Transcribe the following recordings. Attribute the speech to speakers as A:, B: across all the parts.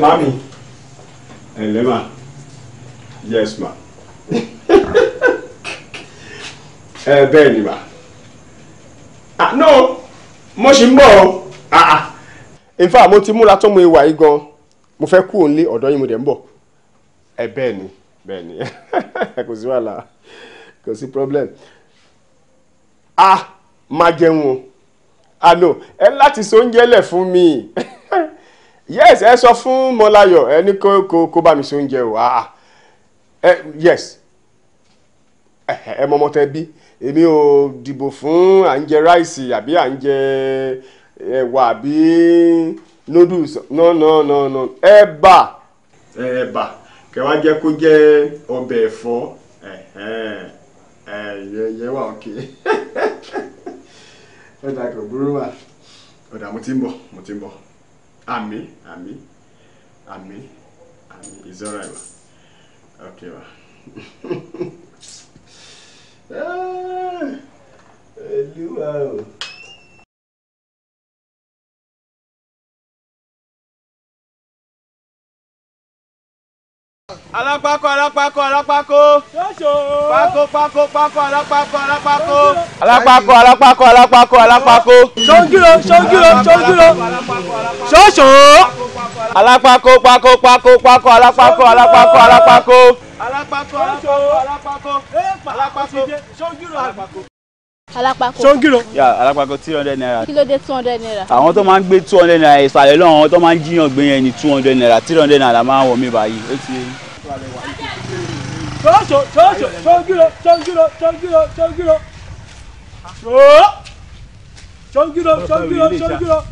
A: màmí. ẹ ǹlẹ́ yes ma ẹ bẹ́ẹ̀ ni mà ah no mo ṣì ń bọ̀ ọ́ ah, ah in fact mo ti múra tó mo ìwà yìí gan mo fẹ́ kú òun lé ọ̀dọ́ yín mo dẹ̀ ń bọ̀ ẹ bẹ́ẹ̀ ni bẹ́ẹ̀ ni kò sí wàhálà kò sí problem ah máa jẹun o ah no ẹ láti so oúnjẹ lẹ̀ fún mi yes ẹ sọ fún Mọ́láyọ̀ ẹ ní kó kó kó bá mi ṣe oúnjẹ o ah, ah. yes ẹ mọ ọmọ tẹ bí èmi ò dìbò fún à ń jẹ ráìsì àbí à ń jẹ ẹwà àbí noodles no no no no ẹ̀bà ẹ̀bà kẹwàá jẹ kó jẹ ọbẹ̀ ẹ̀fọ́ ẹ ẹ yẹ wà òkè ẹ dàgbà burú wà ọ̀dà mo ti ń bọ̀ mo ti ń bọ̀. Ami, ami, ami, ami. it's alright
B: ma okay ma. Ah, hello. alápákó alápákó alápákó pákó pákó pákó alápákó alápákó
A: alápákó alápákó alápákó alápákó ṣóńgírò ṣóńgírò ṣóńgírò ṣóṣò alápákó pákó pákó pákó alápákó alápákó alápákó alápákó alápákó alápákó ṣóńgírò alápákó alápákó. ṣóńgìrò. yà alápákó two hundred naira. kí
C: ló dé two hundred naira. àwọn
A: tó máa ń gbé two hundred naira ìsàlẹ̀ lọ́wọ́ àwọn tó máa ń jiyàn gbé yẹn ní two hundred naira three hundred naira máa ń wọ̀ mí báyìí ó ti.
B: ṣóṣò ṣóṣò ṣóńgìrò ṣóńgìrò ṣóńgìrò ṣóńgìrò
D: ṣóńgìrò ṣóńgìrò ṣóńgìrò.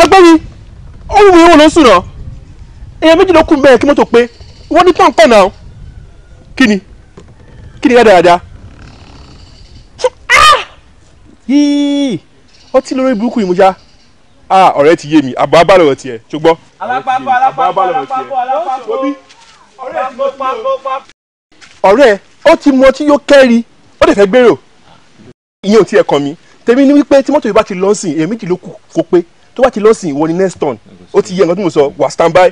A: ọgbẹ́ni ó wù mí wò ló sùn náà èèyàn méjì ló kù bẹ́ẹ̀ kí mọ́tò pé wọ́n ní pàǹpẹ́ náà kí ni kí ni ká dáadáa ah! yíì ọtí lórí burúkú yìí mo já ah ọ̀rẹ́ ti yé mi àbọ̀ abá lọ̀rọ̀ tiẹ̀ ṣùgbọ́n. alápapọ̀ alápapọ̀ alápapọ̀ alápapọ̀ ọ̀rẹ́ ó ti mu ọtí yóò kẹ́rì ó dẹ̀ fẹ́ gbèrò ìyẹn ò tiẹ̀ kàn mí tèmi ni wípé tí mọ́tò yìí bá ti lọ́sìn èèyàn méjì ló kù kó pé tó bá ti lọ sìn ìwọ ni next turn ó ti yẹ nǹkan tí mo sọ wà stand by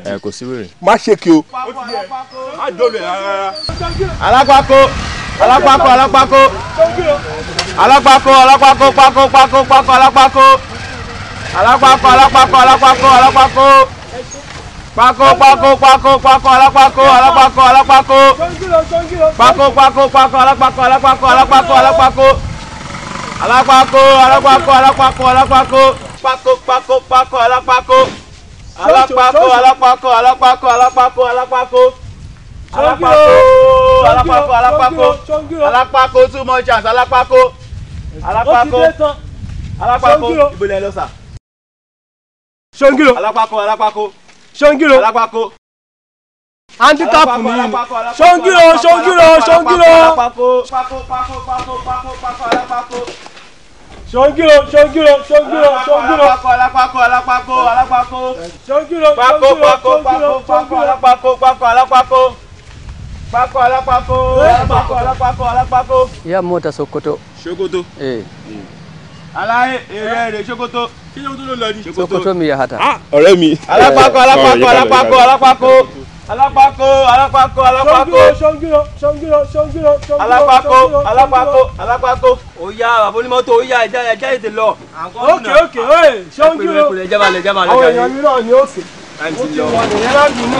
A: má ṣe kí o má dọ̀lẹ̀ rárá. alápákó alápákó alápákó alápákó alápákó pákó pákó pákó alápákó alápákó alápákó alápákó alápákó pákó pákó pákó pákó alápákó alápákó alápákó pákó pákó pákó alápákó alápákó alápákó alápákó alápákó alápákó alápákó alápákó alápákó pákó pákó alápákó alápákó alápákó alápákó alápákó alápákó alápákó alápákó alápákó alápákó too much chance alápákó alápákó alápákó ìbòlẹ̀ lọ sà. ṣongiro alápákó alápákó ṣongiro alápákó handicap ni ṣongiro ṣongiro ṣongiro. alápákó pákó pákó pákó pákó alápákó ṣogiro ṣogiro ṣogiro ṣogiro alápákó alápákó alápákó alápákó ṣogiro ṣogiro ṣogiro ṣogiro alápákó pákó alápákó pákó alápákó alápákó alápákó alápákó. ìyá mọ́ta Sokoto. Sokoto. aláyé èrè èrè Sokoto. Sokoto ló lọ ni. Sokoto mi yà hàtà. Ah, ọ̀rẹ́ mi. alápákó alápákó alápákó alápákó alápákó alápákó alápákó ṣongiro ṣongiro ṣongiro ṣongiro alápákó alápákó alápákó oya bàbá onímọ́tò oya ẹja ẹja ètè lọ. òkè òkè oye ṣongiro àwọn èèyàn mi náà ni òkè ó ti wọ nìyẹn láti mú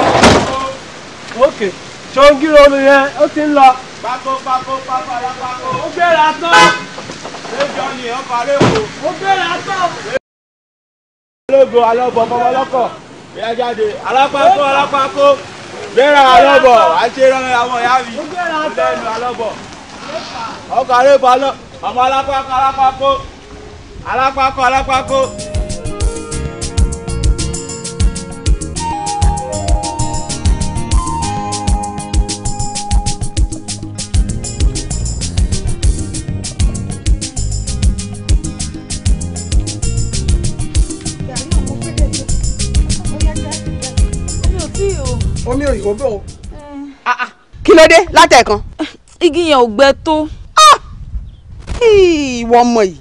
A: òkè ṣongiro nìyẹn ó ti ń lọ. pákó pákó pákó alápákó. ó gbéra tán. ṣéjọ ni ọ̀ parẹ́ o. ó gbéra tán. ológo alọ́bọ̀ bọ́bọ́ lọ́kọ̀ ìyá jáde alápákó alápákó gbéra alọ́bọ̀ àṣeyọrọ àwọn ìyá mi lẹ́nu alọ́bọ̀ ọkọ̀ àrẹ́bọ̀ ọmọ alápákó alápákó alápákó alápákó.
E: omi òyìnbó bò ó. kí ló dé látẹ̀kan. igi yẹn ò gbẹ tó. Ah! ìwọ ọmọ yìí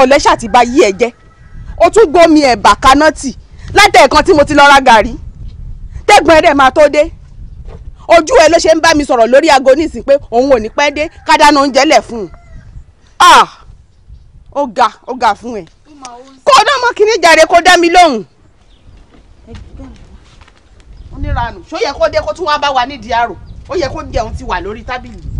E: ọ̀lẹ́ṣà ti bà yí ẹ jẹ́ o tún gbómi ẹ̀bà kanọ́tì látẹ̀kan tí mo ti lọ ra gàrí tẹ́gbọ̀n ẹ̀rẹ̀ máa tó dé ojú ẹ ló ṣe ń bá mi sọ̀rọ̀ lórí aago nísìnyí pé òun ò ní pẹ́ dé ká dáná oúnjẹ lẹ̀ fún un ah! ó ga ó ga fún ẹ kó o náà mọ kíní jàre kó dá mi lóhùn oníranù ṣó yẹ
A: kó dé kó tún wá bá wa nídìí àrò ó yẹ kó jẹun ti wà lórí tábìlì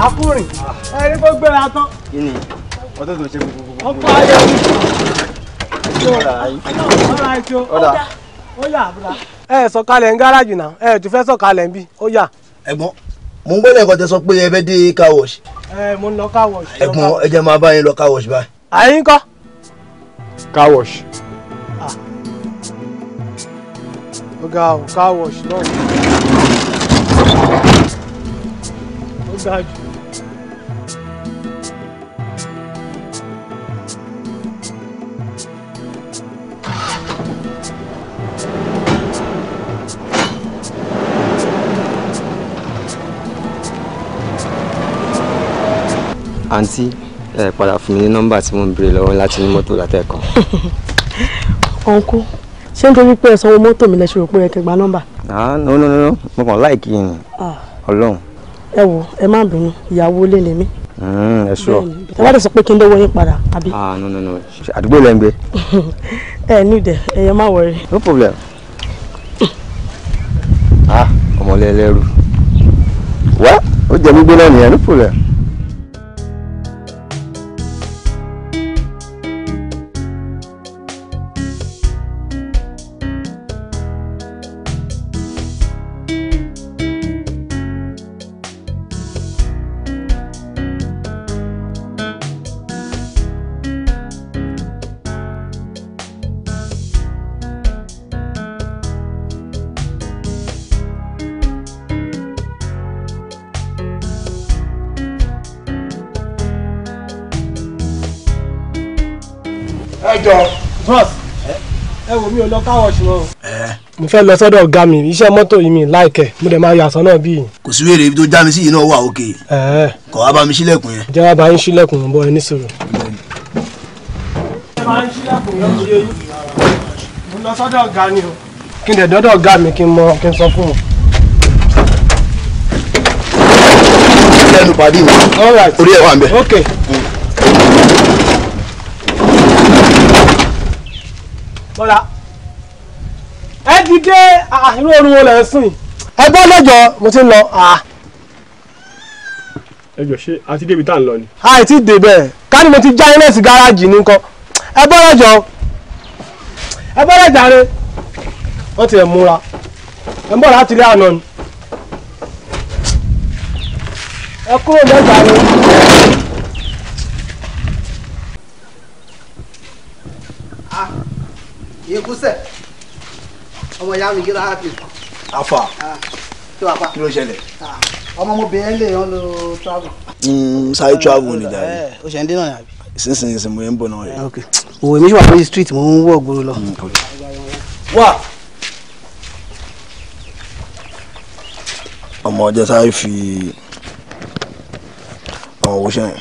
A: akúrin ẹni kó gbéra tán.
F: kí ni ọtọ́ tó ṣe gbogbo.
A: ọkọ ayé mi. ọ̀rọ̀ àìsí o.
D: ọ̀dà ó yà àbúrà.
A: ẹ sọ̀kalẹ̀ ń gáràjì náà ẹ tún fẹ́ sọ̀kalẹ̀ ń bí ó yà. ẹ̀gbọ́n mo ń gbọ́dọ̀ ẹ̀kọ́ tẹ sọ pé ẹ fẹ́ dé car wash.
D: ẹ mo ń lọ car wash. ẹ̀gbọ́n
A: ẹ jẹ́ máa bá yín lọ car wash báyìí. àyín kọ́. car
B: wash. Ah. ó ga car wash náà. ó ga
F: àǹtí ẹ padà fún mi ní nọ́mbà tí mo ń béèrè lọ́wọ́ láti ní mọ́tò látẹ̀kàn.
E: ọ̀nkú ṣé nítorí pé ẹ sanwó mọ́tò mi lẹ́sẹ̀ rò pé ẹ kẹgbà nọ́mbà.
D: ah no no no mo kàn láìkí yìí ni ah. ọlọ́run.
E: ẹ wo ẹ má bínú ìyàwó ilé lèmi.
A: Hmm, ẹ sọ.
C: ẹ bá dẹ̀ sọ pé kí n dọ́wọ́ yín padà àbí.
A: ah no no no àdúgbò lẹ́ ń gbé.
D: ẹ ní ìdẹ ẹyẹ má wọrí.
A: no problem. ah ọmọlẹ́lẹ́rú wá ó jẹ́ mi gbé náà nìyẹn no problem. lọ káwọ̀ ṣùgbọ́n. mo fẹ́ lọ sọ́dọ̀ ọ̀gá mi iṣẹ́ mọ́tò yìí mi láìkẹ́ mo dẹ̀ máa yàtọ̀ náà bí. kò sí wèrè ibi tó já mi sí yìí náà wà òkè. kọ̀ wá bá mi ṣílẹ̀kùn yẹn. jẹ́ wá bá yín ṣílẹ̀kùn bọ́ ẹ níṣòro. mo lọ sọ́dọ̀ o kí n dẹ̀ dọ́dọ̀ ọ̀gá mi kí n mọ kí n sọ fún un. lẹ́nu pàdé mi orí ẹ̀ wà ń bẹ̀.
D: ẹ dìde ah, irú orun wo lẹ ń
A: sìn ẹ bọ́ lẹ́jọ́ mo ti ń lọ. Ah. ẹjọ ṣé a ti débi tá à ń lọ ni. a ti dé bẹ́ẹ̀ ká ní mo ti já iná sí gáràjì ní nǹkan ẹ bọ́ lẹ́jọ́ ẹ bọ́ lẹ́jọ́ rẹ wọ́n ti ẹ̀ múra ẹ ń láti rí àná ni
B: ẹ kúrò lẹ́jọ́ rẹ.
A: Ah, e você? ọmọ ìyá mi kíra happy.
D: afa ah, kí wàá pa kí ló ṣẹlẹ̀. Ah, ọmọ ọmọbìnrin lè yan lo travel. Hmm,
A: sáré eh, travel ni jàre. Eh,
D: eh, o ṣe ń dínà yàrá
A: sísìn ìsìn mo ń bọ̀ náà rẹ̀.
D: òwe mi wà lórí street mo ń wọ̀ gbòòrò lọ. Hmm,
A: wà. ọmọ ọjọ́ sáré fi àwọn owó ṣẹ́yìn.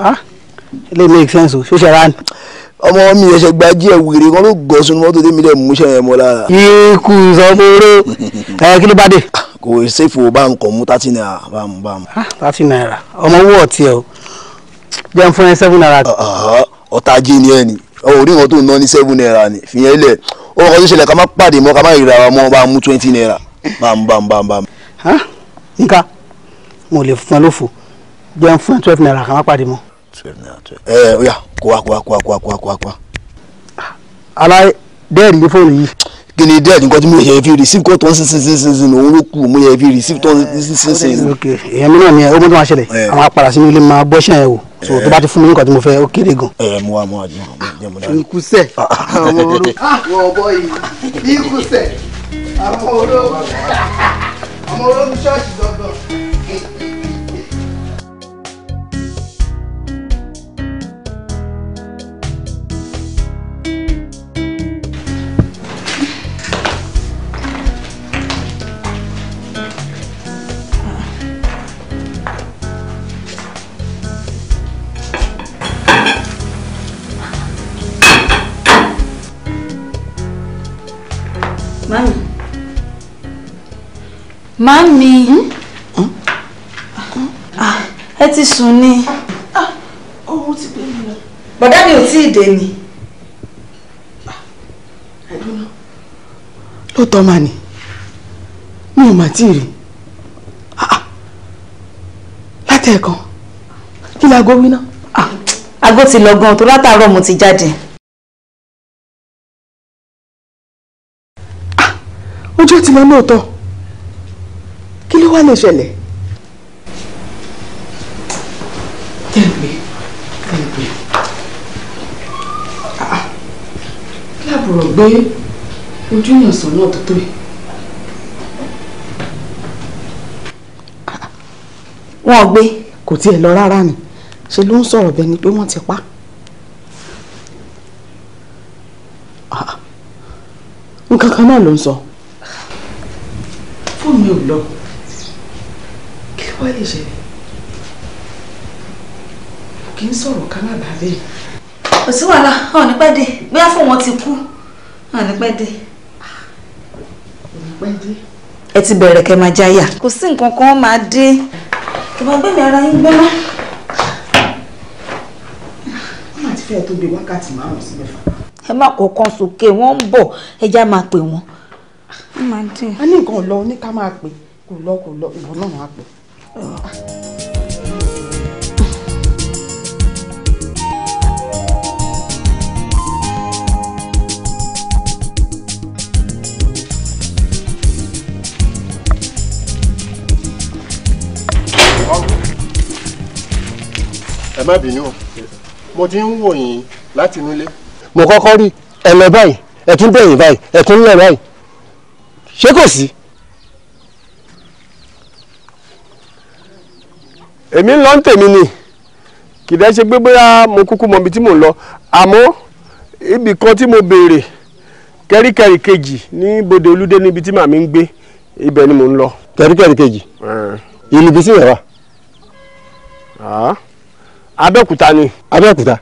A: ah it make sense o ṣó ṣe ra ni ọmọ mi ẹsẹ gbajú ẹ wèrè kan ló gọ sínú mọ́tò tèmi dẹ mú sẹyìn mọ lára. ikú sọmọrọ
D: ẹ kí ló bá dé.
A: Ah, kò ṣèfò bá ń kọ mú thirty naira bá mú bá mú. Ah, thirty naira ọmọ owó ọtí ẹ o jẹun fún ẹ seven naira. Ah, ọ̀tá jí ni ẹ ni orí wọn tó ń ná ní seven naira ni fìyẹn lẹ ó kọ́ tó ṣẹlẹ̀ ká má pàdé mọ́ ká má rira wa mọ́ bá mú twenty naira bá mú bá mú bá mú bá mú. nǹkan mo lè fún ẹ lófo jẹun fún ẹ twelve naira ká má pàdé mọ́ ẹ ó yá kó wá kó wá kó wá kó wá kó wá kó wá kó wá. aláì dẹ́ẹ̀rì ní fóònù yìí. kí ni dẹ́ẹ̀rì nǹkan tí mo yẹ fi receive kó tán sísinsinsin òun ló kù mo yẹ fi receive tán sísinsinsin.
C: ok
D: èèyàn mi náà ni ó mọ́tò máa ṣẹlẹ̀ eh. àwọn apàrà sínú ilé máa bọ́ ṣẹ́yìn o so eh. tó bá ti fún mi nǹkan tí mo fẹ́ ó kéré gan.
A: ẹ mú wa mú wa jẹ mọ dáa. ikusẹ ọmọ olú
C: ah,
D: wọ bọ yìí ikusẹ ọmọ olú
C: ọmọ olú
B: ṣọọṣì dandan.
G: Mami. Mami.
E: Hmm? Hmm? ah, ah ti sùn ni.
D: Oorun ah, ti gbé mi lọ.
E: Bọ̀dá mi ò tí ì dé ni. Ah,
A: Lóòótọ́ mà ní. Mi ò mà tí ì rí.
G: Látẹ̀ẹ̀kan. Kí ni aago wí náà?
B: Aago ti lọ gan-an tó látàárọ̀ mo ti jáde. ti lọ lóòótọ́
A: kí ló wá lè ṣẹlẹ̀. tẹ̀gbẹ́ tẹ̀gbẹ́ kí àbúrò gbé
D: ojú yàn sàn náà tó tó yìí. Ah, ah. wọ́n gbé kò tiẹ̀ lọ rárá ni ṣe ló ń sọ̀rọ̀
C: bẹ́ẹ̀ ni pé wọ́n ti pa á. Ah,
A: nǹkan kan náà ló ń sọ. So
D: mi ò lọ kí ló wá lè ṣẹlẹ̀ kò kí ń sọ̀rọ̀ ká má bàa bẹ́ẹ̀.
E: kò sí wàhálà ọ̀ ní pẹ́ dé bóyá fún wọn ti kú ọ̀ ní pẹ́ dé. ọ̀ ní pẹ́ dé. ẹ ti bẹ̀rẹ̀ kẹ́ máa jáyà. kò sí nǹkan kan máa dé. ìbọn gbẹ̀mí ara yín gbẹ́ mọ́.
D: wọ́n máa ti fẹ́ẹ́ tó bíi wákàtí márùn-ún sí mẹ́fà.
C: ẹ má kọ̀ọ̀kan sókè wọ́n ń
E: bọ̀ ẹ já máa pè wọ́n
D: a ní nǹkan lọ ní ká máa pè kò lọ kò lọ ìwọ náà máa pè.
F: ẹ má bínú
A: mo ti ń wò yín láti inú ilé. mo kọ́kọ́ rí ẹ lọ báyìí ẹ tún bẹ̀yìn báyìí ẹ tún lọ báyìí sekosi kò sí. èmi ń lọ ń tèmi ni kìdá ṣe bóyá mo kúkú mọ ibi tí mò ń lọ àmọ́ ibì kan tí mo béèrè kẹ́ríkẹ́rí kejì ní bòde olúdé níbi tí màmí ń gbé ibẹ̀ ni mò ń lọ. kẹ́ríkẹ́rí kejì ìlú bí sí yẹn abẹ́òkúta ni. abẹ́òkúta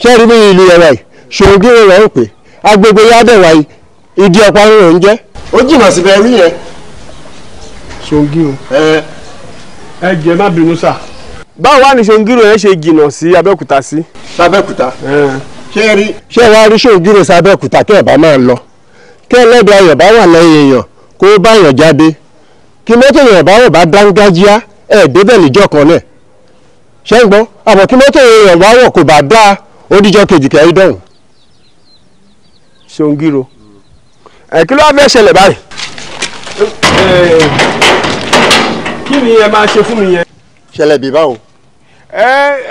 A: ṣé ẹ rí bí ìlú yẹn wáyé ṣòwò gírò rẹ̀ ń pè agbègbè yá dẹ̀ wáyé igi ọ̀pá rẹ̀ ń jẹ́ ó jìnnà síbẹ̀ rí yẹn. ẹ jẹ má bínú sà. báwo wá ní ṣe jìnnà sí abẹ́òkúta sí. sábẹ́òkúta ṣé ẹ rí. ṣé ẹ wá rí ṣòǹgìrò sábẹ́òkúta kí ẹ bá máa lọ kí ẹlẹ́dàá yọ̀ bá wà lẹ́yìn èèyàn kó bá yàn jáde kí mọ́tò bá bá dángájíá débẹ̀ níjọ́ kan náà ṣé ń gbọ́ ẹ kí ló wá fẹ́ ṣẹlẹ̀ báyìí. kí ni ẹ máa ṣe fún mi yẹn. ṣẹlẹ̀ bíi báwo. ẹ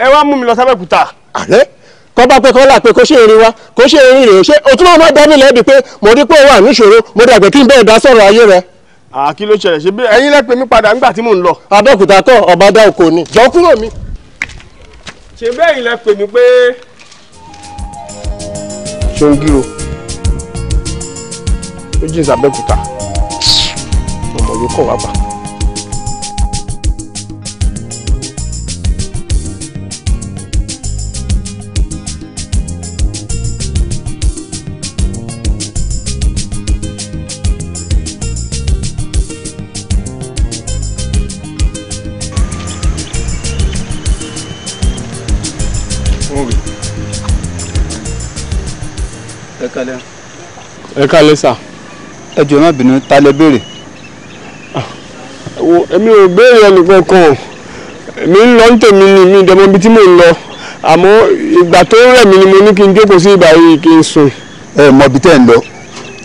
A: ẹ wá mú mi lọ sábẹ́kúta. àlẹ́ kọ́ bá pé kọ́ là pé kó ṣe wa kó ṣe erin rèé o tún máa bi pé mo wà níṣòro mo dàgbẹ́ kí n bẹ́ẹ̀ dá sọ̀rọ̀ rẹ. ló ṣẹlẹ̀ ṣe bí ẹ̀yin lẹ́pẹ́ mi padà nígbà tí mò ni jọ kúrò mi. ṣe bẹ́ẹ̀ ilẹ̀ pè mí o méjì sàbẹ̀kúta ọmọ yòókù wà pa. ẹ kálẹ́. ẹ kálẹ́ sà ẹ jọ̀ọ́ má bínú ta lẹ béèrè. èmi ò béèrè ẹnìkankan èmi ń lọ tèmi ni mi ìdẹ́mọ ibi tí mò ń lọ àmọ́ ìgbà tó rẹ̀ mí ni mo ní kí n jókòó sí ìgbà yìí kí n sùn. ẹ mọ ibi tẹ́ ń lọ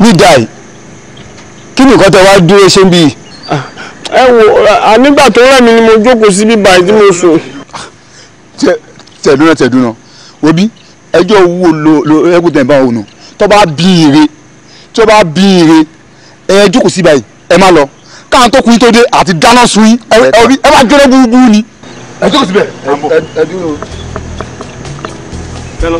A: ní dàí kí ni nǹkan tẹ wá dúró ṣe ń bí. ẹ wo nígbà tó rẹ̀ mí ni mo jókòó sí ibi báyìí tí mo sùn. tẹ̀dúnà tẹ̀dúnà òbí ẹjọ́ wo lo ẹkùn tẹ̀ bá òun nù tó bá bí ire tó bá bí ire ẹ jókòó sí báyìí ẹ má lọ káwọn tó kù yín tó dé àti dáná sun yín ẹ má jóná gbúgbú ni. ẹ jókòó síbẹ̀ ẹ dúró. ẹ lọ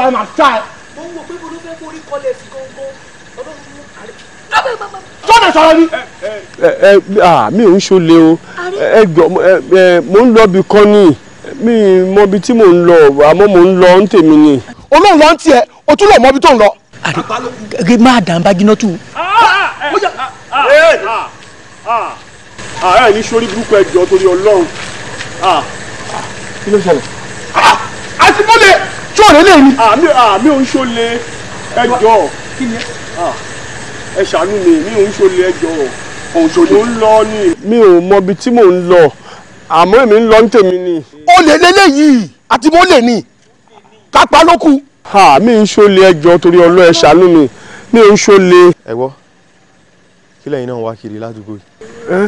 A: wa ẹ máa try. mo ń wò pé mo ló fẹ́
B: forí kọlẹ̀ sí gangan ọlọ́run mú àlẹ́ sọ́nà sọ̀rọ̀ ni.
A: mi ò ń ṣọlẹ̀ o mo ń lọ bí kan ni mi mọ ibi tí mo ń lọ àmọ́ mo ń lọ ń tèmi ni. olóhùn lọ ń tiẹ̀ o tún lọ mọ ibi tó ń lọ. àrè máa dàn bá jiná tù. ààrẹ ní sórí burúkú ẹjọ́ torí Ọlọ́run. kí ló ṣẹlẹ̀. àti mọ́lẹ̀ ṣọ́ọ̀rẹ́ lè mi. àmì ah, àmì ah, ò ń ẹjọ ah, ẹ ṣàánú mi mi ò ń ṣọlẹ ẹjọ òjòjò ń lọ ni. mi ò mọ ibi tí mò ń lọ àmọ́ èmi ń lọ ní tèmi ni. ó lè lélẹ́yìí àti mo lè ní kápá ló ha mi ń ṣọlẹ ẹjọ torí ọlọ ẹ ṣàánú mi mi ò ń ṣọlẹ. ẹ gbọ́ kí lẹ́yìn náà wá kiri ládùúgbò yìí.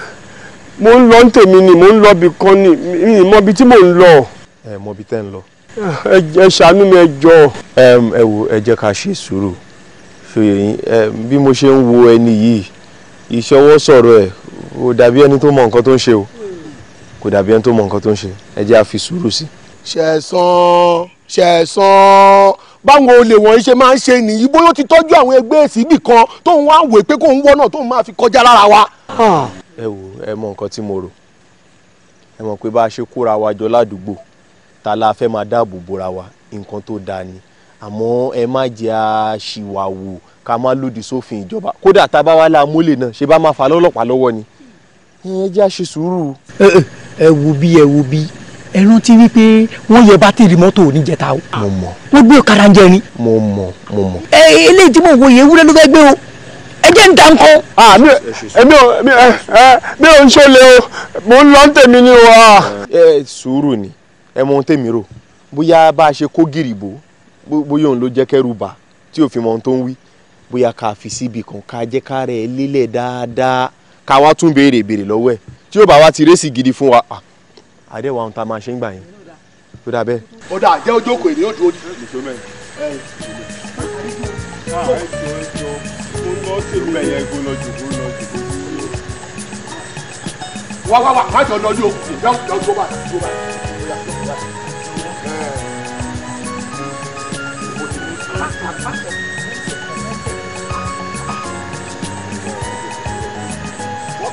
A: mo ń lọ ní tèmi ni mo ń lọ ibì kan ni mi ì mọ ibi tí mò ń lọ. ẹ mọ ibi tẹ́ ń lọ ẹ ṣàánú mi ẹ jọ. ẹ wo ẹ jẹ́ ká ṣe sùúrù ṣòye yín bí mo ṣe ń wo ẹni yìí ìṣọwọ́ sọ̀rọ̀ ẹ̀ kò dàbí ẹni tó mọ nǹkan tó ń ṣe o kò dàbí ẹni tó mọ nǹkan tó ń ṣe ẹ jẹ́ a sùúrù sí. ṣẹ̀sán ṣẹ̀sán báwọn olè wọ̀nyí ṣe máa ń ṣe nìyí bóyá ti tọ́jú àwọn ẹgbẹ́ ìsìnbì kan tóun wá ń wò pé kóun wọ́nà tóun máa fi kọjá lára wa. ẹ wo ẹ mọ nǹkan tí mo rò ẹ mọ̀ pé bá a ṣe kóra wa ládùúgbò ta la fẹ́ máa dáàbò bora wa nǹkan tó dáa ni àmọ́ ẹ má jẹ́ àṣìwàwò ká má lòdì sófin ìjọba kódà tá a bá wá la mólè náà ṣe bá máa fà lọ́lọ́pàá lọ́wọ́ ni ẹ jẹ́ àṣe sùúrù. ẹ wo bí ẹ wo bí ẹ rántí wípé wọ́n yẹ bátìrì mọ́tò oníjẹta o. mo mọ. wọ́n gbé ọ̀kadà ń jẹ ni. mo mọ mo mọ. ẹ eléyìí tí mo wòye ewúrẹ́ ló fẹ́ gbé o ẹ jẹ́ ń da nǹkan. mi ò
B: mi ò ń ṣọlẹ̀ o mo ń lọ tèmi ni o.
A: ẹ sùúrù ni ẹ mọ ohun tèmi rò bóyá bá a ṣe kó gìrì bò bóyá òun ló jẹ́ kẹ́rù bà tí òfin mọ ohun tó ń wí bóyá ká fi síbi kan ká jẹ́ ká rẹ̀ lélẹ̀ dáadáa ká wá tún béèrè béèrè lọ́wọ́ ẹ̀ tí yóò bá wá ti rẹ́sì gidi fún wa àdéhùn àwọn tá a máa ṣe ń gbà yẹn tó dà bẹ́ẹ̀. ó dà jẹ́ ojókòó èrè ó dúró ní. wá wá wá má jọ lọ ní okùn yìí lọ́jọ́ bá wọ́n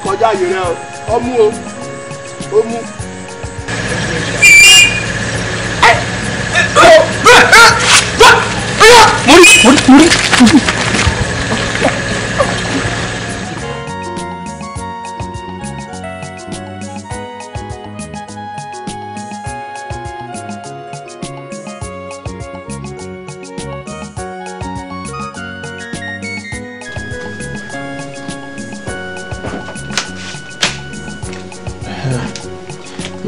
A: kọjá àyè rẹ ọ mú o ó mú.
E: mo rí
B: mo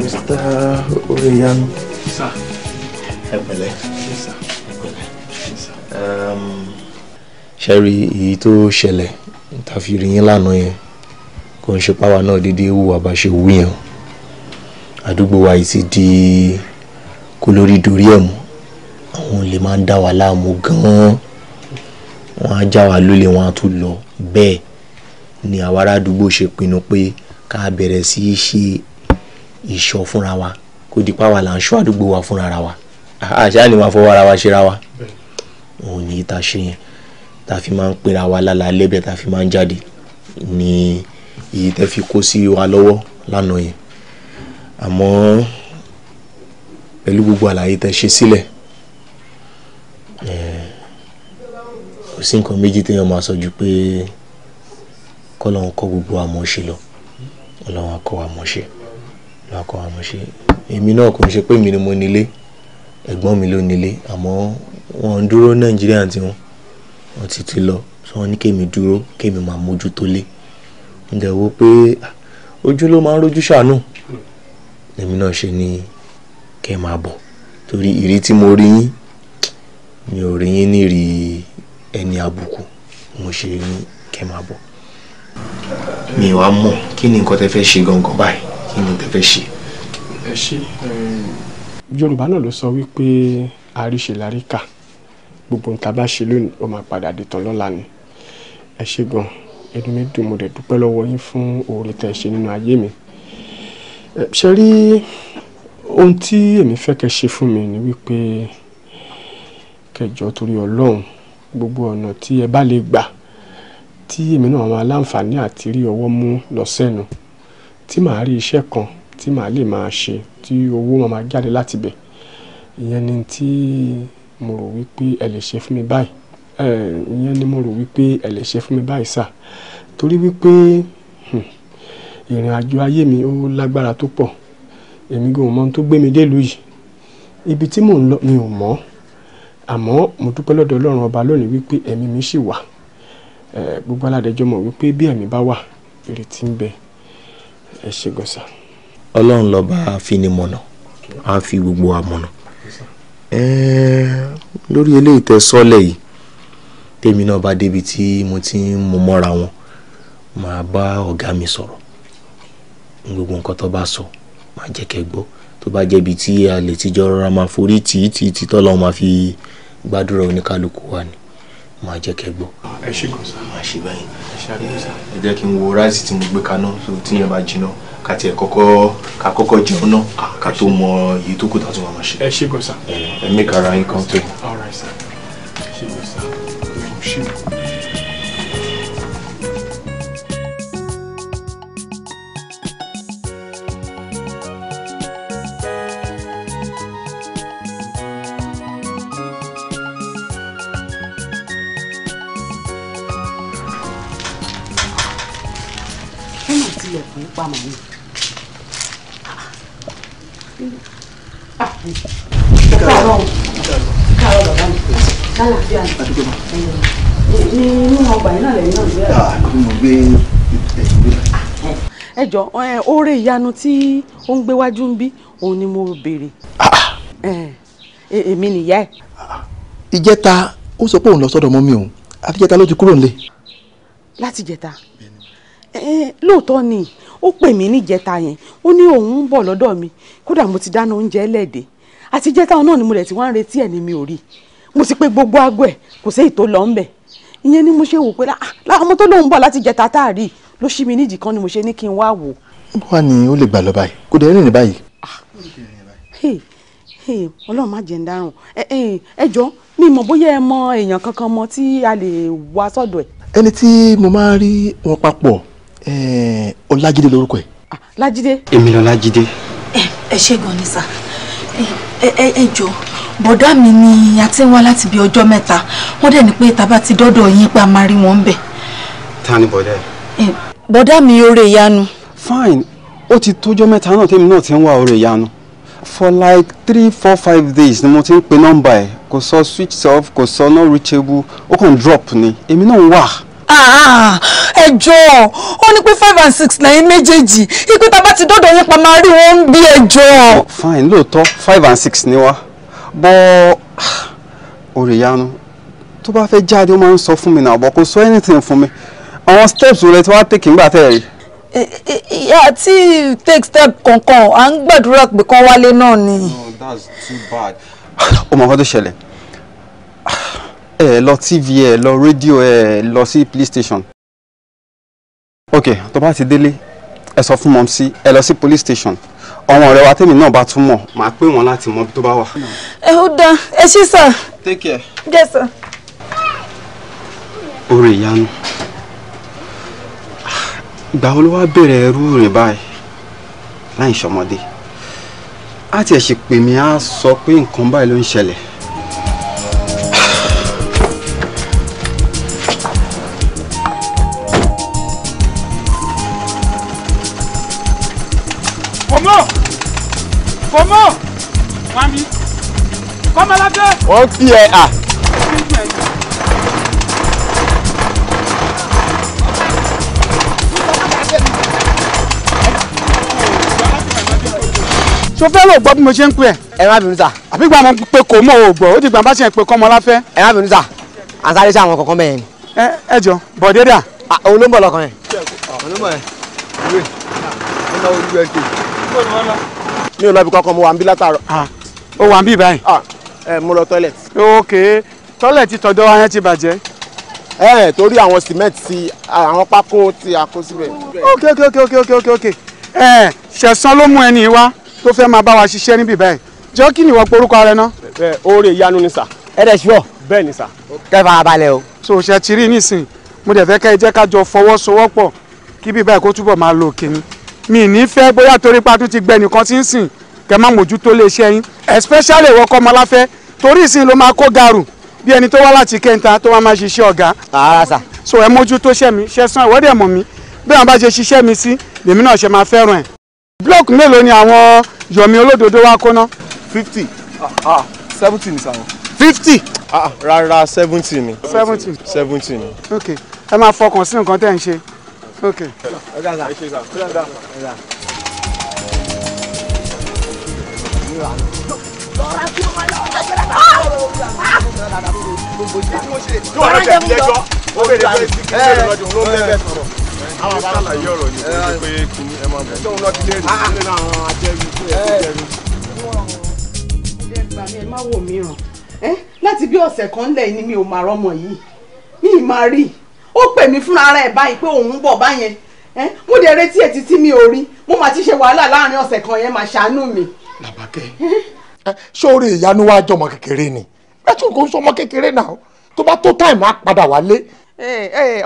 F: Mr. Oriyami.
D: sà. ẹ pẹ̀lẹ́. sà ẹ pẹ̀lẹ́. sà.
A: ṣẹ́rí èyí tó ṣẹlẹ̀ tá fi rí yín lánàá yẹn kò ń ṣe páwa náà dédé wù àbáṣe wù yẹn àdúgbò wa yìí ti di kólórí dorí ẹ̀ mú àwọn olè máa ń dá wa láàmú gan-an wọ́n á já wa lólè wọ́n á lọ bẹ́ẹ̀ ni àwa ará àdúgbò ṣe pinnu pé ká bẹ̀rẹ̀ sí í ṣe ìṣọ́ fúnra wa kó di páwa là ń ṣọ́ àdúgbò wa fúnra wa àṣà ni máa fọwọ́ ara wa ṣera wa òun ní ta ṣe yẹn ta fi máa ń pera wa lálálẹ́ bẹ́ẹ̀ ta fi máa ń jáde ní iye tẹ́ fi kó sí wa lọ́wọ́ lánàá yẹn àmọ́ pẹ̀lú gbogbo àlàyé tẹ́ ṣe sílẹ̀ eh, kò sí nǹkan méjì téèyàn máa sọ ju pé kọ́lọ́hún kọ́ gbogbo àmọ́ ṣe lọ ọlọ́run á kọ́ ṣe lọkọ àmọṣe èmi náà kò ń ṣe pé mi ni mo nílé ẹ̀gbọ́n mi ló nílé àmọ́ wọn ń dúró nàìjíríà tiwọn wọn ti ti lọ sọ wọn ní kémi dúró kémi máa mójútó lé ń dẹ̀ pé ojú ló máa ń rojú ṣàánú èmi náà ṣe ni kẹ́ máa bọ̀ torí ìrí tí mo rí yín mi ò rí yín nírì ẹni àbùkù mo ṣe ní kẹ́ máa bọ̀ mi wàá mọ̀ kí ni nǹkan tẹ́ fẹ́ ṣe gangan báyìí nínú tẹ fẹ́ ṣe. ẹ ṣe yorùbá náà ló sọ wípé àríṣe láríkà gbogbo nǹkan bá ṣe lónìí ó máa padà dé tán lọ́la ni ẹ ṣe gan inú mi dùn mo dẹ̀ dúpẹ́ lọ́wọ́ yín fún oore tẹ̀ ṣe nínú ayé mi ṣe rí ohun tí èmi fẹ́ kẹ́ ṣe fún mi ni wípé kẹjọ torí ọlọ́run gbogbo ọ̀nà tí ẹ bá lè gbà tí èmi náà máa láǹfààní àti rí ọwọ́ mú lọ sẹ́nu tí màá rí iṣẹ́ kan tí màá lè máa ṣe tí owó máa máa jáde láti bẹ̀ ìyẹn ni tí mo rò wípé ẹ lè ṣe fún mi báyìí ìyẹn ni mo rò wípé ẹ lè ṣe fún mi báyìí sà torí wípé hmm, ìrìn àjò ayé mi ó lágbára tó pọ̀ èmi gan ò mọ ohun tó gbé mi délùú yìí ibi tí mò ń lọ mi ò mọ̀ àmọ́ mo dúpẹ́ lọ́dọ̀ ọlọ́run ọba lónìí wípé ẹ̀mí mi ṣì wà gbogbo aládẹjọ́ mọ̀ wípé bí ẹ̀mí bá wà ìrètí ń bẹ ẹ ṣe gọ́sà. ọlọ́run lọ́ba afinimọ̀nà á fi gbogbo àmọ̀nà lórí eléyìí tẹ sọ́lẹ̀ yìí tèmi náà bá débi tí mo ti ń mú mọ́ra wọn màá bá ọ̀gá mi sọ̀rọ̀ gbogbo nǹkan tó bá sọ màá jẹ́ kẹ́ gbọ́ tó bá jẹ́bi tí a lè tijọ́ máa forí tì í tì í tì tọ́lọ́ máa fi gbàdúrà oníkálukú wa ni máa jẹ́ kẹ́ gbọ́. ẹ ṣe kàn sá. máa ṣe báyìí. ẹ ṣe àgbẹ̀ ẹ jẹ́ kí n wo ráìsì tí mo gbé kaná tó tíyẹn bá jiná ká tiẹ̀ kọ́kọ́ ká kọ́kọ́ jẹun náà ká tó mọ iye tó kù tá a tún máa ṣe. ẹ ṣe kàn sá. ẹ mẹ́kàrà yín kan tó. ọ̀rẹ́ sá. ẹ ṣe kàn ẹ ṣe kàn
E: pa màmí. káàárọ̀ káàárọ̀
H: bàbá mi kálàfíà ni inú ọgbà yìí náà lẹ́yìn náà gbé àgbà. ẹ jọ oore ìyanu tí ó ń gbé wájú ń bí òun ni mo béèrè èmi nìyá ẹ.
A: ìjẹta ó sọ pé òun lọ sọ́dọ̀ mọ́ mi òun àti ìjẹta ló ti kúrò nílé.
H: láti jẹta lóòótọ́ ni ó pè mí níjẹta yẹn ó ní òun bọ̀ lọ́dọ̀ mi kódà mo ti dáná oúnjẹ ẹlẹ́dẹ̀ àti jẹ́ta náà ni mo rẹ̀ ti wá ń retí ẹ̀ ní mi ò rí mo ti pé gbogbo aago ẹ̀ kò sí èyí tó lọ ńbẹ̀ ìyẹn ni mo ṣe wò pé ah, láwọn ọmọ tó lóun bọ̀ láti jẹta tá a rí ló ṣí mi nídìí kan ni mo ṣe ní kí n
E: wá wò.
A: bó wà ní ó lè gbà lọ báyìí kò dé rìn ní báyìí.
E: Ah. ọlọ́run má jẹ́ ń dáràn ẹ jọ mi mọ̀ bóyá ẹ mọ èèyàn kankan mọ tí a
D: lè wá sọ́dọ̀ ẹ̀.
A: ẹni tí mo máa ń rí wọn papọ̀ Eh, ọlájídé lórúkọ ẹ.
D: Ah, lájídé.
A: èmi lọ lájídé.
D: Eh, ẹ ṣe gan ni sà
C: eh, ẹ jọ bọ̀dá mi ni a ti ń wá láti bí ọjọ́ mẹ́ta wọ́n dẹ̀ ní pé tàbá ti dọ́dọ̀ yín pa máa rí wọn bẹ̀. ta ni bọ̀dá ẹ. bọ̀dá mi oore ìyanu.
F: fine ó ti tójọ́ mẹ́ta náà tèmi náà ti ń wá oore ìyanu for like three four five days ni mo ti ń pe nọ́mbà ẹ̀ kò sọ switch off kò sọ no reachable ó kàn drop ni
H: èmi náà wà.
D: Ah, ẹjọ́ ó ní pé five and six lẹ́yìn
H: méjèèjì ipe tá a bá ti dọ́dọ̀ yín pa máa rí wọn bí ẹjọ́.
F: fine lóòótọ́ five and six ni wá bọ́ òrìyanu ah, tó bá fẹ́ jáde ó máa ń sọ fún mi náà bọ́ kò sọ anything fún mi àwọn steps rẹ tí wàá tèkì ńgbà tẹ̀ rí.
E: àti take step kankan à ń gbàdúrà pé kán wálé náà ni. no
F: that's too bad. Ah, ó mọ nǹkan tó ṣẹlẹ̀ ẹ lọ tv ẹ lọ rédíò ẹ lọ sí police station ok tó bá ti délé ẹ sọ fún mọ́mísí ẹ lọ sí police station àwọn ọ̀rẹ́ wa tèmi náà bá tún mọ̀ màá pè wọ́n láti mọ ibi tó bá wà. ẹ ó dán ẹ ṣí sàn. take care. yes sir. oore ìyanu ìgbà wo ló wá bẹ̀rẹ̀ ẹrú rìn báyìí láì ṣọmọdé á tiẹ̀ ṣe pè mí á sọ pé nǹkan báyìí ló ń ṣẹlẹ̀.
B: Kòmó wà
A: mí Kọ́mọlápé. wọ́n kí ẹ à. so fẹ́ lò gbọ́ bí mo ṣe ń pè ẹ́. ẹ má bínú sà. àbí gba àwọn pé kò mọ̀ ò gbọ́ ó ti gba bá ṣe ń pe Kọ́mọlápé. ẹ má bínú sà à àwọn kankan bẹ́ẹ̀ ni. ẹ ẹ jọ bọ̀dé dà. òun ló yẹn. òun yẹn. ìwé ìlànà olú ẹ̀ kè mi ò lọ bí kankan mo wà ń bí látàárọ̀. ó ah, wà ń bí báyìí. Ah, ẹ mo lọ toilet. ok toilet tọ̀dọ̀ wa yẹn ti bàjẹ́. ẹ torí àwọn cement ti àwọn pákó ti àkó síbẹ̀. ok ok ok ok ok ok ẹ ṣẹ̀sán ló mú ẹni wá tó fẹ́ máa bá wa ṣiṣẹ́ níbí báyìí jọ́ kí ni ìwọ porúkọ rẹ náà. ẹ oore ìyanu ni sà. ẹ dẹ̀ ṣùọ́. bẹ́ẹ̀ ni sà. kẹ́ fara o. so ṣe ti rí nísìnyí mo dẹ̀ fẹ́ kẹ́ ẹ jẹ́ ká jọ fọwọ́sowọ́pọ̀ kí bíbá ẹ̀ kó túbọ̀ máa lo òkè ni mi ní fẹ́ bóyá torí pátú ti gbẹ nìkan tí ń sìn kẹ má mójútó lè ṣe yín especially ìwọ kọmọláfẹ́ torí ìsìn ló máa kó garu bí ẹni tó wá láti kẹta tó máa máa ṣiṣẹ́ ọ̀gá. ara sà. so ẹ mójútó ṣẹ́ mi ṣẹ́ sàn ìwọ́dẹ̀ mọ̀ mi bí wọn bá ṣe ṣiṣẹ́ mi sí lèmi náà ṣe máa fẹ́ràn ẹ̀. block mélòó ni àwọn yomi olódodo wa kóná. fifty ah, ah, seventy ni sàwọn. fifty. Ah, rárá seventy ni. seventy. seventy ni. ok ẹ máa fọkàn sí nǹkan tẹ́ ń ṣe ok ọ̀gá ọ̀gá ọ̀gá
D: ọ̀gá.
A: Àwọn àbálàyé ọ̀rọ̀ yìí kò ní pé kí ni ẹ máa bọ̀. Ṣé òun náà ti lé ìdílé nínú àwọn ajẹ́rìí tó yẹ kó jẹ́rìí?
E: Ẹgbà mi ẹ má wò mí
D: ràn. Láti bí ọ̀sẹ̀ kan lẹ̀ ni mi ò máa rọ́mọ yìí. Mi ì máa rí i ó pè mí fúnra rẹ̀ báyìí pé òun ń bọ̀ báyẹn mo dẹ̀ retí ẹ̀ títí
H: mi ò rí mo máa ti ṣe wàhálà láàrin ọ̀sẹ̀ kan yẹn máa ṣàánú mi. làbákẹ́
A: sórí ìyanu wa jọmọ kékeré ni bẹ́ẹ̀ tún kò ń sọmọ kékeré náà tó bá tó táìmù á padà
H: wálé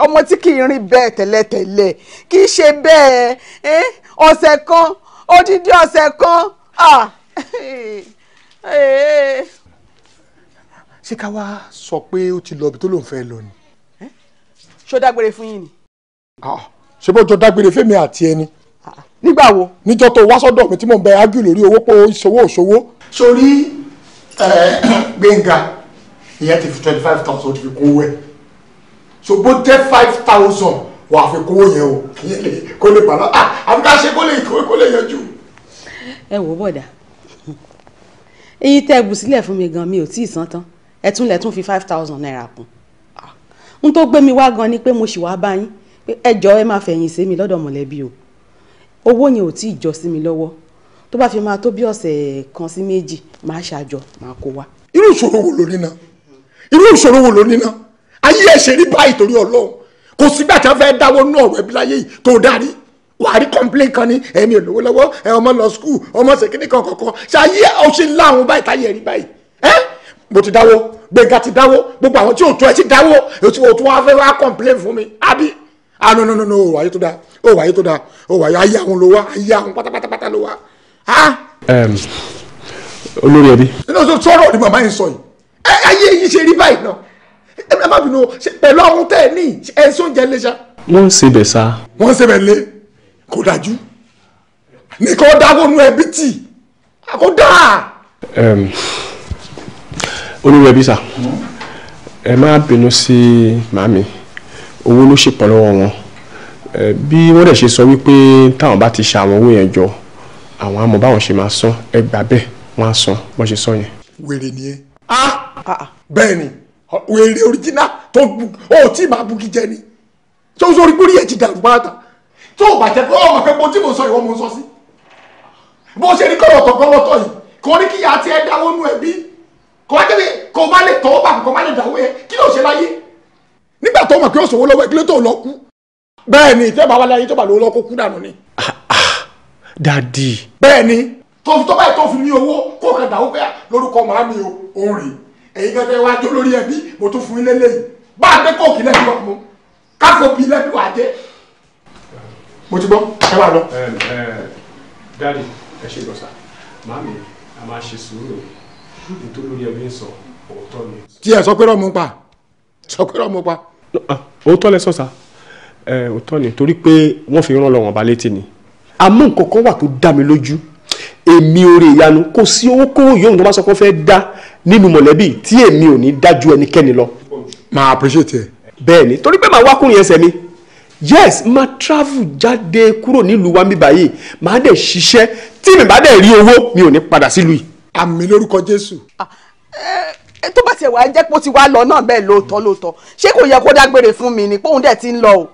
H: ọmọ tí kì í rìn bẹ́ẹ̀ tẹ́lẹ̀tẹ́lẹ̀ kì í ṣe bẹ́ẹ̀
D: ọ̀sẹ̀ kan odidi ọ̀sẹ̀ kan.
A: ṣé ká wá sọ pé ó ti lọ ibi tó lòun fẹ́ lọ ni
D: ṣó dágbére fún yín ni.
A: Ah, ṣé bó jọ dágbére fèmi àti ẹni. Ah, nígbà wo. níjọ́ tó wá sọ́dọ̀ mi tí mò ń bẹ ágì lórí owó pé ìṣòwò òṣòwò. sórí eh, Gbénga ìyẹn ti fi twenty five thousand ti fi kó wẹ so bó jẹ five thousand wà á fi kó yẹn o ìyẹn lè kó lè bàlá ah, àfi ká ṣe kó lè kó lè yanjú.
C: ẹ wò bọ̀dà
H: èyí tẹ́ ẹ bù sílẹ̀ fún mi gan mi ò tí ì san tán ẹ tún lẹ̀ tún fi five thousand naira kún n tó gbé mi wá gan ni pé mo sì wá bá yín pé ẹjọ́ ẹ máa fẹ̀yìn sí mi lọ́dọ̀ mọ̀lẹ́bí o
E: owó yẹn ò tí ì jọ sí mi lọ́wọ́ tó bá fi máa tó bí ọ̀sẹ̀ kan sí méjì máa ṣàjọ máa kó wa. irú ìṣòro wo ló níná irú ìṣòro wo ló níná
C: ayé
A: ẹ rí báyìí torí Ọlọ́run kò sígbà tí wọ́n fẹ́ẹ́ dáwọ́ nú ọ̀rọ̀ ẹbí láyé yìí tó darí wà á rí complain kan ní ẹ̀mí olówó lọ́wọ́ ẹ̀ ọmọ lọ school ọmọ ṣèkínní kan kọ̀ọ̀kan ṣe ayé ọ ṣe láwọn báyìí táyé ẹ rí báyìí ẹ́ mo ti dáwọ́ gbẹ̀ngà ti dáwó gbogbo àwọn tí ò tó ẹ ti dáwó ètò òtú wa fẹ́ wá complain fún mi àbí ah no no no no òwàyé tó dáa òwàyé tó dáa òwàyé ayé àwọn ló wá ayé àwọn pátápátá ló wá. Ah! olórí ẹbí. inú sọ sọ̀rọ̀ ni màmá yẹn sọ yìí ayé yìí ṣe rí báyìí náà ẹ má bínú pẹ̀lú àwọn tẹ̀ ní ẹ̀sùn jẹ́ lé ṣá. wọ́n ń ṣe bẹ̀ sá. wọ́n ń ṣe bẹ̀ lé kò dájú nìkan dáwọ́ nu ẹbí tì kò dáa oníwẹ̀ bí sà ẹ má bínú sí màmí owó ló ṣe pọ̀ lọ́wọ́ wọn bí wọ́n dẹ̀ ṣe sọ wípé táwọn bá ti ṣe àwọn owó yẹn jọ àwọn àmọ́ báwọn ṣe máa san ẹ gbà bẹ́ẹ̀ wọ́n á san bọ́n ṣe sọ yẹn. wèrè ni ẹ. a ah! ah, ah. bẹ́ẹ̀ ni wèrè original tó o tí máa bugi jẹ ni tó sọ orí gbórí ẹ ti dàrú pátá tó o bàjẹ́ kó o mọ̀ pé mo tí mo sọ ìwọ mo sọ sí bó ṣe ní kọ̀rọ̀tọ̀ kọ̀rọ̀tọ̀ yìí kò ní kíyà tí ẹ dáwọ́ nú ẹbí kò wá débi kò má lè tọ́wọ́ bàbá kò má lè dàwọ́ yẹ kí ló ṣe láyé nígbà tó mọ̀ pé ó sòwò lọ́wọ́ ẹ kí ló tó lọ kú bẹ́ẹ̀ ni tẹ́ bàbá láyé tó bà lówó lọ́kọ́ kú dànù ni. Ah, ah, dadi. bẹ́ẹ̀ ni tó fi tó fi ní owó kó kàn dàwọ́ bẹ́ẹ̀ ah, lórúkọ màá mi o òun rè èyí gẹ́gẹ́ wá jó lórí ẹbí mo tún fún ilé lẹ́yìn bá a dé kóòkì lẹ́bí wọn mu káfọ́ bí lẹ́bí wà á dé. mo ti gbọ́ ẹ wà lọ. dadi ẹ ṣe gbọ́sà màmí a máa ṣe sùúrù tí ẹ sọ pé rọ́ọ̀mù pa sọ pé rọ́ọ̀mù pa. Ah, òótọ́ lẹ sọ sá òótọ́ ni torí pé wọ́n fi rán lọ́wọ́n ba létí ni àmọ́ nǹkan kan wà tó dá mi lójú èmi oore ìyanu kò sí owó kówó yòówù tó bá sọ pé ó fẹ́ dá nínú mọ̀lẹ́bí tí èmi ò ní dájú ẹnikẹ́ni lọ. máa appreciate ẹ. bẹ́ẹ̀ torí pé màá wákùnrin ẹsẹ̀ mi yes ma travel jáde kúrò nílùú wa mi báyìí màá dẹ̀ ṣiṣẹ́ tí mi bá dẹ̀ rí owó mi ò ní padà sílùú yìí àmì lórúkọ jésù. Ah,
B: eh, eh,
A: tó bá tiẹ̀ wá jẹ́ pé ó ti wá lọ náà bẹ́ẹ̀ lóòótọ́ lóòótọ́ ṣé kò yẹ kó dágbére fún mi ni pé òun dẹ̀ ti ń lọ o.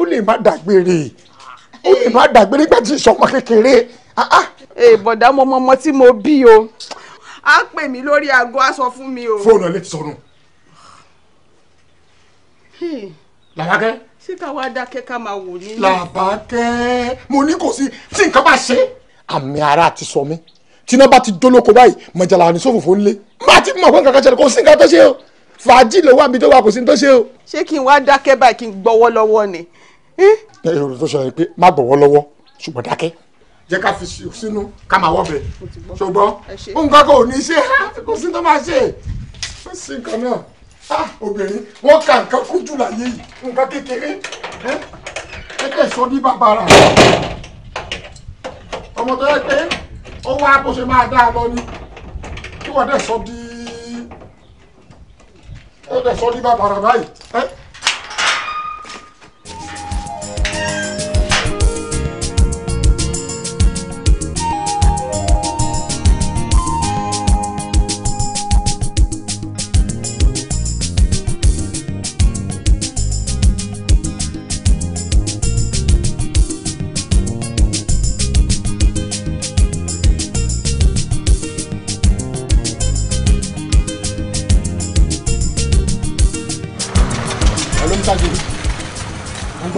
A: ó lè má dágbére ó lè má dágbére nígbà tí ìṣọmọ kékeré. Ah, ah. Eh, bọ̀dá mo mọ ọmọ tí mo bí o á pè mí lórí aago á sọ fún mi o. fóònù ẹ lè ti sọnù. Hmm. làbákẹ́. ṣé káwa dákẹ́ ká máa wò nílẹ̀. làbákẹ́ mo ní kò sí tí nǹkan bá ṣe àmì ara ti sọ mí tíná bá ti dólóko báyìí mọ̀jàlá ní sófòfò ńlé má ti mọ̀ fún kankan ṣẹlẹ̀ kò sí nǹkan tó ṣe o fàájì ló wà níbi tó wà kò sí tó ṣe o. ṣé kí n wá dákẹ́ báyìí kí n gbọ́wọ́ lọ́wọ́ ni. ẹ yọrọ tó ṣe pé má gbọ́wọ́ lọ́wọ́ ṣùgbọ́n dákẹ́ jẹ́ ká fi sínú ká máa wọ́ bẹ̀ ṣùgbọ́n nǹkan kò ní ṣe kò sí tó máa ṣe ó sì nǹkan náà ah, obìnrin wọn kà nǹkan kú jù láyé yìí nǹkan kékeré ẹ ó wá bó ṣe máa dá a lọ ni kí wọ́n dẹ̀ sọ di ó bàbàrà báyìí.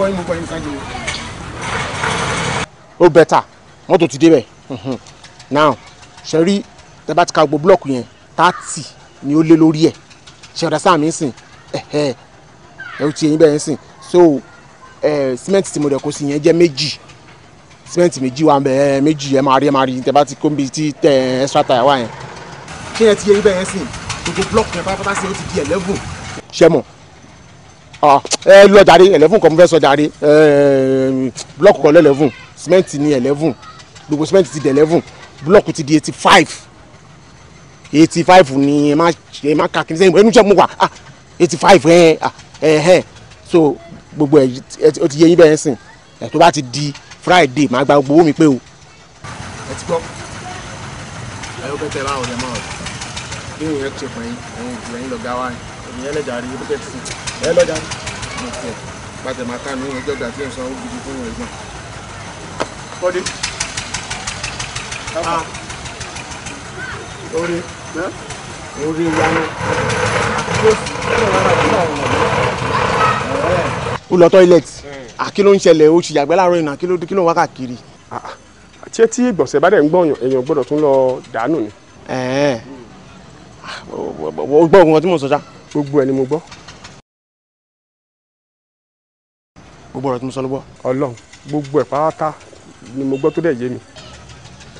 A: gbọ́ yín mo gbọ́ ti débẹ̀ now ṣe rí tẹ bá ti ka gbogbo búlọ̀kù yẹn thirty ni ó lé lórí ẹ̀ ṣe ọ̀dà mi ń sìn ẹ̀ ẹ̀ ti yẹn bẹ́ẹ̀ sìn so cement tí mo dẹ̀ kó sí yẹn jẹ́ méjì cement méjì wa bẹ́ẹ̀ méjì ẹ̀ máa rí ẹ̀ máa rí tẹ bá ti kó ti tẹ extra tire wa yẹn. ṣé ẹ ti yẹn bẹ́ẹ̀ ń sìn gbogbo búlọ̀kù yẹn pátápátá sí ó ti di eleven. ṣé mo Ah, ẹ lọ jàre eleven kan mo fẹ́ sọ jàre blọọkù kan lẹ́lẹ́fún simẹ́ǹtì ni eleven gbogbo simẹ́ǹtì ti dẹ̀ eleven blọọkù ti di eighty five eighty five ni ẹ má ẹ má kàkiri sẹ́yìn ẹnu jẹ́ mo wà ah, eighty five ẹ ah, ẹ ẹ so gbogbo ẹ o ti yẹ yín bẹ́ẹ̀ sìn ẹ tó bá ti di friday màá gba gbogbo mi pé o. ẹ ti gbọ́ ẹ ó bẹ́tẹ̀ láwọn ọ̀rẹ́ mọ́ ọ̀rẹ́ bí òun yẹn ti pẹ̀yìn òun ẹ̀yìn lọ́gá wa ẹ̀yìn ẹlẹ́jà rí bẹ́tẹ̀ sí i ẹ lọ́jà pàtẹ máa ká ní ohun ìjọba tí ẹ san owó gidi fún ẹ̀gbọ́n. kọ́dé ah. orí orí ìyanu ó lọ toilet àkí ah, ló ń ṣẹlẹ̀ ó ṣì yàgbẹ́ láàárọ̀ ìnà kí ló ń wá káàkiri. Ah, ṣé tí ìgbọ̀nsẹ̀ bá dẹ̀ ń gbọ̀nyàn èèyàn gbọ́dọ̀ tún lọ dànù ni. ó eh, eh. gbọ́ ohun tí mo sọ ṣá. gbogbo ẹ ni mo gbọ́. gbogbo ọ̀rọ̀ tí mo sọ ló gbọ́. Ọlọ́run gbogbo ẹ̀ pátá ni mo gbọ́ tó dẹ̀ yé mi.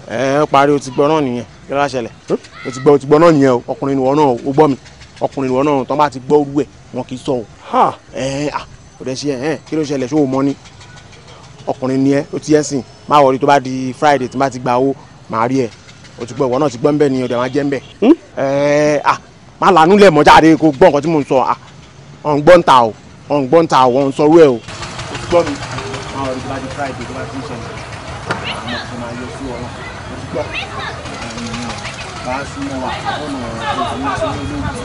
A: ẹ ẹ parí o ti gbọ́ náà nìyẹn kí ló ṣẹlẹ̀ hm? o ti gbọ́ o ti gbọ́ náà nìyẹn o ọkùnrin ni wọ́n náà o gbọ́ mi ọkùnrin ni wọ́n náà tán bá ti gbọ́ orú ẹ̀ wọn kì í sọ o. ẹ ẹ à kò dẹ̀ ṣe ẹ ẹ kí ló ṣẹlẹ̀ ṣó o mọ ni ọkùnrin ni ẹ o ti ẹ sìn má wọrí tó bá di Friday tí n bá ti gba owó màá rí ẹ o ti gbọ́ ìwọ náà ti gbọ́ ń bẹ̀ ni ọ̀dẹ̀ máa jẹ́ ń bẹ̀. ẹ hm? ẹ à má lanú lẹ̀ mọ́ jáde kó gbọ́ nǹkan tí mò ń sọ à ọ̀n gbọ́ ń ta o ọ̀n gbọ́ ń ta o ọ̀n sọ orú ẹ o gbọ́ mi máa wọlé bá di friday tó bá ti ń ṣẹlẹ̀ àmọ́ tó máa yọ sí ọ̀rọ̀ mo bá a
B: súnmọ́ wa ọ̀nà
A: ọ̀rọ̀ tó ti ń ṣe lóògùn.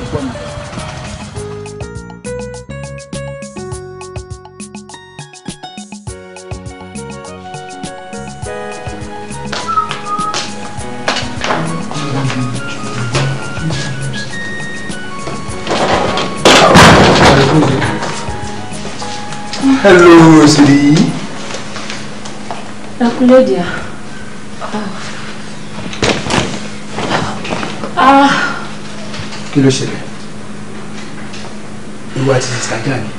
A: Hello, Siri.
G: Claudia. Ah. ah.
A: Kí ló ṣẹlẹ̀? Ìwà àti sista Jan ni.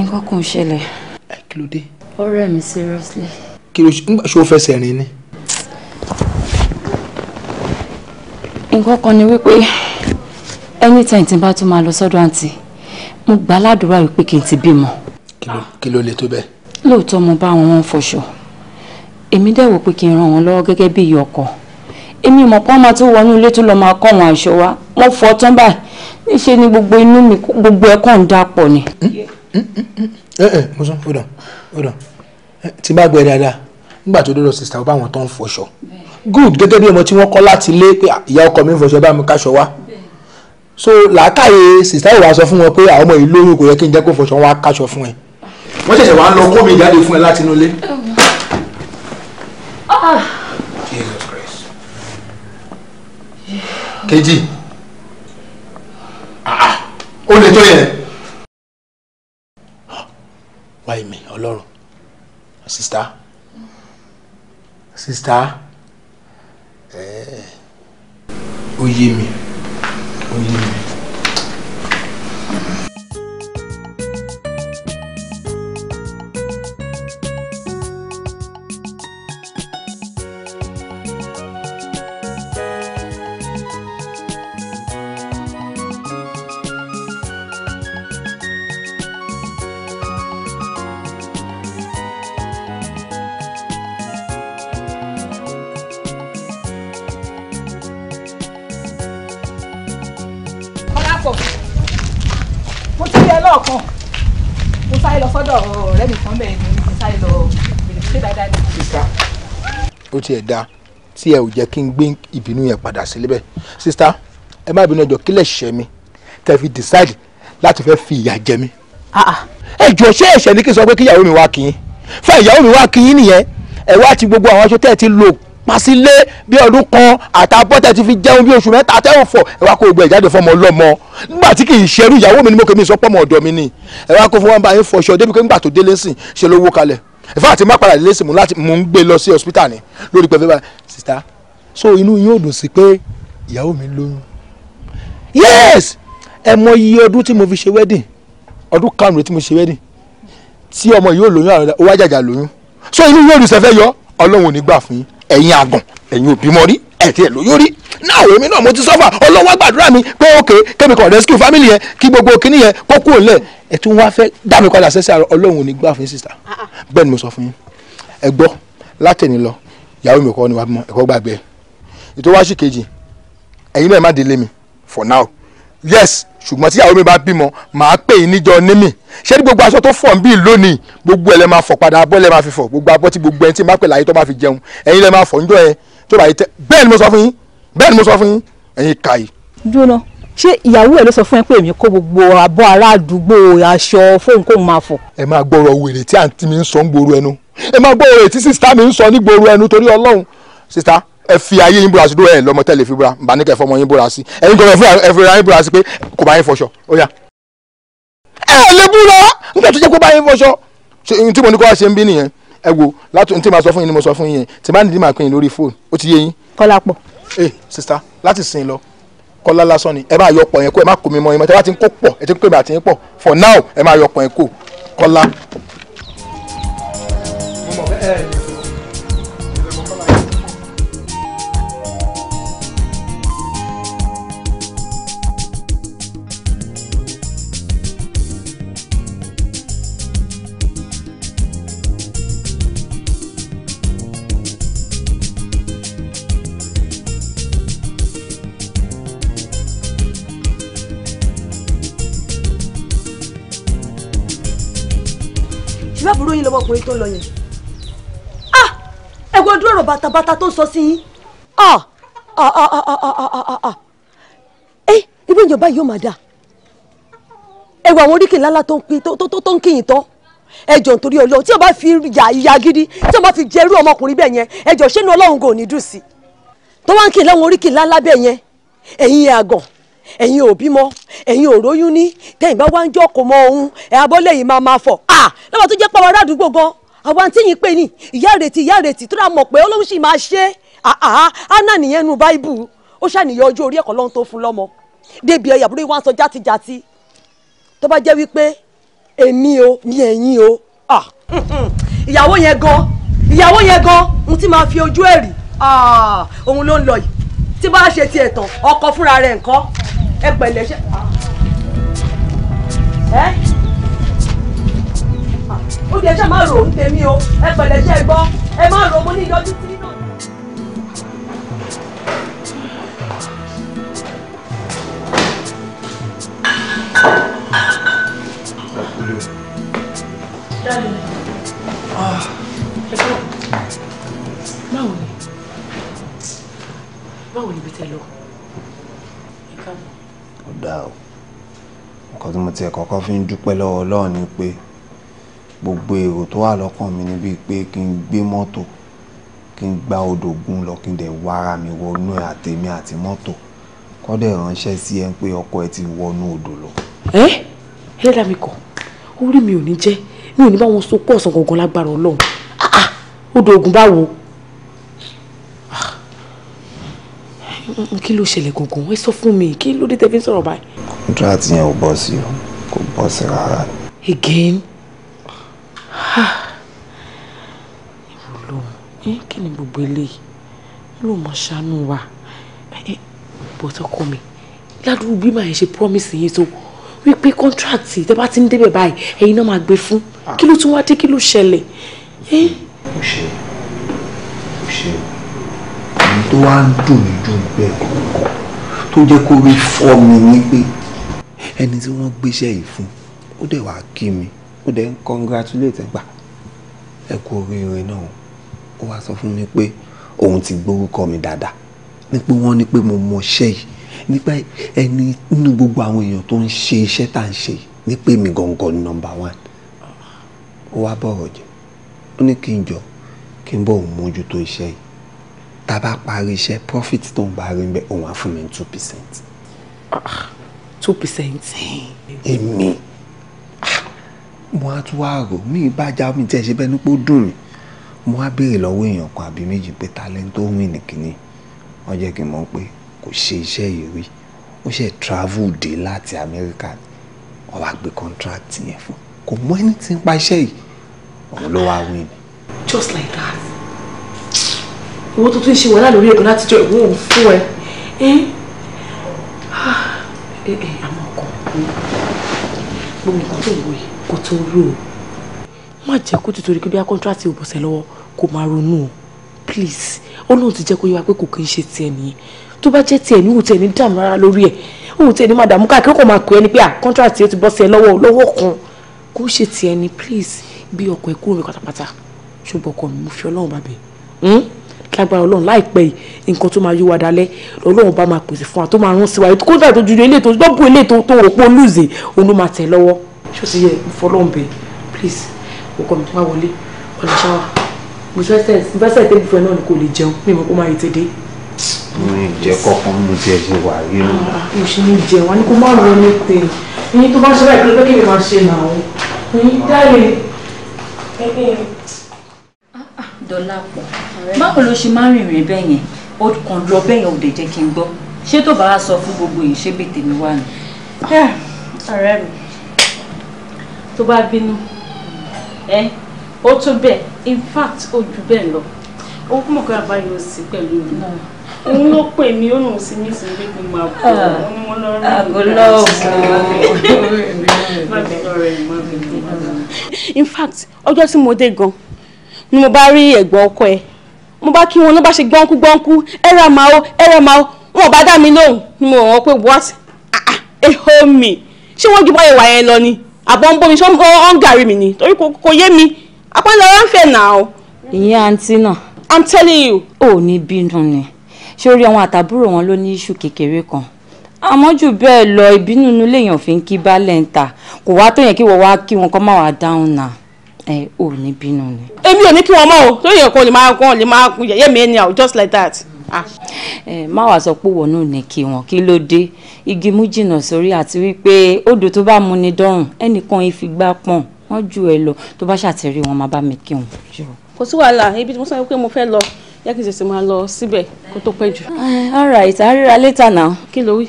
G: Nǹkan kan ṣẹlẹ̀. Ẹ kí ló dé? Ọ̀rẹ́ mi seriously.
A: Kí ló ṣe o fẹsẹ̀ rìn ni?
G: Nǹkan kan ni wípé anytime tí n bá tún máa lọ sọ́dọ̀ àǹtí, mo gbà ládùúrà wípé kí n ti bímọ
A: kí ló lè tó bẹ́ẹ̀.
G: lóòótọ́ mo bá wọn fọṣọ èmi dẹ̀ wò pé kí n ràn wọ́n lọ́wọ́ gẹ́gẹ́ bí ìyá ọkọ èmi mọ̀ pé wọ́n máa tó wọnú ilé tó lọ́ọ́ máa kọ́ wọn aṣọ wa mo fọ tán báyìí níṣe ni gbogbo inú mi gbogbo ẹ̀ kàn ń dàpọ̀ ni. ẹ
D: hmm? ẹ hmm?
G: hmm? eh, eh, mo sún hold on hold on eh, tí bá gbẹ dáadáa
A: nígbà tó dọ́dọ̀ sista bá wọn tó fọṣọ good gẹ́gẹ́ bí ọmọ tí wọ́n kọ́ láti ilé pé ah, ìyá ọkọ mi ń fọṣọ bá mi káṣọ wá so làákàyè sista ìwà sọ fún wọn pé àwọn ah, ọmọ ìlú lóyún kò yẹ kí n jẹ́ kó fọṣọ wọn á káṣọ fún ẹ wọ́n ṣẹ̀ṣẹ̀ wá ń lọ kó mi jáde fún ẹ láti inú ilé.
B: Jesus Christ.
A: kejì ah, ah. ó lè tó yẹn. wáyé mi ọlọ́run sista sista eh. ó yé mi ó yé mi.
H: lọ́rọ̀ kan mo sáré lọ sọ́dọ̀ ọ̀rẹ́ mi kan bẹ́ẹ̀ ni mo sáré lọ bèrè dáadáa
A: ó tiẹ̀ da tí ẹ ò jẹ́ kí n gbé ìbínú yẹn padà sí níbẹ̀ sista ẹ má bínú ẹjọ́ kílẹ̀ ṣẹ́ mi tẹ́ fi decide láti fẹ́ fi ìyà jẹ mi. Ah, ah. ẹ jọ ṣé ẹ̀ṣẹ̀ ni kí n sọ pé kíyàwó mi wá kí n fún ìyàwó mi wá kí n nìyẹn ẹ wá ti gbogbo àwọn aṣọ tẹ́ ẹ ti lò pasílé bí ọdún kan àtàbọ̀ tẹ́ ti fi jẹun bí oṣù mẹ́ta tẹ́ ò fọ̀ ẹ wá kó gbogbo ẹ̀ jáde fọmọ ọlọ́mọ nígbà tí kì í ṣerú ìyàwó mi ni mo kèmí sọ pọ́mọ ọ̀dọ̀ mi ni ẹ wá kó fún wọn bá yín fọṣọ débi pé nígbà tó délé sìn ṣe lówó kalẹ̀ ìfẹ́ àti má padà délé sìn mò ń gbé lọ sí hospital ni lórí pẹ̀fẹ́ bá sista so inú yín ò dùn sí pé ìyàwó mi lóyún yes ẹ mọ iye ọdún tí mo fi ṣe wedding ọdún karùn-ún tí mo ṣe wedding tí ọmọ yìí ò lóyún àwọn ọ̀dà ó wá jàjà lóyún so inú yóò dùn sẹ́fẹ́ yọ ọlọ́run ò ní gbà fún yín ẹ̀yin àgàn ẹ̀yin òbí mọ́ rí ẹ̀tí ẹ̀ lóyún rí náà èmi náà mo ti sọ́fà ọlọ́wọ́ gbàdúrà mi pé òkè kémi kan rescue family yẹn kí gbogbo kínní yẹn kó kúrò lẹ̀ ẹ̀ tún wá fẹ́ dá mi padà sẹ́sẹ́ ọlọ́run ò ní gbà fún yín sister ah, ah. bẹ́ẹ̀ ni mo sọ fún yín ẹ gbọ́ látẹ̀ni lọ ìyàwó mi kọ́ ni wà á bímọ ẹ̀kọ́ gbàgbé ètò wáṣí kejì ẹ̀yin náà má délé mi for now yes ṣùgbọ́n tíyàwó mi bá bímọ màá pè yín níjọ nímì ṣé ní gbogbo aṣọ tó fọ̀ ń bí lónìí gbogbo ẹ̀ lẹ́ máa fọ̀ padà abọ́ lẹ́ máa fi fọ̀ gbogbo abọ́ tí gbogbo ẹni tí máa pè láyé tó máa fi jẹun ẹ̀yin lẹ́ máa fọ̀ níjọ́ ẹ tó báyìí tẹ bẹ́ẹ̀ ni mo sọ fún yín bẹ́ẹ̀ ni mo sọ fún yín ẹ̀yin kà yìí. jóná ṣé ìyàwó ẹ ló sọ fún ẹ pé èmi kó gbogbo abọ́ ará àdúgbò aṣọ fóun kó máa fọ̀. ẹ máa gbọ́rọ̀ wèrè tí àǹtí mi ń sọ ń gbòòrò ẹnu ẹ máa gbọ́rọ̀ wèrè tí sísítà mi ń sọ ní gbòòrò ẹnu fi ayé yín búra sí dúró ẹ lọmọ tẹ́lẹ̀ fi búra nbà ní yín búra sí ẹ̀yin gbọ́dọ̀ fún ẹ fi ra búra sí pé kò bá yín fọṣọ ó yá ẹ lè búra nígbà tó jẹ́ pé báyìí fọṣọ ṣe tí mo ní kó wá ṣe ń bí nìyẹn ẹ wo láti tí màá sọ fún yín ni mo sọ fún yín tí màá nìdí màá pín in lórí fóònù ó ti yé yín. kọ́lá pọ̀. ẹ eh, sista láti sìn lọ kọ́lá lásán ni ẹ bá yọ pọ̀ yẹn kó ẹ má kó mi mọ́ yẹn mọ́ tí wọ́n ti ń kó pọ̀ ẹ ti ń pè mí àti yín pọ̀ for now ẹ má yọ pọ̀ yẹn kó kọ́lá.
B: mo mọ̀ bẹ́ẹ̀
H: lọ́mọkùnrin tó lọ yẹn ah ẹ wo dúró bàtàbàtà tó ń sọ sí yín ah ah ah ah ah ah ẹ ibi ìjọba yóò máa dà ẹ wo àwọn oríkì ńláńlá tó ń kíyìn tán ẹjọ nítorí Ọlọ́run tí o bá fi yà ìyá gidi tí o bá fi jẹ irú ọmọkùnrin bẹ́ẹ̀ yẹn ẹjọ ṣẹnu Ọlọ́run kò ní dùn sí tó wá ń kí lẹ́wọ̀n oríkì ńláńlá bẹ́ẹ̀ yẹn ẹ̀yin àgàn ẹ̀yin ò bímọ ẹ̀yin ò róyún ní tẹ̀yìn bá wá ń jókòó mọ ohun ẹ̀ abọ́lé yìí máa máa fọ̀ à lọ́wọ́ tó jẹ́ pọ̀ ará àdúgbò gan àwọn àǹtí yìí pè ní ìyá ìrètí ìyá ìrètí tó dà mọ̀ pé olóhùn sì máa ṣe àhà áná nìyẹn nu báíbù ó ṣàníyàn ọjọ́ orí ẹ̀kọ́ lọ́hún tó fún lọ́mọ débi ẹ̀yà àbúrò wa ń sọ játijáti tó bá jẹ́ wípé èmi o ni ẹ̀yin o ìyàwó yẹn gan ìyàwó yẹn gan mo ti máa fi ojú ẹ̀rí òun ló ń lọ yìí tí bá ṣe tiẹ̀ tán ọkọ fúnra rẹ̀ nǹkan ẹ pẹ̀lẹ́ ṣe. ẹ
B: ó di ẹṣẹ má rò ń tèmi o ẹ pẹ̀lẹ́ ṣe gbọ́ ẹ má rò mo ní ìyọjú tí.
D: báwo ni báwo ni bí tẹ lọ
A: ẹ káàbọ̀ ó dáa o nǹkan tí mo tiẹ̀ kọ́kọ́ fi ń dúpẹ́ lọ́wọ́ Ọlọ́run ni pé gbogbo èrò tó wà lọ́kàn mi níbi pé kí n gbé mọ́tò kí n gba odò gun lọ kí n dẹ̀ wá ara mi wọnú ẹ̀ àtẹ̀mí àti mọ́tò kọ́ ránṣẹ́ sí ẹ pé ọkọ ẹ ti wọnú odò lọ.
D: ẹ ẹlẹ́dàá mi kọ̀ orí mi ò ní jẹ́ mi ò ní bá wọn so kọ́ ọ̀sán gangan lágbára Ọlọ́run ah, ah, odò ògùn báwo kí ló ṣẹlẹ̀ gangan ẹ sọ fún mi kí ló dé tẹ́ fi ń sọ̀rọ̀ báyìí.
F: contract yẹn ò bọ́ sí o kò bọ́ sí rárá.
D: again ìwọ lòun kí ni gbogbo eléyìí ló mọ ṣàánú wa bọ́tọ̀ kọ́ mi ládùúgbò bí màá ṣe promise yín tó wípé contract tẹ́ bá ti ń
C: débẹ̀ báyìí ẹ̀yin náà máa gbé fún ah. kí ló tún wá dé kí ló ṣẹlẹ̀. ó ṣe
A: ó ṣe ohun tó wá ń dùn mí dùn bẹ́ẹ̀ kọ̀ọ̀kan tó jẹ́ kó rí fọ́ mi ní pé ẹni tí wọ́n gbéṣẹ́ yìí fún ó dẹ̀ wá kí mi ó dẹ̀ ń congratulate gbà ẹ kú oríire náà ó wá sọ fún mi pé òun ti gbórúkọ mi dáadáa ní pé wọ́n ní pé mo mọṣẹ́ yìí nípa ẹni nínú gbogbo àwọn èèyàn tó ń ṣe iṣẹ́ tá à ń ṣe yìí ní pé mi gangan ni nọmba one ó wá bọ̀rọ̀ jẹ́ ó ní kí n jọ kí n bọ̀ òun mójútó iṣẹ́ yìí tá a bá parí iṣẹ́ profit tó ń bá rí ń bẹ́ òun á fún mi ní
D: two percent. Ah, two percent.
A: èmi ah, mo á tún wá rò mí ìbájá mi tiẹ̀ ṣe bẹ́ẹ̀ ní pé ó dùn mí mo á béèrè lọ́wọ́ èèyàn kan àbí méjì pé talent tó wìn nìkíní wọ́n jẹ́ kí n mọ̀ pé kò ṣe iṣẹ́ yìí rí ó ṣe travel dé láti Amẹ́ríkà wọ́n wá gbé contract yẹn fún kò mọ ẹni tí ń pa iṣẹ́ yìí òun ló wá win.
D: just like that
H: owó tó tún ṣe wàhálà lórí ẹ̀gbọ́n láti jọ ìwọ̀n òun fún ẹ
G: ah, àmọ́ ọkàn gbogbo nǹkan tó ń wò yìí kò tó rú o má jẹ́ kó tìtorí pé bí a kọ́ńtrátì ò bọ̀sẹ̀ lọ́wọ́ kó máa ronú o please ó lóun ti jẹ́ kó yẹ wa pé kò kí ń ṣe tiẹ̀ nìyẹn tó bá jẹ́ tiẹ̀ ní òun tiẹ̀
C: ní dààmú rárá lórí ẹ̀ òun tiẹ̀ ní máa dààmú káàkiri kò máa kọ ẹni pé à ó ti bọ́sẹ̀ lọ́wọ́ lọ́wọ́ kan
D: kó ṣe tiẹ̀ ní please bí ọkọ̀ ẹ̀ kúrò mi pátápátá ṣùgbọ́n ọkọ mi mo fi ọlọ́run bàbẹ̀ lágbára ọlọ́run láìpẹ́ yìí nǹkan tó máa yí wa dalẹ̀ ọlọ́run bá máa pèsè
H: fún wa tó máa rán sí wa kódà tó ju ilé tó dọ́pọ̀ ilé tó tó rò pé ó lùzè òun ló máa tẹ̀ lọ́wọ́ ṣó ti
D: yẹ ìfọlọ́run bẹ̀ please ọkọ mi má wọlé ọ̀nà ṣáwa mo fẹ́ sẹ́ tẹ́lifù ẹ náà ni kò lè jẹun mi mọ̀ kó máa yẹ tẹ́lẹ̀
F: jẹ kọkan mú tiẹ ṣe
D: wà rí o. kò ah, ṣe ní jẹ wọn ni kó má ni
G: máa ṣe Dọlápọ̀ báwo ló ṣe máa ń rìnrìn bẹ́ẹ̀ yẹn ó kàn lọ bẹ́ẹ̀ yẹn ò dẹ̀ jẹ́ kí n gbọ́ ṣé tó bá sọ fún gbogbo yìí ṣé bí tèmi wà ní. ọ̀rẹ́ mi tó bá bínú ẹ ó tó bẹ́ẹ̀ in fact ó ju bẹ́ẹ̀ lọ ó kúmọ̀ kí wọ́n bá yọ sí pẹ̀lú mi òun ló pè mí ó lòun sí mí sí pé kí n máa kú ah, òun
D: ni wọ́n lọ rí mi lọ́wọ́
G: in fact ọjọ́ tí mo dé gan-an ni mo bá rí ẹ̀gbọ́n
H: ọkọ ẹ̀ mo bá kí wọn ló bá ṣe gbọ́nkú gbọ́nkú ẹ̀rọ màá o ẹ̀rọ màá o wọn ò bá dá mi lóhùn
G: ni mo rán pé what ah, ah, eho mi ṣé wọ́n ju báyìí yẹn lọ ni àbọ̀ ń bómi ṣé wọ́n gàrí mi ni torí kò yé mi apọ́nlẹ̀ ọ̀rọ̀ ń fẹ́ nà ó. ìyá àǹtí náà. i'm telling you. ò ní bínú ni ṣé orí àwọn àtàbúrò wọn ló ní iṣu kékeré kan àmọ́ jù bẹ́ẹ̀ lọ ìbínú inú lèèyàn fi ń kí bá lẹ́ńtà kò wá tó yẹn kí wọ́n wá kí wọn kọ́ máa wá dáhùn náà ẹ ò ní bínú ni. èmi ò ní kí wọn mọ o tó yẹ kó lè
C: máa kó lè máa yẹ mi ẹni out just like that. Ah.
G: ẹ má wàá sọ pé wọn ò kí wọn kí ló dé igi mú jìnnà sórí àti wípé odò tó bá múni dọ́rùn ẹnìkan ìfigbá pọ̀n wọ́n ju ẹ lọ tó bá ṣàtẹ̀rí wọn máa bá mi kí wọn.
C: kò sí wàhálà ibi tí mo sọ
G: pé mo fẹ́ lọ yẹ kí n ṣèṣe máa lọ síbẹ̀ kó tó pẹ́ jù. Eh, all right àríra later now. kí ló wí.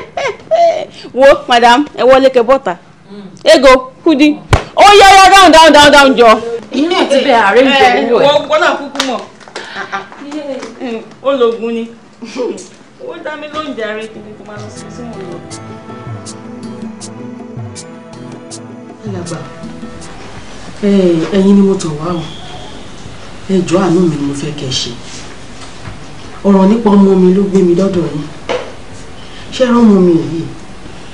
G: wo madam ẹ wọlé kẹ bọ́ta mm. ego kudi. Oh ó yẹ yá dáhùn dáhùn dáhùn dáhùn jọ. inú ẹ̀ ti bẹ ààrẹ ìjọ eh, nílò ẹ̀. wọ́n náà kúkú mọ̀ ah, ah. Hmm, ó lógun ni ó dá mi lóúnjẹ ààrẹ tèmi kò máa lọ sí sí wọn lọ.
D: alàgbà ẹ̀yin ni mo tọ̀ wá o
C: ẹjọ́ àánú mi ni mo fẹ́ kẹ́ ṣe ọ̀rọ̀ nípa ọmọ mi ló gbé mi
A: dọ́dọ̀
D: yín ṣé ẹ̀rọ ọmọ mi yìí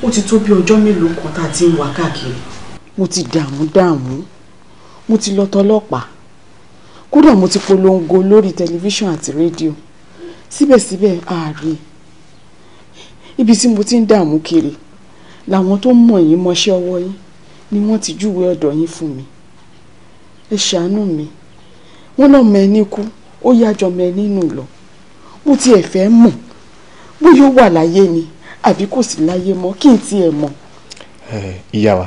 D: ó ti tó bí ọjọ́ mélòó kan tá a ti ń wá káàkiri mo ti dààmú dààmú mo ti lọ tọlọ́pàá kódà mo ti polongo lórí tẹlifíṣàn àti rédíò síbẹ̀síbẹ̀ ààrẹ ibi tí mo ti ń dààmú kiri làwọn tó mọ̀ yín mọṣẹ́ ọwọ́ yín ni wọ́n ti júwe ọ̀dọ̀ yín fún mi ẹ ṣàánú mi wọ́n lọ́mọ ẹni kú ó yájọ mọ ẹni nù lọ mo tiẹ̀ fẹ́ mọ̀ bóyá ó wà láyé ni àbí kò sí láyé mọ́ kí n tiẹ̀ mọ̀.
A: ìyá wa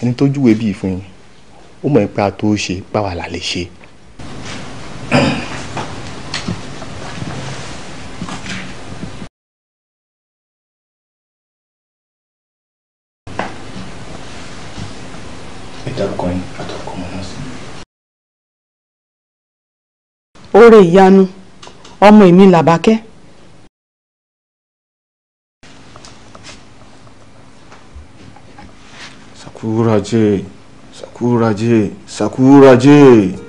A: ẹni tó júwe bíi fún yín ó mọ̀ nípa tó ṣe báwa là lè ṣe.
G: oore ìyanu ọmọ èmi làbákẹ́
F: sakuraje sakuraje sakuraje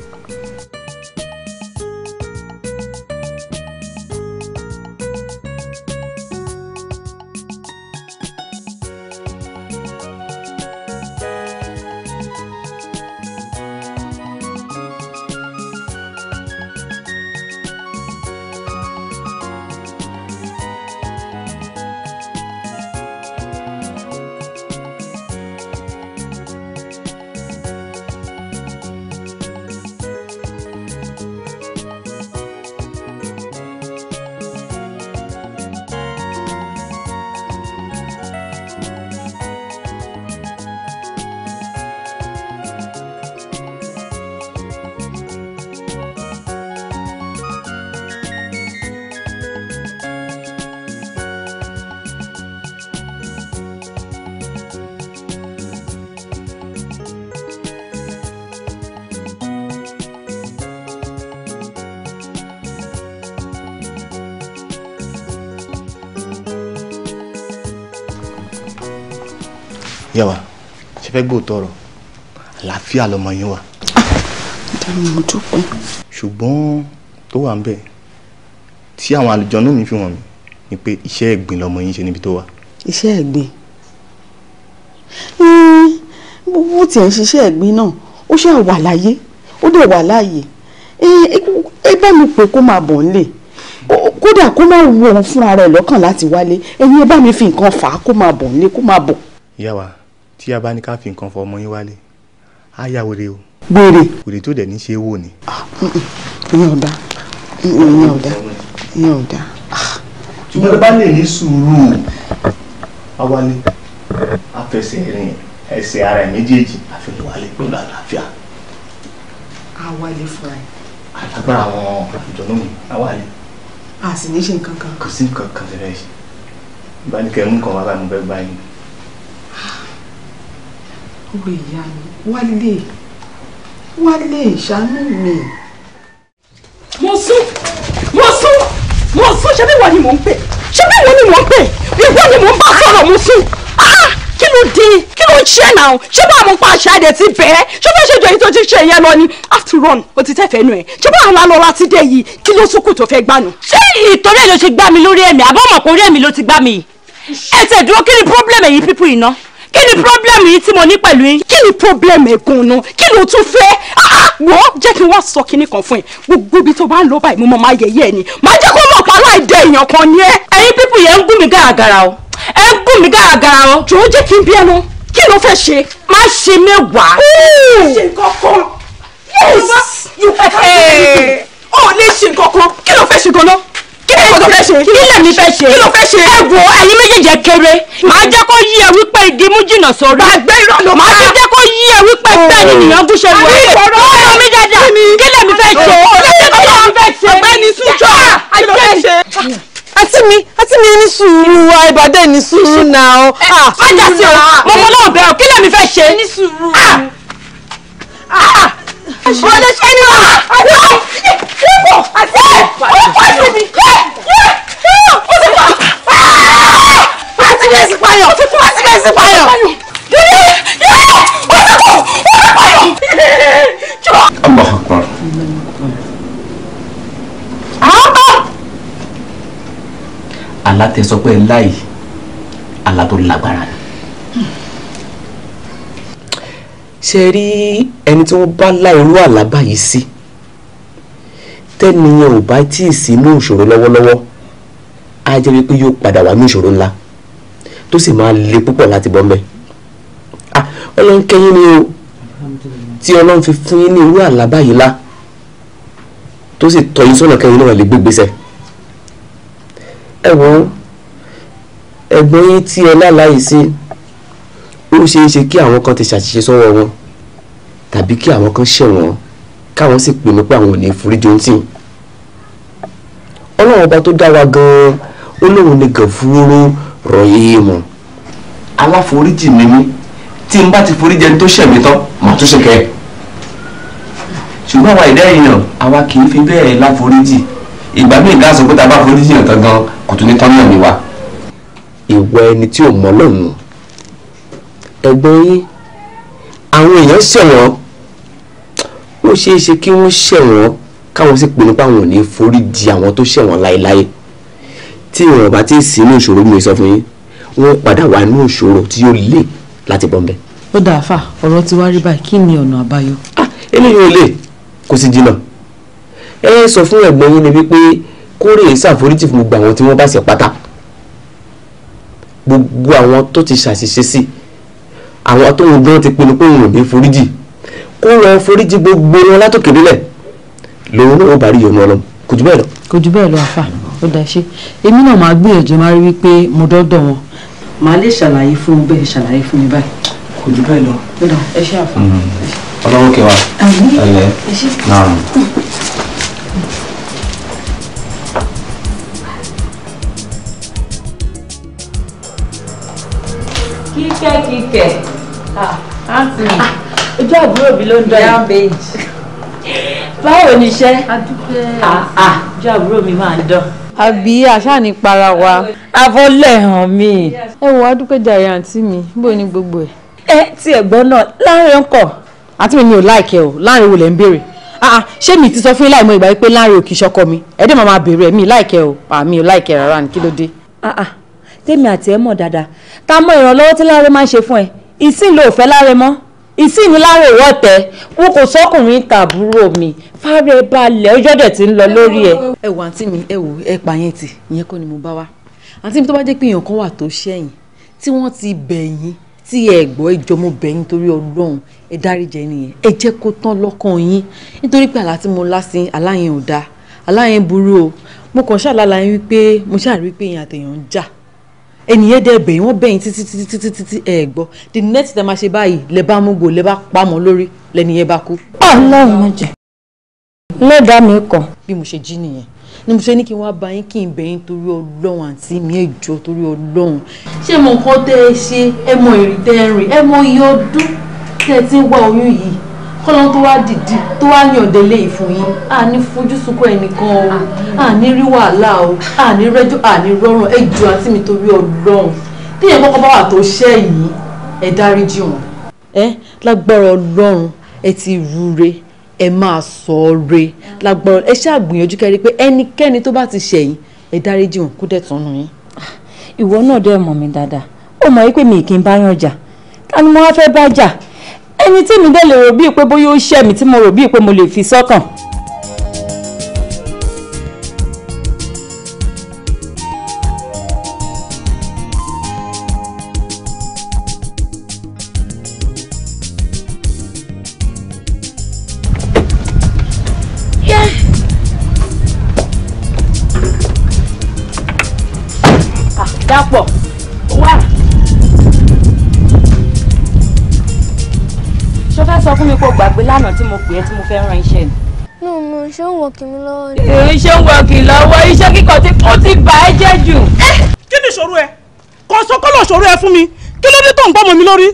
A: àlàáfíà lọmọ yín wà. ìdààmú mo dúpẹ́. ṣùgbọ́n tó wà ń bẹ̀ tí àwọn àlùjọ́nú mi fi hàn mí ni pé iṣẹ́ ẹ̀gbìn lọmọ yín ṣe níbi tó wà.
D: iṣẹ́ ẹ̀gbìn
H: hmm, bó tiẹ̀ ń ṣiṣẹ́ ẹ̀gbìn náà ó ṣe wà láyé ó dẹ̀ wà láàyè ẹ bá mi pé kó máa bọ̀ nílé kódà kó má wù ọ́n
C: fúnra rẹ̀ lọ́kàn láti wálé ẹ̀yin ẹ bá mi fi nǹkan fà á kó máa bọ̀ nílé kó máa bọ̀.
B: ìyá wa
A: tí a bá ní ká fi nǹkan fọ ọmọ yín wálé aya wèrè o. wèrè. wèrè tó dẹ̀ ní ṣe é wò ni. Ah,
B: ìyẹn ò dá ìyẹn ò dá ìyẹn ò dá.
A: ṣùgbọ́n bá lè ní
C: sùúrù
A: awálé afẹsẹ̀ rìn ẹsẹ̀ ara ẹ̀ méjèèjì àfihàn wálé pẹ̀lú àlàáfíà.
D: awálé fúnra ẹ̀.
A: àtàgbà àwọn àjọ̀nù mi awálé.
D: a sì ní ṣe nǹkan kan. kò sí
A: nǹkan kan tẹ́lẹ̀ ṣe ìbánikẹ́ mú kan wá bá mi bẹ́ẹ̀ báyìí
D: ìwé ìyá mi wálé wálé ìṣàánú mi. mo sún mo sún mo sún ṣebí ìwọ ni mò ń
H: pè ṣebí ìwọ ni mò ń pè ìwọ ni mò ń bá sọ̀rọ̀ mo sún ah, kí ló dé kí ló ń ṣe náà ṣé bá àwọn pa àṣà ẹ̀dẹ̀ ti bẹ̀ẹ́ ṣé bá ṣe jọ èyí tó ti ṣe yẹn lọ ni after all o ti tẹ́fẹ̀ẹ́ nu ẹ̀ ṣé bá àwọn alọ́lá ti dé yìí kí ló tún kù tó fẹ́ gbà nù. ṣé ìtọ́jú ẹ̀ ló ti gbá mi lórí
G: ẹ̀mí àbọ̀mọ̀kọ orí ẹ̀mí ló ti gbá mi yìí ẹ̀ tẹ̀ dúró kí ni problem ẹ̀yin pípù yìí náà kí ni problem yìí tí mo ní pẹ̀lú yín kí ni problem ẹ̀gùn nu kí ló tún fẹ́ ah, ah, wọ́ jẹ́ kí n wá
H: sọ kinní kan fún ẹ gbogbo ibi tó bá ń lọ báyìí mo mọ máa yẹ̀yẹ́ ẹ ni máa jẹ́ kó mọ̀ pa aláìdẹ èèyàn kan ni ẹ.
G: ẹ̀yin pípù yẹn ń gún mi gàràgàrà o ẹ ń gún mi gàràgàrà o jọ̀ọ́ jẹ́ kí n bí ẹnu kí ló fẹ́ ṣe má ṣe mẹ́wàá. ṣe yes
H: you can't do it o oh, lè ṣe nǹkan kan kí kí mi fẹ́ ṣe kí lèmi fẹ́ ṣe kí ló fẹ́ ṣe. ẹ wo ẹ̀yin méjèèjì kéré màá jẹ́ kó yí ẹ wípé igi mú jìnnà sórí. àgbẹ̀ ìrọ̀ ló máa tún jẹ́ kó yí ẹ wípé oh. bẹ́ẹ̀ ni nìyàn gún ṣe wọ̀ ẹ́. ọ̀rọ̀ mi dada kí lèmi fẹ́ ṣe ọ̀rọ̀ oh, oh, mi fẹ́ ṣe. ọ̀gbẹ́ni sùjọ́ ah, kí ló fẹ́ ṣe. àti mi àti mi ní sùúrù wa ìbàdàn ní sùúrù náà.
G: Eh, ah, ọ̀lẹ́ ṣe ni wà
B: àti ìbò àti orúkọ ẹ̀sìn mi ó ti pa àti bẹ́ẹ̀ sì payọ̀ àti bẹ́ẹ̀ sì payọ̀ ó ti pa ó ti payọ̀. Allah akbar.
A: alátẹ̀sọ́pẹ́ láì alá tó lágbára ni. ṣe rí ẹni tí wọ́n bá lá irú àlá báyìí sí tẹ́niyàn ò bá tíì sínú ìṣòro lọ́wọ́lọ́wọ́ á jẹ́ wípé yóò padà wà ní ìṣòro ńlá tó sì máa le púpọ̀ láti bọ́ mẹ́ ọlọ́run kẹ́yìn ni o tí ọlọ́run fi fún yín ní irú àlá báyìí lá tó sì tọ́ yín sọ́nà kẹ́yìn náà lè gbégbèsè ẹ wọ́n ẹ̀gbọ́n yín tí ẹ lálàá yìí sí. Si, ó ṣeé ṣe kí àwọn kan ti ṣàṣìṣe sọ́wọ́ wọn tàbí kí àwọn kan ṣẹ̀wọ̀n káwọn sì pinnu pé àwọn ò ní foríjì ohun tí ń. ọlọ́run ọba tó dá wa gan-an ó lóun ní gàfúrú rọ̀yìn mọ̀. aláforíjì ni mí tí n bá ti foríjì ẹni tó ṣẹ̀ mí tán màá tún ṣe kẹ́ ẹ̀. ṣùgbọ́n àwa ìdá èèyàn àwa kì í fi bẹ́ẹ̀ láforíjì ìgbà míì ká sọ bá foríjì yàn tán gan kò tún ní tán náà ní wa. ìwọ ẹni tí ò mọ́ lọ́nà ẹ̀gbọ́n yín àwọn èèyàn ṣẹ̀wọ̀n ó ṣeé ṣe kí wọ́n ṣẹ̀wọ̀n káwọn sì pinnu páwọn ò ní forí di àwọn tó ṣẹ̀wọ̀n láéláé tí ìwọ̀n bá ti sí inú ìṣòro mi sọ fún yín wọ́n padà wà inú ìṣòro tí yóò le láti bọ́ ń
H: bẹ́. ó dáa fà ọ̀rọ̀ ti wá rí báyìí kí ni ọ̀nà àbáyọ. Ah, eléyìí ò lè kò sì
A: jìnnà ẹ sọ fún ẹ̀gbọ́n yín ni wípé kórè ṣàforíjì fún gbogbo àwọn tí wọ́n bá ṣe pátá gbogbo àwọn tó ti ṣàṣìṣe sí i àwọn tóun gan ti pinnu pé òun ò ní foríjì kó wọn foríjì gbogbo wọn látòkè nílẹ̀ lòun náà ó bá rí yọnu ọlọ́run kò jù bẹ́ẹ̀ lọ.
H: kò jù bẹ́ẹ̀ lọ àfà ó dá ṣe èmi náà máa gbìyànjú máa rí wípé mo dọ́dọ̀ wọn. màá lè ṣàlàyé fún bẹ́ẹ̀ ṣàlàyé fún mi báyìí. kò jù bẹ́ẹ̀ lọ. ẹ ṣe àfà.
B: Mm-hmm. ọlọ́run kẹwàá. ẹ ṣe. náà.
G: kíkẹ́ kíkẹ́ àǹtí ah, ah, ojú àbúrò mi ló ń dọ̀ yìí báwo ni iṣẹ́ ah, ojú àbúrò mi máa ń dọ̀. àbí àṣà ní para wa àfọlẹ̀ hàn mí. ẹ wo adúpẹ́jàre àǹtí mi bó ni gbogbo ẹ̀. ẹ ti ẹ̀gbọ́n náà láàrin ọkọ̀. àǹtí mi mi ò láìkẹ́ o láàrin wo lẹ̀ ń béèrè
H: ṣé mi ti sọ fún yín láìmọ ìgbà yìí pé láàrin òkì ìṣọkọ mi ẹ̀ẹ́dẹ̀ máa máa béèrè ẹ̀ mi láìkẹ́ o àmì ò láìkẹ́ rárá ni kí ló
G: dé tèmi àti ẹ mọ̀ dáadáa ta mọ ìrànlọ́wọ́ tí láre máa ń ṣe fún ẹ ìsìn ló fẹ́ láre mọ́ ìsìn ní láre òwò tẹ wọn kò sọkùnrin tàbúrò mi fárẹ balẹ̀ ọjọ́ dẹ̀ ti ń lọ lórí ẹ. ẹ wo àǹtí mi ẹ wo ẹ pa yẹn tì ìyẹn kọ́ ni mo bá wá
H: àǹtí mi tó bá jẹ́ pé èèyàn kan wà tó ṣẹ̀yìn tí wọ́n ti bẹ̀yìn tí ẹ gbọ́ ìjọ mo torí ọlọ́run ẹ dáríjẹ nìyẹn ẹ jẹ́ kó tán lọ́kàn yín nítorí pé àlá tí mo lásìn aláyẹn ò dáa aláyẹn burú o mo kàn ṣàlàyé wípé mo ṣàrí wípé èèyàn àtẹ̀yàn ń jà ẹnìyẹn dẹ bẹ̀yìn wọ́n bẹ̀yìn títí títí títí títí ẹ̀ gbọ́ the next time a ṣe báyìí lẹ bá mú gò lẹ bá pamọ́ lórí lẹ́nìyẹn bá kú. ọlọ́run má jẹ́ lẹ́dàá mi kọ̀. bí mo ṣe jí nìyẹn ni mo ṣe ní kí n wá bá yín kí n bẹ̀yìn torí ọlọ́run àǹtí mi ẹ̀ jọ torí ọlọ́run. ṣé mo kọ́ tẹ́ ẹ ṣe ẹ mọ ìrì ẹ mọ iye ọdún tẹ́ ti ń wá oyún yìí kọ́lọ́n tó wá dìdí tó wá yàn délé ìfún yín à fojú sunkún ẹnìkan o à ní rí wàhálà o à ní rẹ́jọ́ à ní rọrùn ẹ jù àǹtí mi torí ọlọ́run téèyàn kọ́kọ́ bá wà tó ṣẹ́ yìí ẹ dáríjì wọn. ẹ lágbára ọlọ́run ẹ ti rúre ẹ máa sọ ọrẹ
G: lágbára ẹ ṣáà gbìyànjú kẹrin pé ẹnikẹ́ni tó bá ti ṣẹ̀yìn ẹ dáríjì wọn kó dẹ̀ tọ́nu yín. Ah, ìwọ náà dẹ́ mọ̀ mi dáadáa ó mọ̀ ẹni tí mi dẹ̀ lè rò bíi pé bóyá ó ṣẹ̀ mí tí mo rò bíi pé mo lè fi sọ́kàn. fẹ́ràn iṣẹ́ mi.
B: nù mo ṣe ń wọ kìmí lọ́wọ́ ni. èyí ṣe ń wọ kì lọ́wọ́
G: iṣẹ́ kíkọ tí ó ti bà ẹ́ jẹ́ jù.
A: kí ni ìṣòro ẹ kò sọ kọ́lọ̀ ìṣòro ẹ fún mi kí ló dé tó ń gbọ́mọ mi lórí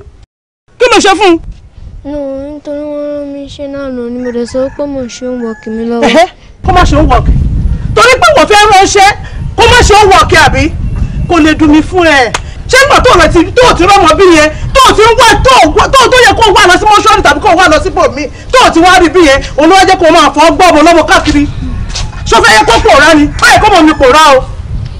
C: kí ló ṣe fún un. nù nítorí wọn rán mi iṣẹ́ náà lò ní mo dẹ̀ sọ pé mo ṣe ń wọ
B: kìmí lọ́wọ́.
D: kó má ṣe ń wọ kì torí pé wọ́n fẹ́ ránṣẹ́ kó má ṣe ń wọ kì àbí kò lè dùn mí fún ẹ ṣé nígbà tó rẹ ti tó ti rọmọ bí yẹn tó ti ń wá tó tó yẹ kó wà lọ sí mọ́ṣúárì tàbí kó wà lọ síbò mi tó ti wá rí bí yẹn olówó jẹ́ kó máa fọ́ gbọ́ ọmọ lọ́mọ káàkiri ṣọfẹ́ yẹ kó pòórá ni báyìí kó mọ̀ mi pòórá o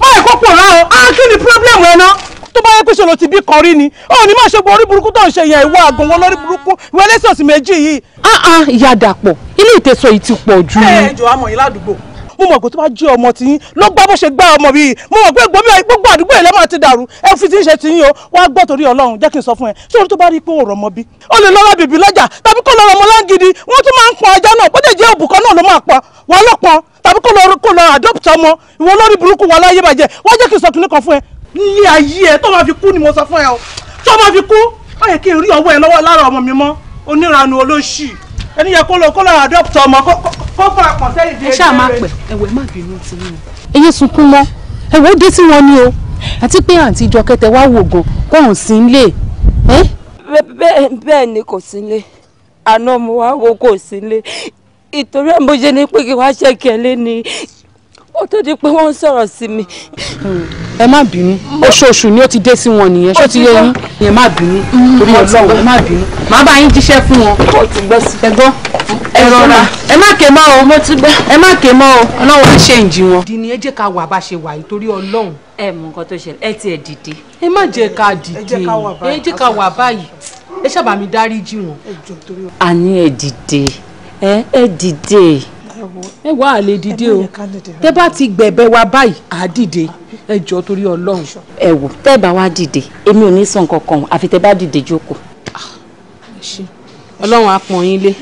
D: báyìí kó pòórá o á ah, kí ni pírọ́blẹ́mù ẹ náà tó bá yẹ pé ṣe ló ti bí kan rí ni ó ní má ṣe bo orí burúkú tó ń ṣe
A: yẹn ìwọ àgùn wọn lórí burúkú ìwọ ẹlẹ́sìn òsì méjì yìí. Ah, ah, ìyá dàpọ̀ ilé ìtẹ̀sọ̀ yìí ti
D: pọ̀ jù. ẹ ẹ mo mọ̀ pé tó bá jẹ́ ọmọ tiyín ló gbá bó ṣe gbá ọmọ bíi mo mọ̀ pé gbogbo àdúgbò yìí lẹ́ ti dàrú ẹ fi ti ń ṣe tiyín o wá gbọ́ torí ọlọ́run jẹ́ kí n sọ fún ẹ ṣé orí tó bá rí i pé òòrọ̀ ọmọ bí ó lè lọ́rọ̀ bèbí lọ́jà tàbí kó lọ́rọ̀ ọmọ láǹgidi wọ́n tún máa ń pọn ajá náà bó dẹ̀ jẹ́ òbùkọ́ náà ló máa pọn wọ́n ló pọn tàbí kó lọ kó lọ adopt ọmọ ìwọ lórí burúkú wọn láyé bàjẹ́ wọ́n jẹ́ kí n sọ kinní kan fún ẹ nílé ayé ẹ tó máa fi kú ni mo sọ fún ẹ o tó máa fi kú ó yẹ kí n rí
A: ọwọ́ ẹ lọ́wọ́ lára ọmọ mi mọ́ oníranu olóṣì ẹni yẹ kó lọ kó lọ adopt ọmọ
D: kó fà kàn sẹ́yìn di ẹgbẹ́ rẹ. ẹ ṣáà máa pẹ ẹwẹ má bínú ti mú.
E: eyín sunkún mọ ẹwẹ ó dé tí wọn ni o àti pé àǹtí ìjọkẹtẹ wá wò gan kó hàn sí ilé.
G: bẹ́ẹ̀ ni kò sí ilé àná mo wá wo kò sí ilé ìtorí ẹ̀ mo pé kí wá ṣẹ̀kẹ́ lé ni ó tó di pé wọ́n ń sọ̀rọ̀ sí mi.
E: ẹ má bínú oṣooṣù ni ó ti dé sí wọn nìyẹn ṣó ti yé yín ẹ má bínú torí ọlọ́run ẹ má bínú màá bá yín jíṣẹ́ fún wọn. ẹ gbọ́ ẹ rọra ẹ má ké mọ́
D: o ẹ má ké mọ́ o ọlọ́run á ṣe ìjì wọn.
G: ìdí ni ẹ jẹ́ ká wà bá ṣe wà yìí torí ọlọ́run. ẹ mọ nǹkan tó ṣẹlẹ̀ ẹ tiẹ̀ dìde. ẹ má jẹ́ ká dìde ẹ jẹ́ ká wà báyìí ẹ ṣàbàmì dáríjì wọn. àní ẹ dìde ẹ ẹ dìde
C: ẹ wá àlè dìde o tẹ bá ti gbẹ̀bẹ̀ wa báyìí á dìde ẹ jọ
G: torí Ọlọ́run. ẹ wò tẹ́ bá wa dìde èmi ò ní sàn kankan àfi tẹ́ bá dìde jókòó. Ah, Ọlọ́run á pọ́n yín lé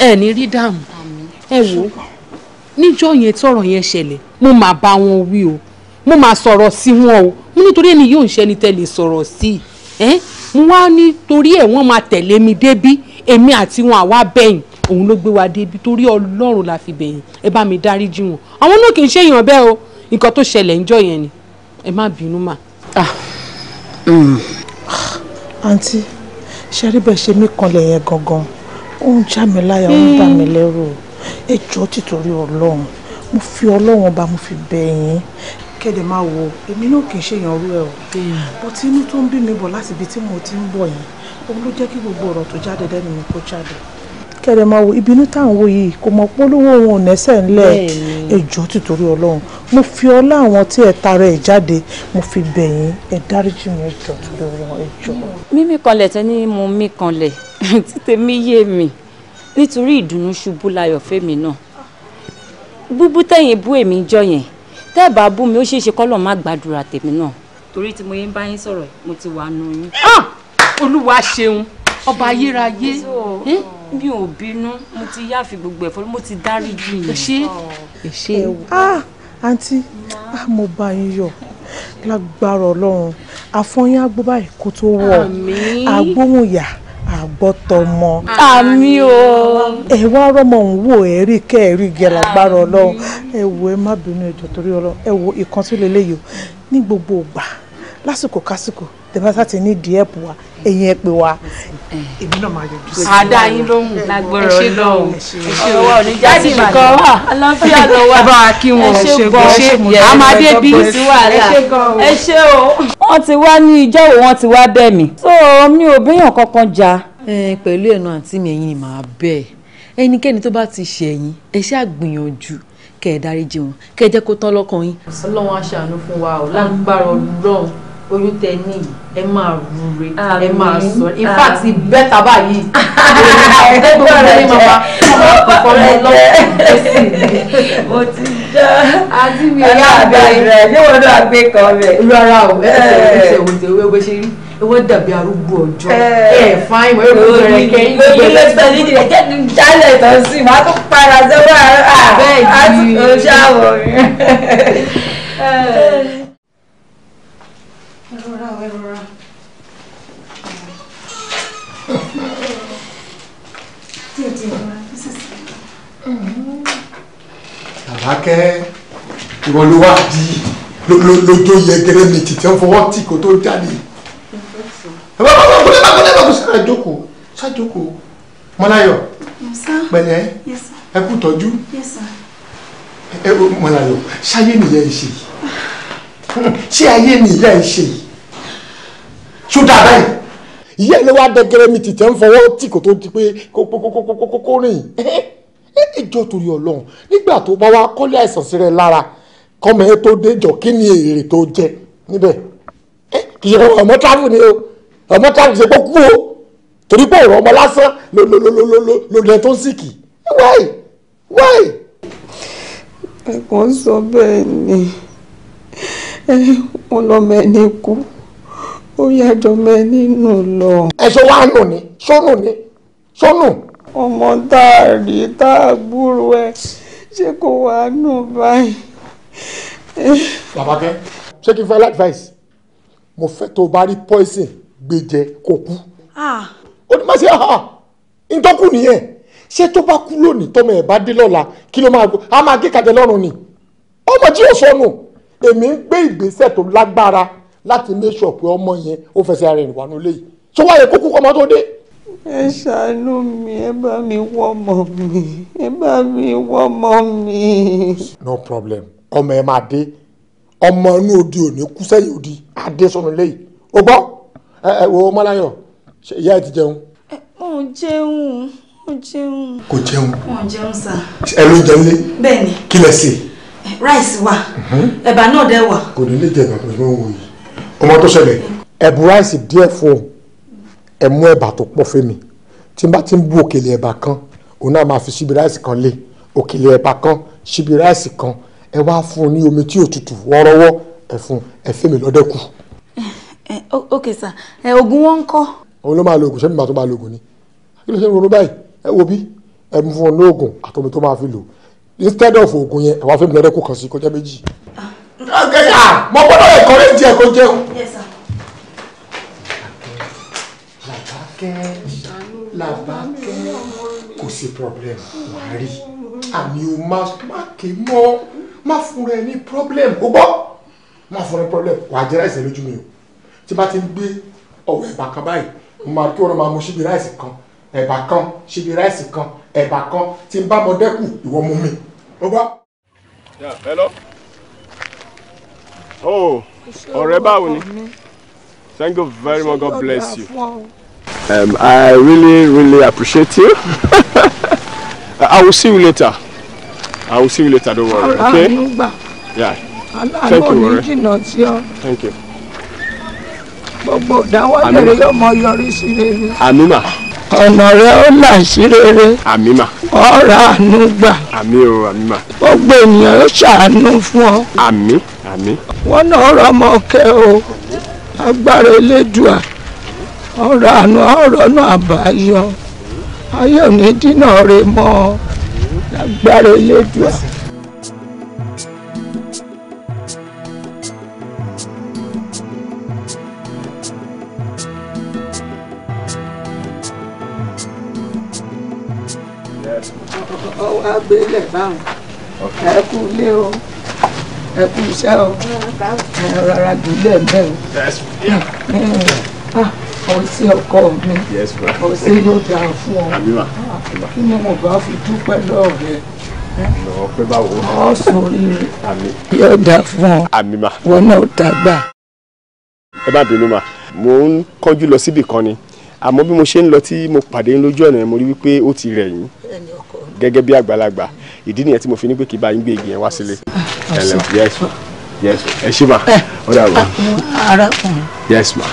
G: ẹ ní rí dààmú ẹ wò
C: níjọ́ yẹn tọ́rọ̀ yẹn ṣẹlẹ̀ mo máa bá wọn wí o mo máa sọ̀rọ̀ sí wọn o mo nítorí ẹni yóò ń ṣẹni tẹ́lẹ̀ sọ̀rọ̀ sí i mo wá nítorí ẹ̀ wọ́n máa tẹ̀lé mi débí èmi àti wọn àwa bẹ́yìn òun ló gbé wa dé ibi torí ọlọ́run la
H: fi bẹ̀yìn ẹ bá mi dáríjì wọn àwọn náà kì í ṣèyàn bẹ́ẹ̀ o nǹkan tó ṣẹlẹ̀ ńjọ́ yẹn ni
G: ẹ má bínú mà. àǹtí
D: ah. hmm. ṣe rí bẹ́ẹ̀ ṣe mí kanlẹ̀ yẹn gangan ó ń já mi láyà ó ń bà mí hmm. lẹ́rù ẹ jọ̀ọ́ tìtorí ọlọ́run mo fi ọlọ́run ọba mo fi bẹ̀ kẹ́dẹ̀ máa wo èmi náà kì í ṣèyàn rú ẹ o hmm. bó tí inú tó ń bí mi bọ̀ láti ibi tí mo ti ń bọ̀ yẹn òun ló jẹ́ kí gbogbo ọ̀rọ̀ tó jáde lẹ́nu mi kó jáde kẹrẹ máa wo ìbínú tá à ń wo yìí kò mọ̀ pé olówó òun ò nẹ́sẹ̀ ńlẹ̀ ẹjọ́ tìtorí ọlọ́run mo fi ọlá àwọn tí ẹ tara ẹ jáde mo fi bẹ̀yìn ẹ dáríjì mi ẹjọ́ tìtorí ọlọ́run ẹjọ́.
G: mímí kanlẹ̀ tẹ́ ní mo mí kanlẹ̀ títẹ̀ mí yé mi nítorí ìdùnnú ṣubú láyọ̀ fẹ́mi náà búbú tẹ̀yìn bú èmi jọ yẹn tẹ́ ẹ bá bú mi ó ṣeé ṣe kọ́lọ̀ má gbàdúrà tèmi náà torí tí mo yẹn bá yín sọ̀rọ̀ mo ti wà nù yín. Ah! olúwa ṣeun
D: ọba ayérayé
G: mi ò bínú mo ti yáàfi gbogbo ẹ̀fọ́ mo ti dáríjì yín. ṣé
D: ṣé àǹtí ah, ah, mo bá yín yọ̀ lágbára ọlọ́run àfọyín àgbo báyìí kó tó wọ̀ àgbóhùnyà àgbọ́tọmọ. àmì o. ẹ wá rọmọ òun wò ẹ rí kẹ ẹ rí gẹ lágbára ọlọ́run ẹ wo ẹ má bínú ẹjọ́ torí ọlọ́run ẹ wo ìkan tó ní gbogbo ìgbà lásìkò kásìkò tẹ́bátà ti ní díẹ̀ pù wá ẹ̀yìn ẹ̀ pè wá èmi náà máa yọjú sí i. àdá yín lóhùn lágbọ́rọ̀ lóhùn ọwọ́ oníjáde nìkan wà aláfíà lọ́wọ́ ẹ bá wa kí wọn ẹ ṣe gan ṣe àmàdé bí
G: ẹ ṣe o. wọ́n ti wá ní ìjọ́ wo wọ́n ti wá bẹ̀ mí. so mi ò béèyàn kankan jà. pẹ̀lú ẹ̀nu àǹtí mi ẹ̀yin ni màá bẹ̀ ẹnikẹ́ni tó bá ti ṣẹ̀yìn ẹ ṣáà
H: gbìyànjú kẹ́ ẹ dáríjì wọn kẹ́ ẹ jẹ́ kó tán lọ́kàn yín.
G: ọlọ́run á fún wa ò lágbára ọlọ́run oyún tẹ ní yìí ẹ máa rure ẹ máa sọ in fact
H: bẹ́tà báyìí gbogbo ilé mama ọkọ mi
G: lọ́wọ́ mo ti já àti mi ọ̀yá àgbà rẹ̀ ṣé wọn náà gbé kan rẹ̀. rárá o ẹ ti ṣe òun
H: tèwé bó ṣe rí ewé
G: dàbí arúgbó ọjọ́ ẹ fáìn wọ́n yóò rẹ̀ kẹ́yìn gbogbo ilé pẹ̀lú ìdílé kẹ́ni jálẹ̀ tó sí i máa tún para sẹ́wọ́n àbẹ́ẹ̀dì àti òṣàwọ̀ mi.
D: káwé
B: uh,
A: Àbákẹ́ ìwọ lójó yẹgẹrẹ mi tìtẹ́ fọwọ́ tì kó tó jáde. mọ́láyọ̀ pẹ̀lẹ́ ẹ kú tọ́jú mọ́láyọ̀ ṣáyé nìyẹn ṣe ṣé ayé nìyẹn ṣe yìí ṣó dáa báyìí. ìyá ẹ̀ ló wá dẹ́gẹ́rẹ́ mi tìtẹ́ ń fọwọ́ tì kó tó di pé kókókókókó rìn ìjọ torí ọlọ́run nígbà tó bá wá kọ́lé àìsàn sí rẹ lára kọ́mọ ẹ tó déjọ kí ni èrè tó jẹ níbẹ̀ kì í ṣe ọmọ tábù ni o ọmọ tábù ṣe kókó o torí pé ọ̀rọ̀ ọmọ lásán ló ló ló ló ló ló ló lẹ tó ń sìkì wáì wáì.
D: ẹ̀kọ́ sọ bẹ́ẹ̀ ni
C: wọ́n lọ́mọ ẹni kú ó yá jọmọ ẹ nínú lọ. ẹ̀sọ́ wa nù ni sónù ni sónù. ọmọ tá a rí tá a gbúrò ẹ ṣé kò wá nù báyìí. babakẹ́ ṣé kí n fẹ́
A: advice mo fẹ́ tó o bá rí poison gbé jẹ kó kú. ó ní má ṣe àhà ntọ́kù nìyẹn ṣé tó bá kú lónìí tọ́mọ ẹ̀ bá dé lọ́la kí ló máa gbọ́ a máa gé kàjẹ́ lọ́rùn ni ọmọ tí yóò sọnù èmi ń gbé ìgbésẹ̀ tó lágbára láti make sure pé ọmọ yẹn ó fẹsẹ̀ ara ìrìn wánú léyìí tó wáyé kókó ọmọ tó dé.
C: ẹ ṣàánú mi ẹ bá mi wọ ọmọ mi ẹ bá mi wọ
A: ọmọ mi. no problem ọmọ ẹ máa dé ọmọ inú odi òní kú sẹ́yìn odi adé sọnù léyìí o gbọ́ ẹ ẹ wo mọ́láyọ̀ ìyá ẹ ti jẹun.
G: mo jẹun mo jẹun. kò jẹun. mo jẹun sá.
A: ẹ ló jẹun lé. bẹ́ẹ̀ni. kí lẹ ṣe. ráìsì wà ẹ̀bà náà dẹ̀ wà. kò ní lè jẹ ìbàdàn ìbọn wò yìí ọmọ tó ṣẹlẹ̀. ẹ̀bù ráìsì díẹ̀ fún ẹ mú ẹ̀bà tó pọ̀ fẹ́mi tí n bá ti ń bu òkèlè ẹ̀bà kan òun náà máa fi síbi ráìsì kan lé òkèlè ẹ̀bà kan síbi ráìsì kan ẹ wá fún un ní omi tí òtútù wọ́ọ́rọ́wọ́ ẹ fún ẹ fẹ́mi lọ́dẹ́kù.
G: ẹ eh, eh, ok sir ẹ eh, oògùn wọn ń kọ́.
A: òun ló máa lo oògùn sẹ́mi máa tó máa lo oògùn ni kí ló ṣe ń ronú báyìí ẹ wo bí ẹ mú fún un ní oògùn àtọ́mi instead of oògùn yẹn ẹ wá fẹ́mi lọ́dẹ́kù kan sí kọjá méjì.
E: Ah, mo
A: gbọ́dọ̀ ẹ̀kọ́rẹ́ jẹ kó jẹun. làbákẹ́ làbákẹ́ kò sí problem wàá àmì o má ké mọ́ má fún rẹ ní problem o gbọ́ má fún rẹ problem wàá jẹ́ ráìsì lójú mi o tí bá ti ń gbé ọ̀wọ́ ẹ̀bà kan báyìí mo máa kí ọ̀rọ̀ máa mu síbi ráìsì kan ẹ̀bà kan síbi ráìsì kan ẹ̀bà kan tí ń bá mọ dẹ́kù ìwọ mú mi o gbọ́. hello oh ọ̀rẹ́ báwo ni thank you very much god bless you um, i really really appreciate you i will see you later i will see you later don't worry okay yeah thank you thank you.
C: gbogbo ìdáwọ́lẹ̀ yóò mọ yọrí sí rere.
A: àmímà.
B: ọ̀nà rẹ ó là sí rere.
A: àmímà. ọ̀rọ̀ àánú gbà. àmì o àmímà. gbogbo ènìyàn ó ṣàánú fún ọ. àmín wọ́n náà rọ ọmọ
C: kẹ o agbára elédùà ọ̀rọ̀ àánú ọ̀rọ̀ náà àbáyọ ayé òní dínà rè mọ́ agbára elédùà.
B: ẹ kú lé o ẹ kú iṣẹ́ o ẹ rárá
C: gúnlẹ̀ bẹ́ẹ̀ o ọ sí ọkọ mi ọ sí yóò dáa fún ọ kí ni mo bá fi dúpẹ́ lọ́ọ̀ rẹ ọpẹ́ báwo. ọ sọ̀rọ̀ yóò dáa fún ọ wọn náà ta gbà.
A: ẹ má bínú ma mo ń kọjú lọ síbì kan ni àmọ́ bí mo ṣe ń lọ tí mo pàdé lójú ọ̀nà mo rí wípé ó ti rẹ̀ yín gẹ́gẹ́ bí àgbàlagbà ìdí nìyẹn tí mo fi ní pé kí bá yín gbé igi yẹn wá sílé ẹ lẹ́wọ̀ yes ma yes eh, ma ẹ ṣí ma ó dàbọ̀. arákùnrin. yes ma.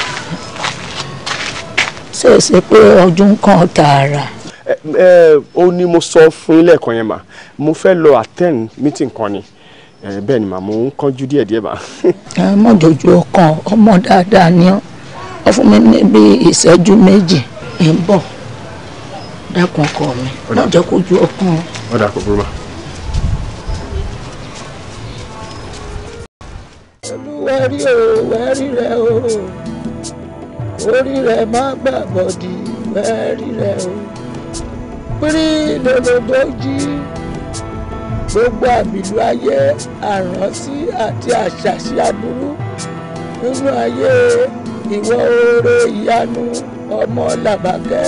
C: ṣé o ṣe pé ọdún kan tààrà.
A: ẹ ẹ ó ní mo sọ fún yín lẹ́ẹ̀kan yẹn mà mo fẹ́ lọ attend meeting kan ni bẹ́ẹ̀ ni mà mo ń kánjú díẹ̀ díẹ̀ mà.
C: ẹ mọ̀ jòjò ọkàn ọmọ dáadáa ni ọ́ ọ fún mi ní bíi ìṣẹ́jú méjì ń bọ̀ dákun ọkọ mi lọ́jọ́ kojú ọkàn.
B: ọ̀dà kò burú mà. wẹ́rí o
C: wẹ́rí rẹ o orí rẹ má gbàgbọ́dì
D: wẹ́rí rẹ
C: o pírí lòlòdó jí
A: gbogbo àbìlú ayé àránsí àti àṣàṣì aburú
C: nínú ayé ìwọ oore ìyanu ọmọ làbàkẹ́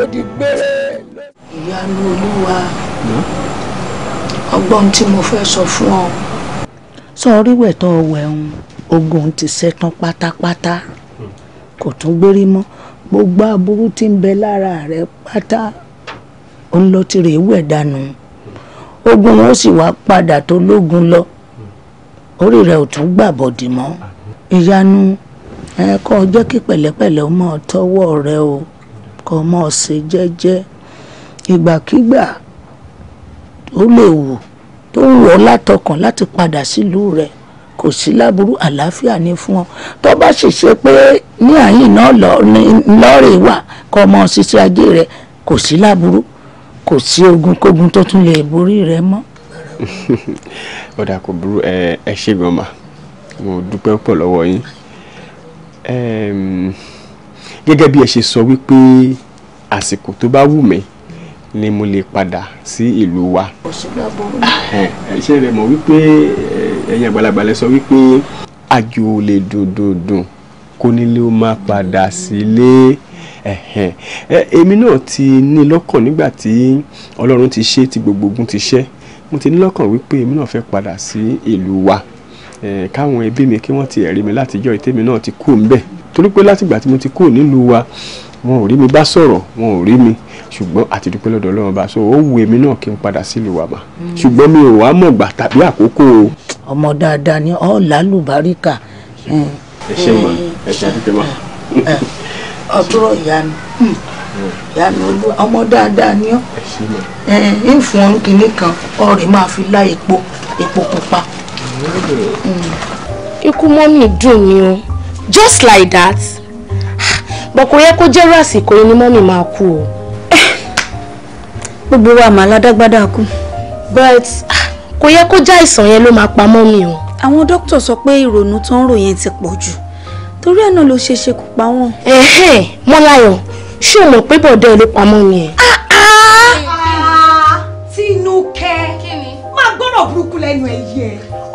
C: ó gbére. ìyanu olúwa ọgbọ́n tí mo fẹ́ sọ fún ọ sọ oríwẹ̀ tó wẹ̀ ń ogun ti ṣetán pátápátá kò tún gbérí mọ́ gbogbo aburú tí ń bẹ lára rẹ̀ pátá ó ń lọ tirè wẹ̀ dànù ogun wọn sì wá padà tó lógun lọ orí rẹ̀ ò tún gbàbọ̀dì mọ́ ìyanu ẹ kọ́ jẹ́ kí pẹ̀lẹ́pẹ̀lẹ́ ó mọ̀ tọ́wọ́ rẹ o kọ́ mọ̀ ṣe jẹ́jẹ́ ìgbàkigbà ó lè wù tó ń wọ̀ látọkàn láti padà sílùú rẹ̀ kò sí láburú àlàáfíà ní fún ọ tó bá ṣèṣe pé ní àyìn náà lọ́ọ̀rẹ́ wà kọ́ ọmọ ṣiṣẹ́ ajé rẹ̀ kò sí láburú kò sí ogunkógun tó tún lè borí rẹ̀ mọ́. ó dà kò burú ẹ ṣe gan ma
A: mo dúpẹ́ pọ̀ lọ́wọ́ yín gẹ́gẹ́ bí ẹ ṣe sọ wípé àsìkò tó bá wù mí ni mo lè padà sí ìlú wa. Ah, ṣé rẹ mọ̀ wípé eh, ẹ̀yin àgbàlagbà lẹ sọ wípé àjò ò lè dùndùndùn kó nílé ó máa padà sílé eh, èmi náà ti ní lọ́kàn nígbà tí ọlọ́run ti ṣe tí gbogbo ogun ti ṣẹ́ mo ti ní lọ́kàn wípé èmi náà fẹ́ padà sí ìlú wa eh, káwọn ẹbí mi kí wọ́n ti ẹ̀rí mi látijọ́ ìtẹ́mi náà ti kú ń torí pé látìgbà tí mo ti kú nílùú wa wọn ò rí mi bá sọ̀rọ̀ wọn ò rí mi ṣùgbọ́n àti dúpẹ́ lọ́dọ̀ Ọlọ́run bá so ó wù èmi náà kí n padà sílùú wa mà hmm. ṣùgbọ́n mi ò wá mọ̀ gbà tàbí àkókò
C: ọmọ dáadáa ni ọ làlùbáríkà. ẹ ṣe mọ ẹ ṣe àdúgbò mọ. ọdúrọ ìyanu hmm. ìyanu olú ọmọ dáadáa ni ọ ń fún ọ kan ọrẹ máa fi lá epo epo pupa. Hmm. ikú mọ́mì dùn mí o just like that bọ̀ kò yẹ kó jẹ́rú àsìkò yìí ni mọ́mì máa kú o. gbogbo wa mà ládágbádá kú.
E: but kò yẹ kó já àìsàn yẹn ló máa pa mọ́mì o. àwọn dókítà sọ pé ìrònú tó ń rò yẹn ti pọ̀ jù torí ẹ̀ náà ló ṣe ṣe kó pa wọ́n. mọ́láyọ̀ ṣé o mọ̀ pé bọ̀dẹ́ ló pa mọ́mì ẹ̀. Ah,
H: ah! tinúkẹ́ máa gbọ́dọ̀ burúkú lẹ́nu ẹ̀yẹ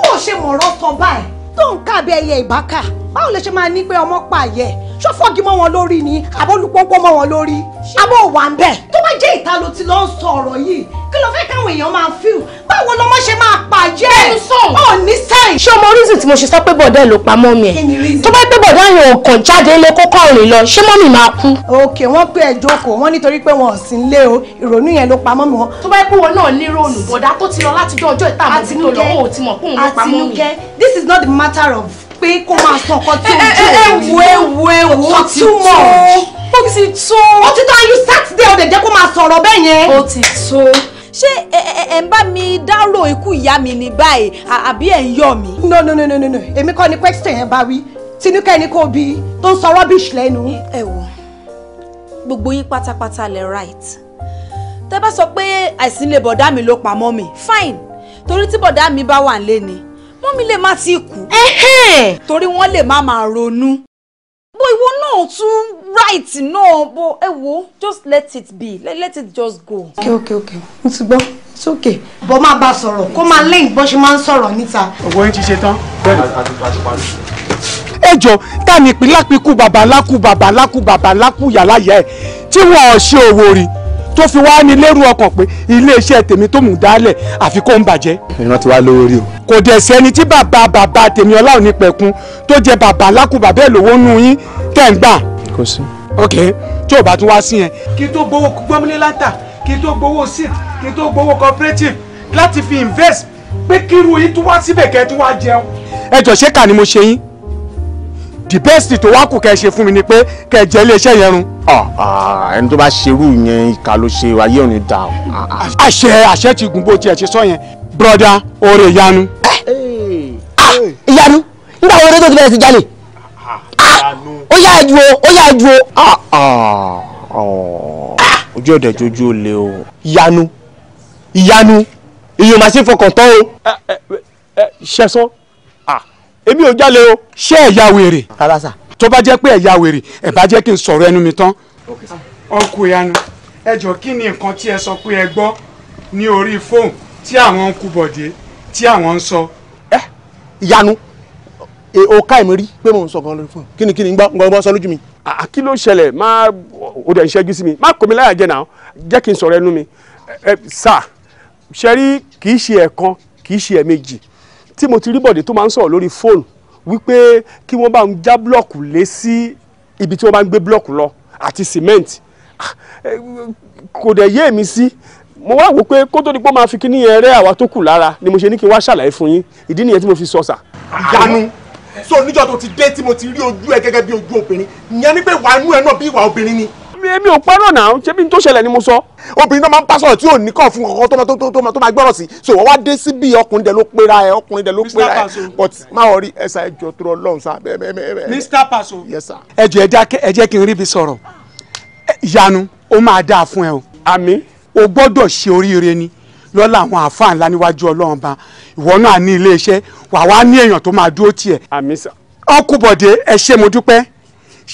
H: ó ṣe mọ̀rọ̀ sọ báyìí tó ń kábẹ́ ẹyẹ ìbákà báwo lè ṣe máa ní pé ọmọ pààyẹ ṣọfọ́gi mọ́ wọn lórí ni àbólúpọ́pọ́ mọ́ wọn lórí àbó wà ń bẹ̀. tó bá jẹ́ ìta ló ti lọ ń sọ ọ̀rọ̀ yìí kí ló fẹ́ káwọn èèyàn máa fíl báwo lọmọ ṣe máa pààyẹ ọ̀ ní sẹ́yìn. ṣé ọmọ orísun tí mo ṣe sọ pé bọ̀dẹ́ ló pa mọ́ mi ẹ̀ tó bá pé bọ̀dẹ́ àyàn ọ̀kàn jáde ilé kó kọ́ rìn lọ ṣé mọ́mì máa kú. òkè wọ́n pé ẹ jókòó wọ́n nítorí pé wọn ò sí ń lé o ìrònú yẹn ló pa mọ́mì wọn. tó bá pé wọn náà lérò olùbọ̀dá tó ti lọ látijọ́ ọjọ́ ìta àmọ́ mi tó lọ ó ti mọ̀ kóun ló pa mọ́mì. àtinúkẹ́ this is not the matter of pé kó máa sọ ọkọ tí ó jẹ́ ewu ewu ewu ó ti tó ó ti tó ó ti tó and you sat there ó dẹ̀ jẹ́ kó máa sọ̀rọ̀ bẹ́ẹ̀ yẹn. ó ti tó. ṣé ẹ ń bá mi dárò ikú ìyá mi ní báyìí àbí ẹ ń yọ mi. no no no no no èmi kọ́ ni question yẹn bá wí tinúkẹ́ ni kò bí tó ń sọ rubbish lẹ́nu. ẹ wò
E: gbogbo yín pátápátá lẹ right tẹ bá sọ pé àìsínlẹ̀ bọ̀dá mi ló pamọ́ mi fine torí tí bọ̀dá mi bá wà ń lé ni mọ́mí lè má ti kú. torí wọ́n lè má máa ronú. bó ìwọ náà tún right náà bó ẹ wo just let it be let, it just go. ok ok ok mo ti gbọ́ it's
H: okay. bọ́ máa bá a sọ̀rọ̀ kó máa lẹ́yìn bọ́n ṣe máa ń sọ̀rọ̀ níta. owó yín ti ṣe tán.
A: ẹ jọ ta ni ìpínlẹ̀ pikú bàbá lákú bàbá lákú bàbá lákú yàrá yẹ tí wọn ò ṣe òwò rí tó fi wá ní lérú ọkàn pé iléeṣẹ́ tèmi tó mú dálẹ̀ àfi kó ń bàjẹ́. ìran ti wá lórí o. kò dẹ̀ sẹ́ni tí bàbá bàbá tèmi ọlá òní pẹ̀kun tó jẹ bàbá lákùbà bẹ́ẹ̀ lówó nu yín tẹ̀ ń gbà. kò sí. ok tí ò bá tún wá sí yẹn. kí tó gbowó gbọ́mílé látà kí tó gbowó sit kí tó gbowó cooperative láti fi invest pé kírú yín tún wá síbẹ̀ kẹ́ tún wá jẹun. ẹ jọ̀ ṣé kà ni mo ṣe yín the best tó wá kù kẹ́ ẹ ṣe fún mi ni pé kẹ́ ẹ jẹ́ iléeṣẹ́ yẹn run. Ah, ah, ẹni tó bá ṣerú yẹn ìka ló ṣe ayé òní dà o. Ah, àṣẹ àṣẹ ti gùn bó tiẹ̀ ṣe sọ yẹn broda oore ìyanu.
D: Eh,
A: ìyanu nígbà wo rédíò ti bẹ̀rẹ̀ sí jalè ó yá ẹ̀jú o ó yá ẹ̀jú o. Oh, ojú ọ̀dẹ̀ jojú ó le o. ìyanu ìyanu ìyọ̀màṣẹ́ fọkàn tán o. Eh, eh, ṣẹ́sán èmi ò jalè o ṣé ẹ ya wèrè. rárá sà. tó bá jẹ́ pé ẹ ya wèrè ẹ bá jẹ́ kí n sọ̀rọ̀ ẹnu mi tán. ọkùnrin yanu ẹ jọ kí ni nǹkan tí ẹ sọ pé ẹ gbọ́ ní orí fóònù tí àwọn ń kú bọ̀dé tí àwọn ń sọ. ẹ yanu o ká ìmọ̀ rí pé mò ń sọ gan lórí fóònù kí ni kí ni gbọ́ngbọ́n sọ lójú mi. kí ló ṣẹlẹ̀ máa o dẹ̀ ń ṣẹ́jú sí mi má kò mí láyà jẹ́ náà jẹ́ kí n sọ̀rọ̀ ẹnu mi sà ṣẹ́rí kì í ṣe ẹ̀kan kì í ṣe ẹ̀mejì tí mo ti rí bọ̀dé tó máa ń sọ̀rọ̀ lórí fóònù wípé kí wọ́n bá ń já blọ́ọ̀kù lé sí ibi tí wọ́n bá ń gbé blọ́ọ̀kù lọ àti cement ah, eh, kò dẹ̀ yé mi sí mo wá wò pé kó tó di pé máa fi kíní yẹn rẹ́ àwa tó kù lára ni mo ṣe ní kí n wá ṣàlàyé fún yín ìdí nìyẹn tí mo fi sọ sà. ìyanu so níjọ́ tó ti dé tí mo ti rí ojú ẹ gẹ́gẹ́ bí ojú obìnrin ìyẹn ní pé ìwà inú ẹ náà bí ìwà obìnrin ni èmi ò parọ́ náà ṣé bí n tó ṣẹlẹ̀ ni mo sọ. obìnrin náà máa ń pa sọ̀rọ̀ tí ò ní kàn fún kankan tó tó tó máa gbọ́rọ̀ sí so wọ́n wá dé sí bí ọkùnrin dẹ̀ ló pera ẹ ọkùnrin dẹ̀ ló pera ẹ but má wọ rí ẹsà ẹjọ tó rọ lọ́hùn sá. Mr. Paso. yes sir. ẹ jọ̀ọ́ ẹ jẹ́ kí n rí bí sọ̀rọ̀ ìyanu ó máa dáa fún ẹ o. àmín. o gbọ́dọ̀ ṣe oríire ni lọ́la àwọn àáfàá ńlá níwájú ọlọ́run ba ìwọ náà ní iléeṣẹ́ wàá wá ní èèyàn tó máa dúró tiẹ̀. àmín sà. ọkùbọ̀dé ẹ ṣé mo dúpẹ́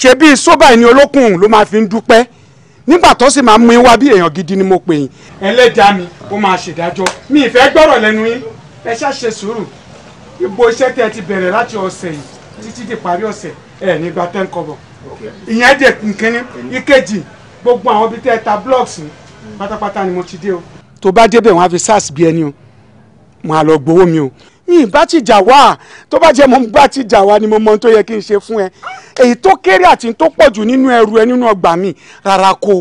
A: ṣe bíi sóbà ẹni olókùn ló máa fi ń dúpẹ́ nígbà tó sì máa mú in wá bí èèyàn gidi ni mo pè yín. ẹlẹ́dàá mi ó máa ṣèdájọ́ mi ìfẹ́ gbọ́rọ̀ lẹ́nu yín ẹ ṣá ṣe sùúrù ibo iṣẹ́ tẹ́ ẹ ti bẹ̀rẹ̀ láti ọ̀sẹ̀ yìí títí di parí ọ̀sẹ̀ ẹ̀ nígbà tẹ́ ń kọ̀bọ̀ ìyẹn dẹ̀ nkínní ìkejì gbogbo àwọn ibi tẹ́ ta blocks ni pátápátá ni mo ti dé o. tó bá débẹ̀ wọn á fi sars bí ẹni o wọn á lọ gbowó mi o ìbá ti jà wá tó bá jẹ́ mo gbá ti jà wá ni mo mọ ohun tó yẹ kí n ṣe fún ẹ èyí tó kéré àti tó pọ̀ jù nínú ẹrù ẹ nínú ọgbà mi rárá kó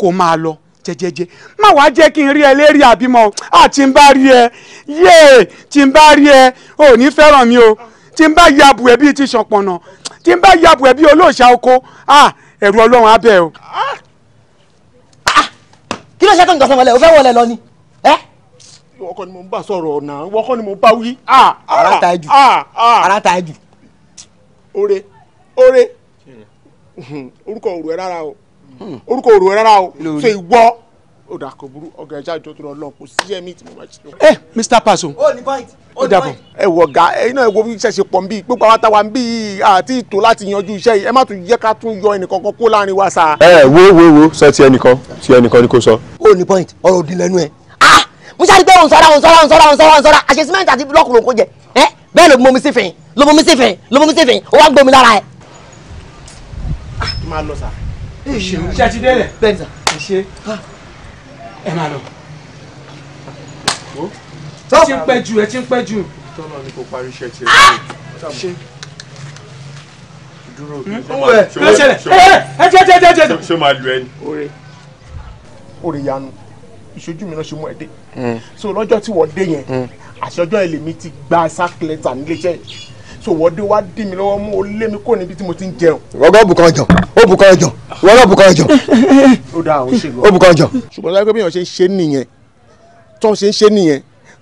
A: kó máa lọ jẹjẹjẹ má wàá jẹ́ kí n rí ẹ lérí àbímọ à tí n bá rí ẹ yéè tí n bá rí ẹ ò ní fẹ́ràn mi o tí n bá yabù ẹ bíi ti ṣọ̀pọ̀nà tí n bá yabù ẹ bíi olóòṣà oko à ẹ̀rù ọlọ́run á bẹ̀ o. Ah!
H: Ah! kí ló ṣe tó ń gbọ́ fún wọlé o fẹ́ wọlé lọ ni.
A: ọkọ ni mo ń bá sọ̀rọ̀ ọ̀nà wọ́kọ́ ni mo bá wí. ara ta ore ore orúkọ òru ẹ rárá o orúkọ òru ẹ rárá o so ìwọ ẹja ìjọ tó lọ lọ sí tí mo ẹ Mr. Paso ẹ wọ ṣe gbogbo àwọn ẹ má tún yọ kó láàrin wa sa. ẹ wo wo wo sọ ti ẹnìkan ti ẹnìkan ni kò sọ.
H: o ní point mo ṣáà rí pé òǹsọ́ra òǹsọ́ra òǹsọ́ra òǹsọ́ra òǹsọ́ra àṣẹ símẹ́ǹtì àti búlọ́ọ̀kù ló ń kó jẹ ẹ bẹ́ẹ̀ ló bomi sífin ló bomi sífin ló bomi sífin ó wá ń gbomi lára ẹ.
A: máa lọ sà ìṣèlú ṣe àti délẹ̀ bẹ́ẹ̀ sà ìṣe ẹ máa lọ. ẹ ti ń pẹ́ jù ẹ ti ń pẹ́ jù. tọ́lọ́ ni kò parí iṣẹ́ tiẹ̀ ah! dúró hmm? ṣe máa lu ẹni. orí yanu ìṣojú mi náà ṣe mú ẹ dé hmm. so lọ́jọ́ tí wọ́n dé yẹn hmm. àṣọjọ́ ẹ lèmi ti gba sack níléeṣẹ́ so wọ́n dé wá dì mí lọ́wọ́ mú o lé mi kó níbi tí mo ti ń jẹun. wọ́gọ́ bùkọ́ ọjọ́ ó bùkọ́ ọjọ́ wọ́gọ́ bùkọ́ ọjọ́ ó dáa ó ṣe lọ ó bùkọ́ ọjọ́. ṣùgbọ́n láti pé bí èèyàn ṣe ń ṣe nìyẹn tó ṣe ń ṣe nìyẹn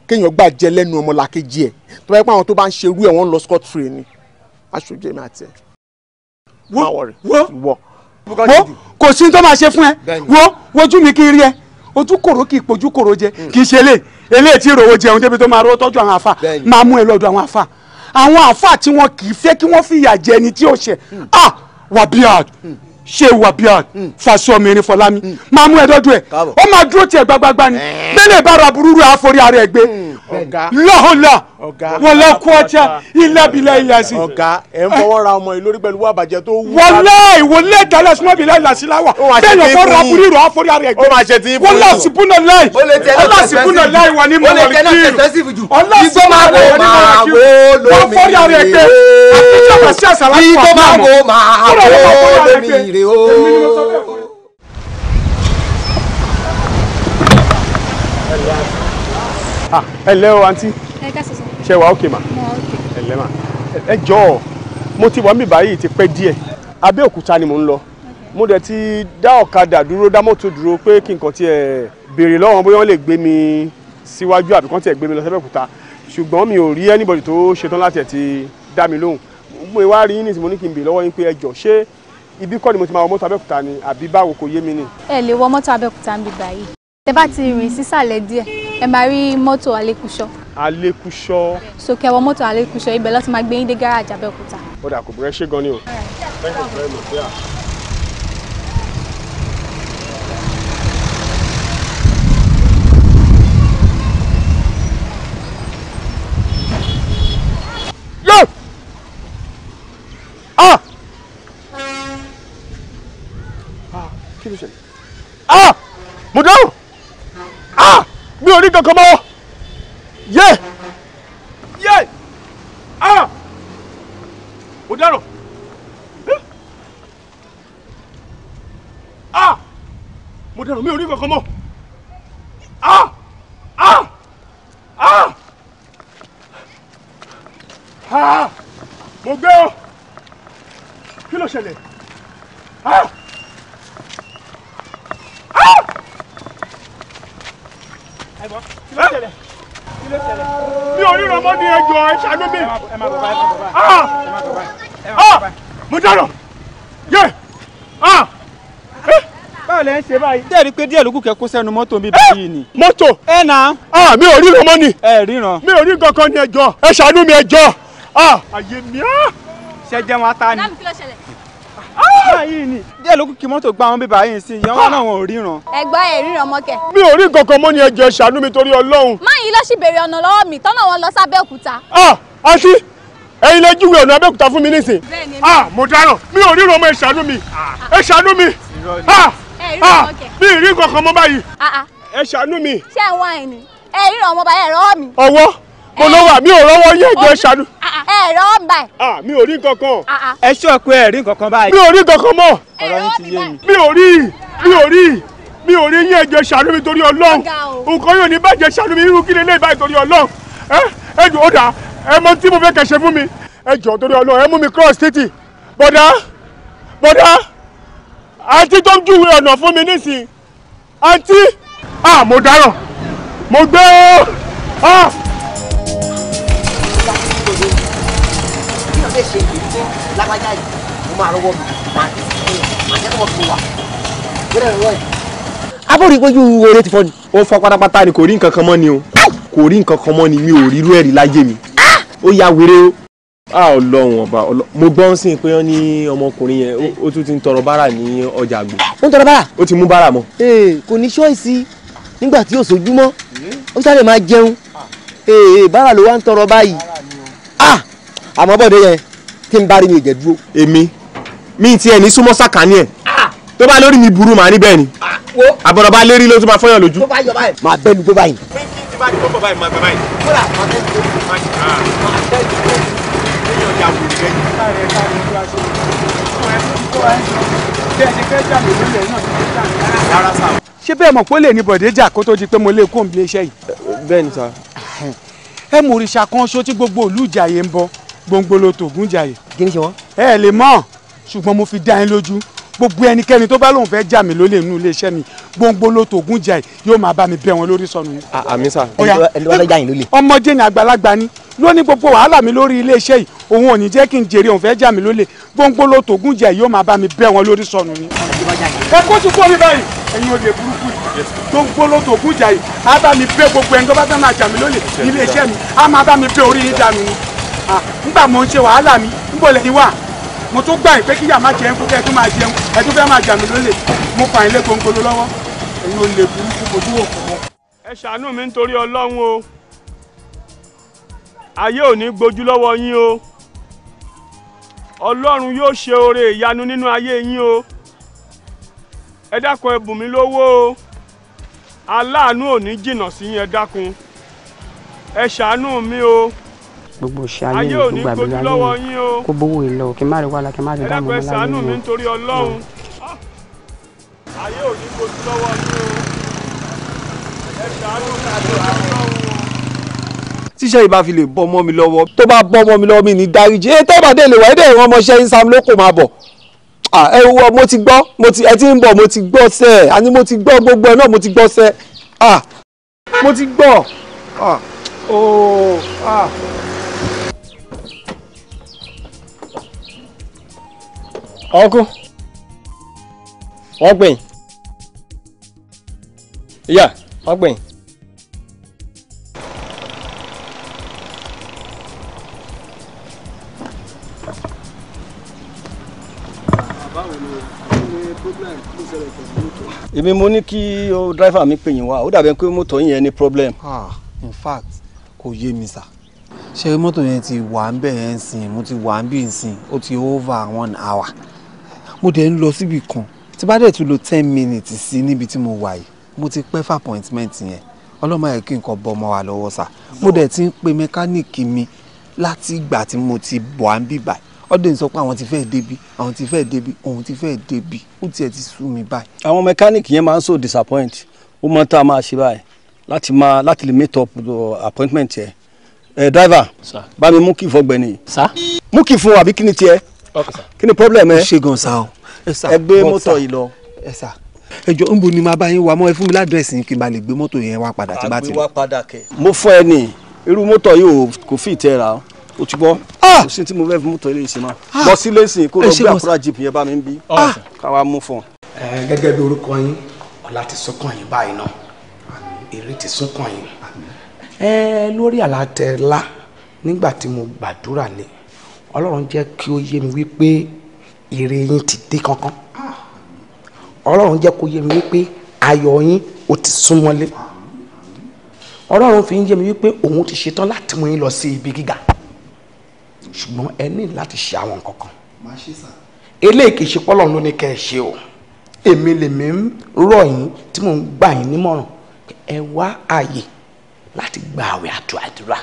A: kéèyàn gbà jẹ lẹ́nu ọmọlàkejì ẹ̀ tó bá pé àwọn tó bá ń ṣe irú ẹ̀ wọ́n lọ scot free ni aṣojú èmi àti ẹ̀. wo wo kò sí ní tó máa ṣe fún ẹ wo wojú mi kí ẹ ojú kòrò kì í pojú kòrò jẹ mm. kì í ṣe eléyìí eléyìí tí ìròwò jẹun débi tó máa rọ tọ́jú àwọn àfa máa mú ẹ lọ́dọ̀ àwọn àfa àwọn àfa tí wọn kì í fẹ́ kí wọ́n fìyà jẹ ẹni tí ó ṣẹ̀ mm. ah wabiad mm. ṣe wabiad fasomirin fọlámi máa mú ẹ lọ́dọ̀ ẹ ó máa dúró tiẹ̀ gbagbagba ni eh. bẹ́ẹ̀ lè bára burúkú àforí ara ẹ gbé
B: lọ́hùnlá wọn lọ kú
A: ọjà ilábìlà ìyàsí. ọ̀gá ẹ̀ ń fọwọ́ ra ọmọ ìlórí pẹ̀lú àbàjẹ́ tó wú. wọlé ìwọlé ìdálẹ́ súnmọ́bìlà ìyàsí láwà bẹ́ẹ̀ yọ fọ́ ra burú ìrọ̀ àforí ara ẹ̀gbẹ́ wọlé àsìkúnà láì wọlé àsìkúnà láì wà ní mọ̀lẹ́kìrì ọlá àsìkúnà láì wà ní mọ̀lẹ́kìrì wọ́n fọ́rí ara ẹ̀gbẹ́ àfijọ́ bàṣẹ́ àṣàlá Hello. Ah, ẹ lẹ́ o àǹtí ṣe wà ókè mà ẹ lẹ́ mà ẹ jọ̀ọ́ mo ti wà ń bì báyìí ti pẹ́ díẹ̀ Abẹ́òkúta ni mò ń lọ mo dẹ̀ ti dá ọ̀kadà dúró dá mọ́tò dúró pé kí nǹkan tiẹ̀ béèrè lọ́wọ́ bóyá wọ́n lè gbé mi síwájú àbí kán tiẹ̀ gbé mi lọ sẹ́bẹ̀kúta ṣùgbọ́n mi ò rí anybody tó ṣetán láti ẹ̀ ti dá mi lóhùn mo wá rí yín ní tí mo ní kí n bè lọ́wọ́ yín pé ẹ jọ̀ọ́ ṣé ibi kọ́ ni mo ti máa wọ mọ́tò Abẹ́òkúta ni àbí báwo kò yé mi ni.
C: ẹ lè wọ mọ́tò Abẹ́òkúta ń bì báyìí tẹ bá ti rìn sísàlẹ̀ díẹ̀ ẹ máa rí mọ́tò Alékúṣọ́.
A: Alékúṣọ́.
C: so kẹwọ mọ́tò Alékúṣọ́ ibẹ̀ ló ti máa gbé yín dé gáràjì Abẹ́òkúta.
A: ó dà kò bẹ̀rẹ̀ ṣé gan ni o. Ah! ah! Kí ló Ah! Mo ò ní kankan mọ́ yé yé ah mo dárò ah mo dárò mi ò kankan mọ́ ah ah ah ah mo gbé o kí ló ṣẹlẹ̀. báyìí. dẹ́ẹ̀rí pé díẹ̀ lókùn kẹ́ kó sẹ́nu mọ́tò mi báyìí eh, ni. mọ́tò. ẹ nà. a ah, mi ò ríran mọ́ ni. ẹ ríran. mi ò rí kankan ni ẹjọ́ ẹ ṣàánú mi ẹjọ́ a ah, àyè mi á. Ah. ṣẹjẹ wọn ta ni. báyìí ni díẹ̀ lókùn kí mọ́tò gba àwọn bíbá yìí sí ìyẹn wọn náà wọn ò ríran.
E: ẹgbẹ́ ẹ̀ ríran mọ́kẹ́.
A: mi ò rí kankan mọ́ ni ẹjọ́ ẹ ṣàánú mi torí Ọlọ́run.
E: má yín lọ sí bèrè ọ̀nà lọ́wọ́ mi tọ́nà wọn lọ sábẹ́òkúta.
A: a àti ẹ̀yin lẹ júwe ọ̀nà Abẹ́òkúta fún mi nísìn. bẹ́ẹ̀ ni. a mo dáràn mi ò ríran ọmọ ẹ ṣàánú mi ẹ ṣàánú mi. Ah, mi ì rí kankan mọ́ báyìí ah, ah. ẹ ṣàánú mi.
E: ṣé ẹ wá ẹ ni ẹ ríran ọmọ báyìí ẹ rọwọ mi. ọwọ́
A: mo lọ wà mí ò rọwọ́ yín ẹjọ ẹ ṣàánú.
E: ẹ rọwọ mi báyìí.
A: mi ò rí kankan. ẹ ṣọ́ pé ẹ rí kankan báyìí. mi ò rí kankan mọ́. ọ̀rọ̀ yín ti yé mi. mi ò rí mi ò rí mi ò rí yín ẹjọ ṣàánú mi torí Ọlọ́run nǹkan yóò ní bàjẹ́ ṣàánú mi irú kí lè báyìí torí Ọlọ́run ẹ ẹ mọ tí mo fẹ́ torí Ọlọ́run ẹ mú mi cross títì bọ̀dá bọ̀dá àǹtí tó ń júwe ọ̀nà fún mi nísìnyí àǹtí ah mo dáràn mo gbé ó ah. abórí péjú oore ti fọ́ ni. ó fọ́ pátápátá ni kò rí nǹkan kan mọ́ ni o kò rí nǹkan kan mọ́ ni mi ò rí irú ẹ̀rí láyé mi. Ah! ó ya wèrè o a ò lọ wọn ọba mo gbọ́ sí i pé wọ́n ní ọmọkùnrin yẹn ó tún ti ń tọrọ bárà ní ọjà àgbò. ó ń tọrọ bárà. ó ti mú bárà mọ́. kò ní ṣọ́ọ̀ṣì nígbà tí yóò sojúmọ́ ó sáré máa jẹun bárà ló wá ń tọrọ báyìí àmọ́ bọ́dé yẹn kí n bá rí mi ìjẹ́ dúró. èmi mi ti ẹ̀ ní súnmọ́ sàkání ẹ̀ tó bá lórí mi burú màá níbẹ̀ ni àbọ̀rọ̀ lérí ló tún máa fọyàn lójú. máa bẹ́ẹ̀ ni tó báyìí. pé kí n ti bá di kókò báyìí máa bẹ báyìí. kódà máa bẹ́ẹ̀ ni tó báyìí ẹ̀jẹ̀ a ṣe fún ẹ tó ń kó wa ń sọ bí ẹ ṣe fẹ́ jà mí lólè náà ní ìjà mi rárá sá. ṣé bẹ́ẹ̀ mọ̀ pé lè ní bọ̀dé jà kó tó di pé mo lè e kó nbílẹ̀ iṣẹ́ yìí. bẹ́ẹ̀ ni sá. ẹ mú òrìṣà kan ṣó tí gbogbo ìlú Ìjàyè ń bọ gbòǹgbò lo tògún Ìjàyè. kí ni ṣe wọ́n. ẹ lè mọ̀ ṣùgbọ́n mo fi dá yín lójú gbogbo ẹnikẹ́ni tó bá lóun fẹ́ jà mí lólè nínú iléeṣẹ́ mi gbóngbó ló tògùn jà ẹ̀ yóò máa bá mi bẹ́ wọn lórí sọnù. àmì sà ẹni wàá lọ́jà yín lólè. ọmọdé ni àgbàlagbà ni ló ní gbogbo wàhálà mi lórí iléeṣẹ́ yìí òun ò ní jẹ́ kí n jèrè òun fẹ́ jà mí lólè gbóngbó ló tògùn jà ẹ̀ yóò máa bá mi bẹ́ wọn lórí sọnù ni. ẹ kó tún kó mi báyìí ẹ̀yin olè burúkú gbóngbó ló tògùn jà yìí á bá mi bẹ́ gbogbo ẹni tó bá fẹ́ máa jà lólè iléeṣẹ́ mi á máa bá mi bẹ́ orí yín dànù ni. nígbà mo ń ṣe wàhálà mi ń bọ̀lẹ̀ ni wà mo tún gbà pé kíyà má jẹun kókẹ́ tó máa jẹun ẹ fẹ́ máa jà lólè mo fà yín lé gongolo lọ́wọ́ èyí ò lè burúkú kojú wò fún wọn. ẹ ṣàánú mi nítorí ọlọ́run o ayé ò ní gbojú lọ́wọ́ yín o ọlọ́run yóò ṣe oore ìyanu nínú ayé yín o ẹ dákun ẹ bùn mí lówó o aláàánú ò ní jìnnà sí yín ẹ dákun ẹ ṣàánú mi o
E: gbogbo ṣe ayé mi gbogbo àgbègbè ayé mi kó bówó ìlọ kí n má rí wàhálà kí n má rí dáàmú ọmọ láyé mi. Mm.
A: ayé ò ní kojú lọ́wọ́ yín o ẹ ṣàánú kàdé àtọ́wọ́ tíṣẹ́ ìbá fi lè bọ́ ọmọ mi lọ́wọ́ tó bá bọ́ ọmọ mi lọ́wọ́ mi ní dáríjì e. ẹ tẹ́gbà dé lè wá ẹ̀dẹ̀ ìwọ̀n ọmọọṣẹ́ yín sam ló kò máa bọ̀ ẹ wọ mo ti gbọ́ ẹ ti ń bọ̀ mo ti gbọ́ sẹ́ ẹ̀ àní mo ti gbọ́ gbogbo ẹ̀ náà mo ti gbọ́ sẹ́ mo ti gbọ́. ọkú wọ́n gbẹ̀yìn ìyá wọ́n gbẹ̀yìn. èmi mo ní kí o driver mi pè yín wá ó dàbí pé mọ́tò yẹn ní problem. ah
F: in fact kò yé mi sà ṣé mọ́tò yẹn ti wà ń bẹ̀ yẹn sìn mo ti wà ń bì ń sìn ó ti over one hour mo dẹ̀ ń lọ síbi kan tí bá dẹ̀ tún lo ten minutes sí níbi tí mo wà yìí mo ti pẹ́ fún appointment yẹn ọlọ́mọ yẹn kí nǹkan bọ́ ọmọ wa lọ́wọ́ sà mo dẹ̀ ti ń pe mẹkáníìkì mi láti ìgbà tí mo ti bọ̀ à ń bíbà
A: ọdún sọ pé àwọn ti fẹ́ débi àwọn ti fẹ́ débi òun ti fẹ́ débi ó tiẹ̀ ti sú mi báyìí. àwọn mẹkáníìkì yẹn máa ń so disappoint ó mọ tá a máa ṣe báyìí láti máa láti lè meet up appointment yẹn ẹ eh, driver bá mi mú kí fọgbẹ nìyí mú kí fún àbí kí ni tiẹ̀ kí ni problem eh? ẹ. ṣe gan sa o ẹ gbé mọ́tò yìí lọ. ẹ jọ nbo ni màá bá yín wa mọ́ ẹ fún mi ládírẹ́sì kí n bá lè gbé mọ́tò yẹn wá padà tí bá ti lọ. mo fọ ẹ ní irú mọ́tò yìí kò fi ìtẹ́ra o o ti gbọ́ ah! kò sí tí mo fẹ́ fi mọ́tò ilé ìsìn máa sí ilé kó lọ gbé àkúrà jeep yẹn bá mi ń bí káwa mú fún un. gẹ́gẹ́ bí orúkọ yín ọ̀la ti sọ́kàn yín báyìí náà èrè ti sọ́kàn yín lórí àlàtẹ̀lá nígbà tí mo gbàdúrà lé ọlọ́run jẹ́ kí ó yé mi wípé ire yín ti dé kankan ọlọ́run jẹ́ kó yé mi wípé ayọ̀ yín ó ti súnmọ́lé ọlọ́run fi ń yé mi wípé òun ti ṣetán láti mú yín lọ sí ibi gíga ṣùgbọ́n ẹ ní láti ṣe àwọn nǹkan kan eléyìí kì í ṣe pọ́lọ́run ló ní kẹ́ ẹ ṣe o èmi lèmi ń rọ̀ yín tí mò ń gbà yín nímọ̀ràn ẹ wá àyè láti gba àwẹ̀ àdúrà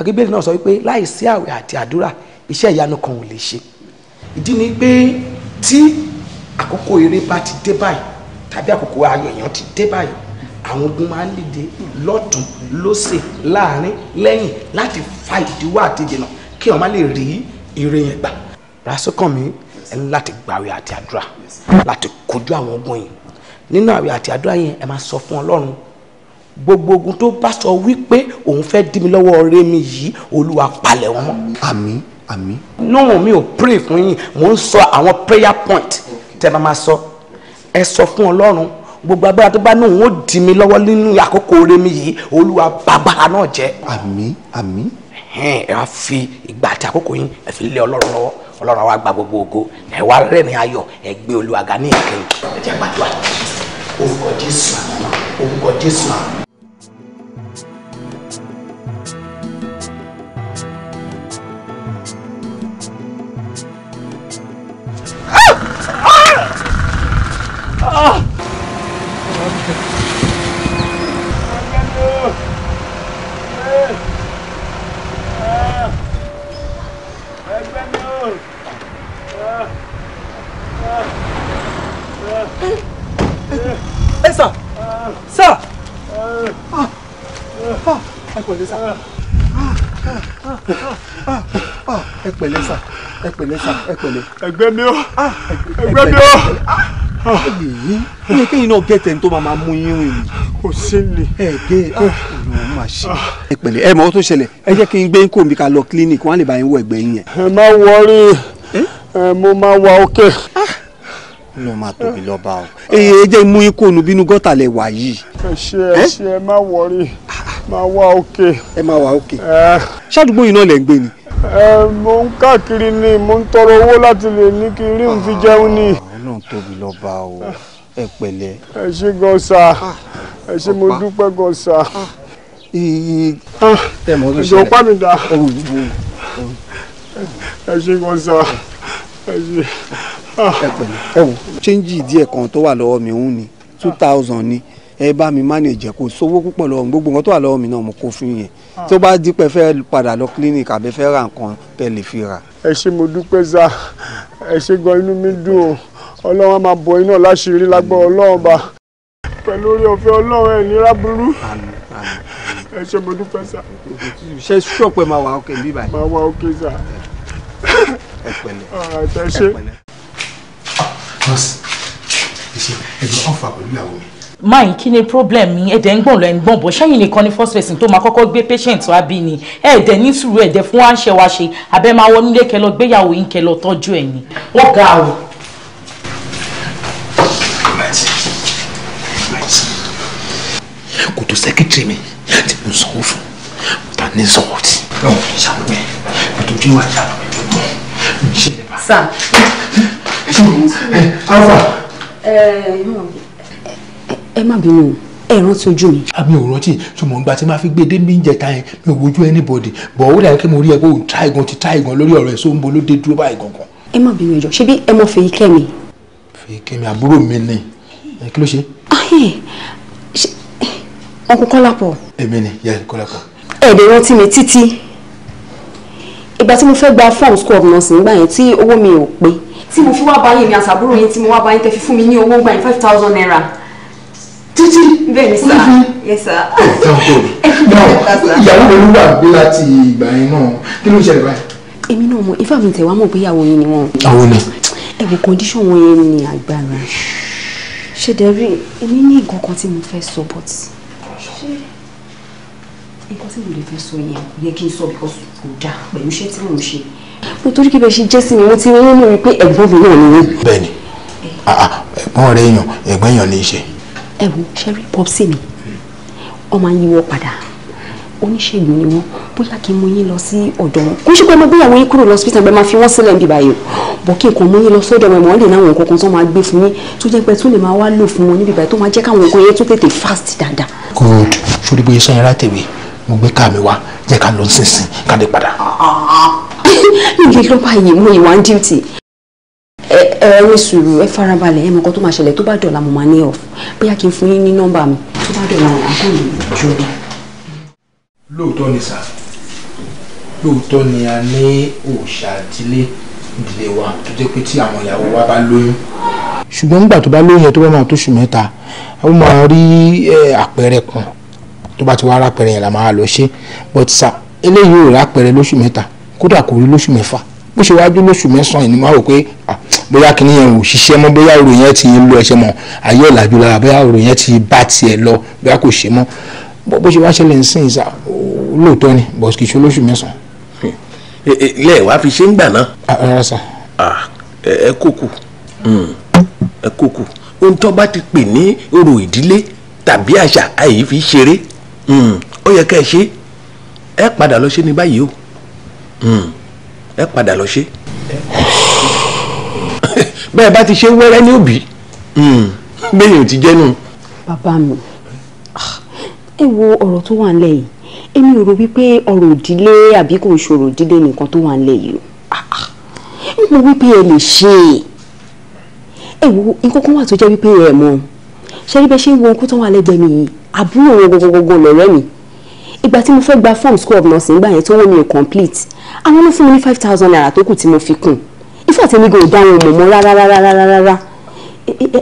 A: akébẹ̀rẹ̀ náà sọ wípé láì sí àwẹ̀ àti àdúrà iṣẹ́ ìyanu kan ò lè ṣe ìdí ni pé tí àkókò eré bá ti dé báyìí tàbí àkókò ayọ̀ èèyàn ti dé báyìí àwọn ogun máa ń dìde lọ́tún lọ́sẹ̀ láàrin lẹ́yìn láti fa ìdíwọ́ àti ìdènà kí wọ́n má lè rí ire yẹn gbà rásùkàn mi ẹni láti gbàwẹ̀ àti àdúrà láti kojú àwọn ogun yìí nínú àwẹ̀ àti àdúrà yẹn ẹ máa sọ fún Ọlọ́run gbogbo ogun tó bá sọ wípé òun fẹ́ dí mi lọ́wọ́ ọ̀rẹ́ mi yìí olúwa palẹ̀ wọn. àmín àmín. náà mi ò pray fún yín mò ń sọ àwọn prayer point tẹ́ bá máa sọ ẹ sọ fún ọlọ́run gbogbo agbára tó bá ní òun ó dí mi lọ́wọ́ nínú àkókò ọ̀rẹ́ mi yìí olúwa bàbára náà jẹ́. àmín àmín. ẹ wá fi ìgbà àti àkókò yín ẹ fi lé ọlọ́run lọ́wọ́ ọlọ́run wa gba gbogbo ògo ẹ wá rẹ́rìn ayọ̀ ẹ gbé olúwa ga ní ìkẹyìn. ẹ jẹ́ gbàdúrà orúkọ jésù orúkọ jésù. ẹ pẹ̀lẹ́ sà ẹ pẹ̀lẹ́ sà ẹ pẹ̀lẹ́. ẹgbẹ́ mi o ah, ẹgbẹ́ mi o. èyí ní kéyìn náà gẹ̀tẹ̀ ní tó máa mú yín rìn. kò sí ni. ẹ gé e. ah. ọ̀hún máa ṣe. Ah. ẹ pẹ̀lẹ́ ẹ mọ ohun tó ṣẹlẹ̀ ẹ jẹ́ kí n gbé kó mi ká lọ clinic wọ́n á lè bá yín wọ ẹgbẹ́ yín yẹn. ẹ má wọrí mo máa wà ókè. ló máa tóbi lọ́ba o. èyí ẹ jẹ́ mú ikú ònú bínú gọ́tà lẹ̀ wá yìí. ẹ ṣe ẹ ṣe ẹ má wọrí máa wá òkè. ẹ máa wá òkè. ṣàdúgbò yìí náà lẹ̀ ń gbé ni. mo ń káàkiri ni mo ń tọrọ owó láti lè ní kí rí òun fi jẹun ni. Ah,
F: ọlọ́run tóbi lọ́ba o ẹ
A: pẹ̀lẹ́. ẹ ṣé gan sa ah, ẹ ṣé mo dúpẹ́ gan sa. Ah, ìjọ pa mi dá ẹ ṣé gan ẹ ṣé. ẹ pẹ̀lẹ́ ẹ wò ṣéǹjì díẹ̀ kan tó wà lọ́wọ́ mi ń ni two thousand ni ẹ bá mi manage kò sówó púpọ̀ lọ́wọ́ mi gbogbo nǹkan tó wà lọ́wọ́ mi náà mo kó fún yẹn tó bá di pé fẹ́ padà lọ clinic àbẹ fẹ́ ra nǹkan tẹ́ lè fi rà. ẹ ṣé mo dúpẹ́ sá ẹ ṣé gan inú mi dùn o ọlọ́run á máa bọ iná láṣìírí lágbọ́ ọlọ́run bá pẹ̀lú orí ọ̀fẹ́ ọlọ́run ẹ̀ nira burú ẹ ṣé mo dúpẹ́ sá. ṣe ṣọ́ọ̀pù ẹ máa wà ókè bíbá yìí. máa wà ókè sá. ẹ pẹ̀lẹ́ ẹ pẹ̀lẹ́. nọ́ọ̀sì ẹ ṣe ẹgbẹ́ ọ̀fà pẹ̀lú ìyàwó mi
C: máyì kí ni problem yín ẹ̀dẹ̀ ń gbọ̀n lọ ẹ̀ ń gbọ̀n bọ̀ sẹ́yìn nìkan ni first person
H: tó máa kọ́kọ́ gbé patient wá bí ni ẹ̀dẹ̀ ní sùúrù ẹ̀dẹ̀ fún àṣẹ wa ṣe abẹ́ máa wọ nílé kẹlọ
C: gbéyàwó yín kẹlọ tọ́jú ẹ̀ ni. wọ́n ga o.
D: kò tó sẹ́kítírì mi tí mo
A: sanwó fún mo ta ní sanwó tí. ṣàlùmí kò tó dín wá ṣàlùmí tó mọ̀
E: ní ṣe lè bá. sá. alfa.
D: ẹ
B: ẹ mọ̀
A: ẹ má bínú ẹ rántí ojú mi. àmì ah, ò rántí ṣùgbọ́n ìgbà tí máa fi gbé dé mí jẹta yẹn mi ò wojú anybody bọ̀ ó dàbí kí mo rí ẹ pé ò ń ta ìgan ti ta ìgan lórí ọ̀rọ̀ ẹ̀ só ń bo ló dé dúró báyìí gangan. ẹ má bínú ẹjọ ṣebí ẹ mọ fèyí kẹmi. fèyí kẹmi àbúrò mi ni kí ló ṣe.
E: ọkùn ah, kọ́lápọ̀. èmi ni yẹ kọ́lápọ̀. ẹ lè rántí mi títí ìgbà tí mo fẹ́ gba form school of nursing gbà yẹn tí owó mi ò pé tí mo fi wá báyìí mi àtàbúrò yẹn tí mo wá báyìí tẹ́ fi fún mi ní owó gbà yẹn five thousand naira títí. bẹ́ẹ̀ni sá yes sá.
A: ìyàwó mi ló wà gbé láti ìgbà yẹn náà kí ló ń ṣẹlẹ̀ báyìí.
E: èmi náà mọ ifá mi tẹ̀ wá mọ̀ pé ìyàwó yín ni wọ́n. àwọn náà. ẹ̀wù kọ́ndíṣọ̀n wọn yẹn ni agbára ṣe dẹ̀rí èmi ní nǹkan kan tí mo fẹ́ sọ but ṣé nǹkan tí mo lè fẹ́ sọ yẹn kò yẹ kí n sọ because kò dáa pẹ̀lú iṣẹ́ tí mò ń ṣe. mo torí kí bẹ ṣe jẹ́ sí mi mo ti rí nínú ẹ wo ṣẹ́rí pọ́psì mi ọmọ yíwọ́ padà oníṣègùn ni wọn bóyá kí n mú yín lọ sí ọ̀dọ̀ wọn kó ṣùgbọ́n ẹ máa gbéyàwó yín kúrò lọ síbítàn bẹ́ẹ̀ máa fi wọ́n sílẹ̀ bíbá yìí bọ̀ kí n kàn mú yín lọ sọ́dọ̀ wọn lè náwọn nǹkan kan tó máa gbé fún yín tó jẹ́ pé tó lè máa wá lò fún wọn níbi báyìí tó máa jẹ́ káwọn nǹkan yẹn tó tètè fast dáadáa.
A: good sórí bóyá sọ yẹra tèmi mo gbé ká mi wá jẹ́ ká lọ sínsìn ká lè padà.
E: ilé lọ́ba yìí mú ìwà ń dìtì ẹ ní sùúrù ẹ farabalẹ̀ ẹ mọ nǹkan tó máa ṣẹlẹ̀ tó bá dọ̀la mo máa ní off bóyá kí n fún yín ní nọ́mbà mi tó bá dọ̀la àgọ́ mi jù
A: lóòótọ́ ni sà lóòótọ́ ni a ní òòṣà ìdílé ìdílé wa tó jẹ́ pé tí àwọn ìyàwó wa bá lóyún. ṣùgbọ́n nígbà tó bá lóyún yẹn tó bá máa tó oṣù mẹ́ta ó máa rí àpẹẹrẹ kan tó bá ti wá rápẹẹrẹ yẹn la máa lọ ṣe but sà eléyìí ò rápẹẹrẹ lóṣù mẹ́ta kódà kò rí lóṣù mẹ́fà bó ṣe wáá dúró lóṣù mẹ́sàn-án yìí ni máa rò pé bóyá kìnìún yẹn ò ṣiṣẹ́ mọ́ bóyá ọ̀rọ̀ yẹn ti ń lo ẹsẹ̀ mọ́ ayé ọ̀làjú lára bóyá ọ̀rọ̀ yẹn ti bá tiẹ̀ lọ bóyá kò ṣe mọ́ bó ṣe wáá ṣẹlẹ̀ ń sìn ìsà lóòótọ́ ni bọ̀ kì í ṣe lóṣù mẹ́sàn-án. ilé ẹ̀ wá fi ṣe ń gbà náà. rárá sà. ẹ kókù ẹ kókù hmm, ohun tó bá ti pè ní orò ìdílé tàbí àṣà àyè fi ṣeré hmm, ó yẹ ká ẹ ṣe é padà lọ ṣe ní báyìí o. Hmm ẹ padà lọ ṣe bẹ́ẹ̀ bá ti ṣe wẹ́rẹ́ ní òbí
B: hmm.
E: bẹ́ẹ̀ ò ti jẹ́ nù. bàbá mi ẹ wo ọ̀rọ̀ tó wà nílẹ̀ yìí èmi ò rò wípé ọ̀rọ̀ òdílé àbí kò ṣòro òdílé nìkan tó wà nílẹ̀ yìí
B: o mo wípé ẹ lè ṣe
E: é ẹ wo nǹkan kan wà tó jẹ́ wípé ẹ mọ̀ ṣe ṣe ń wo ohun kó mi yìí àbúrò wọn gbogbogbò lọ̀rẹ́ mi ìgbà tí mo fẹ́ gba form school of nursing gbà yẹn tó wọ́n mi ò complete àwọn ló fún mi ní five thousand naira tó kù tí mo fi kùn ìfẹ́ àtẹ̀mí gan ìdáhùn mọ̀mọ́ rárá rárá rárá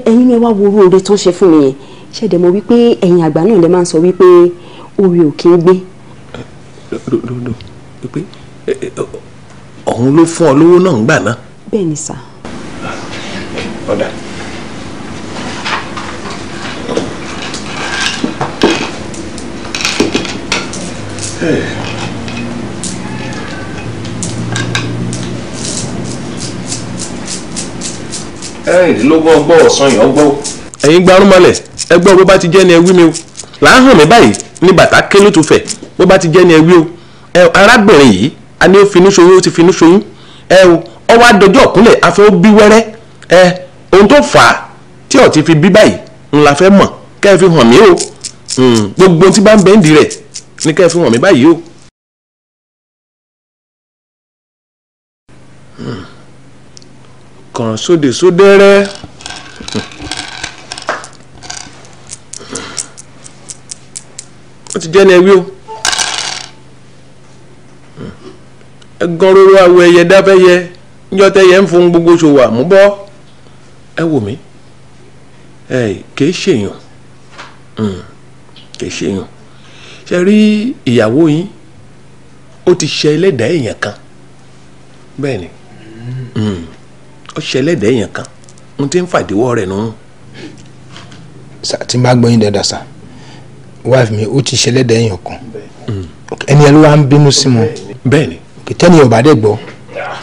E: ẹ̀yin ẹ wá wo orú oore tó ń ṣe fún mi yẹn ṣẹ̀dẹ̀ mọ̀ wípé ẹ̀yin àgbà náà lè máa ń sọ wípé oore ò kí ń gbé.
A: lọ́dọ̀ wípé ọ̀hún ló fún ọ lówó
E: náà ń gbà náà. bẹ́ẹ̀ ni sà.
A: ọ̀dà. ẹ̀rìndínlógún ọgbọ́ ọ̀sán yìí ọgbọ́. ẹ̀yin gbarún mọ́lẹ̀ ẹgbẹ́ bó bá ti jẹ́ ni ẹ wí mi o làáhùn mi báyìí ni bàtà ké ló tún fẹ̀ bó bá ti jẹ́ ni ẹ wí o arábìnrin yìí a ní ó finú ṣoyún ó ti finú ṣoyún ẹ o ọ wá dojú ọ̀kúnlẹ̀ afẹ́ ó bí wẹ́rẹ́ ẹ ohun tó fà á tí ó ti fi bí
B: báyìí ńlá fẹ́ mọ̀ kẹ́ ẹ fi hàn mí o hmm, gbogbo tí bá ń bẹ́ẹ̀ ń di rẹ̀ ní kẹ́ ẹ fi wọ̀n mí báyìí o. Hmm. kàn sóde sódẹ́rẹ́.
A: ó ti jẹ́ ní ẹwí o. Hmm. ẹ̀gàn roro awọ ẹyẹ dábẹ́yẹ níjọ́ tẹ́yẹ ń fún gbogbo ṣòwò àmúbọ́ ẹ wò mí kì ṣèyàn hmm. kì ṣèyàn ṣe rí ìyàwó yín ó ti ṣe ẹlẹ́dàá èèyàn kan bẹ́ẹ̀ ni hmm. ó ṣe ẹlẹ́dàá èèyàn kan n ti ń fàdíwọ́ rẹ̀ nù. tí n bá gbọ́ yín dáadáa wife mi ó ti ṣe ẹlẹ́dàá èèyàn kan hmm. ẹni ẹni wá ń bínú sí wọn bẹ́ẹ̀ ni tẹ́ni ọba dẹ̀ gbọ́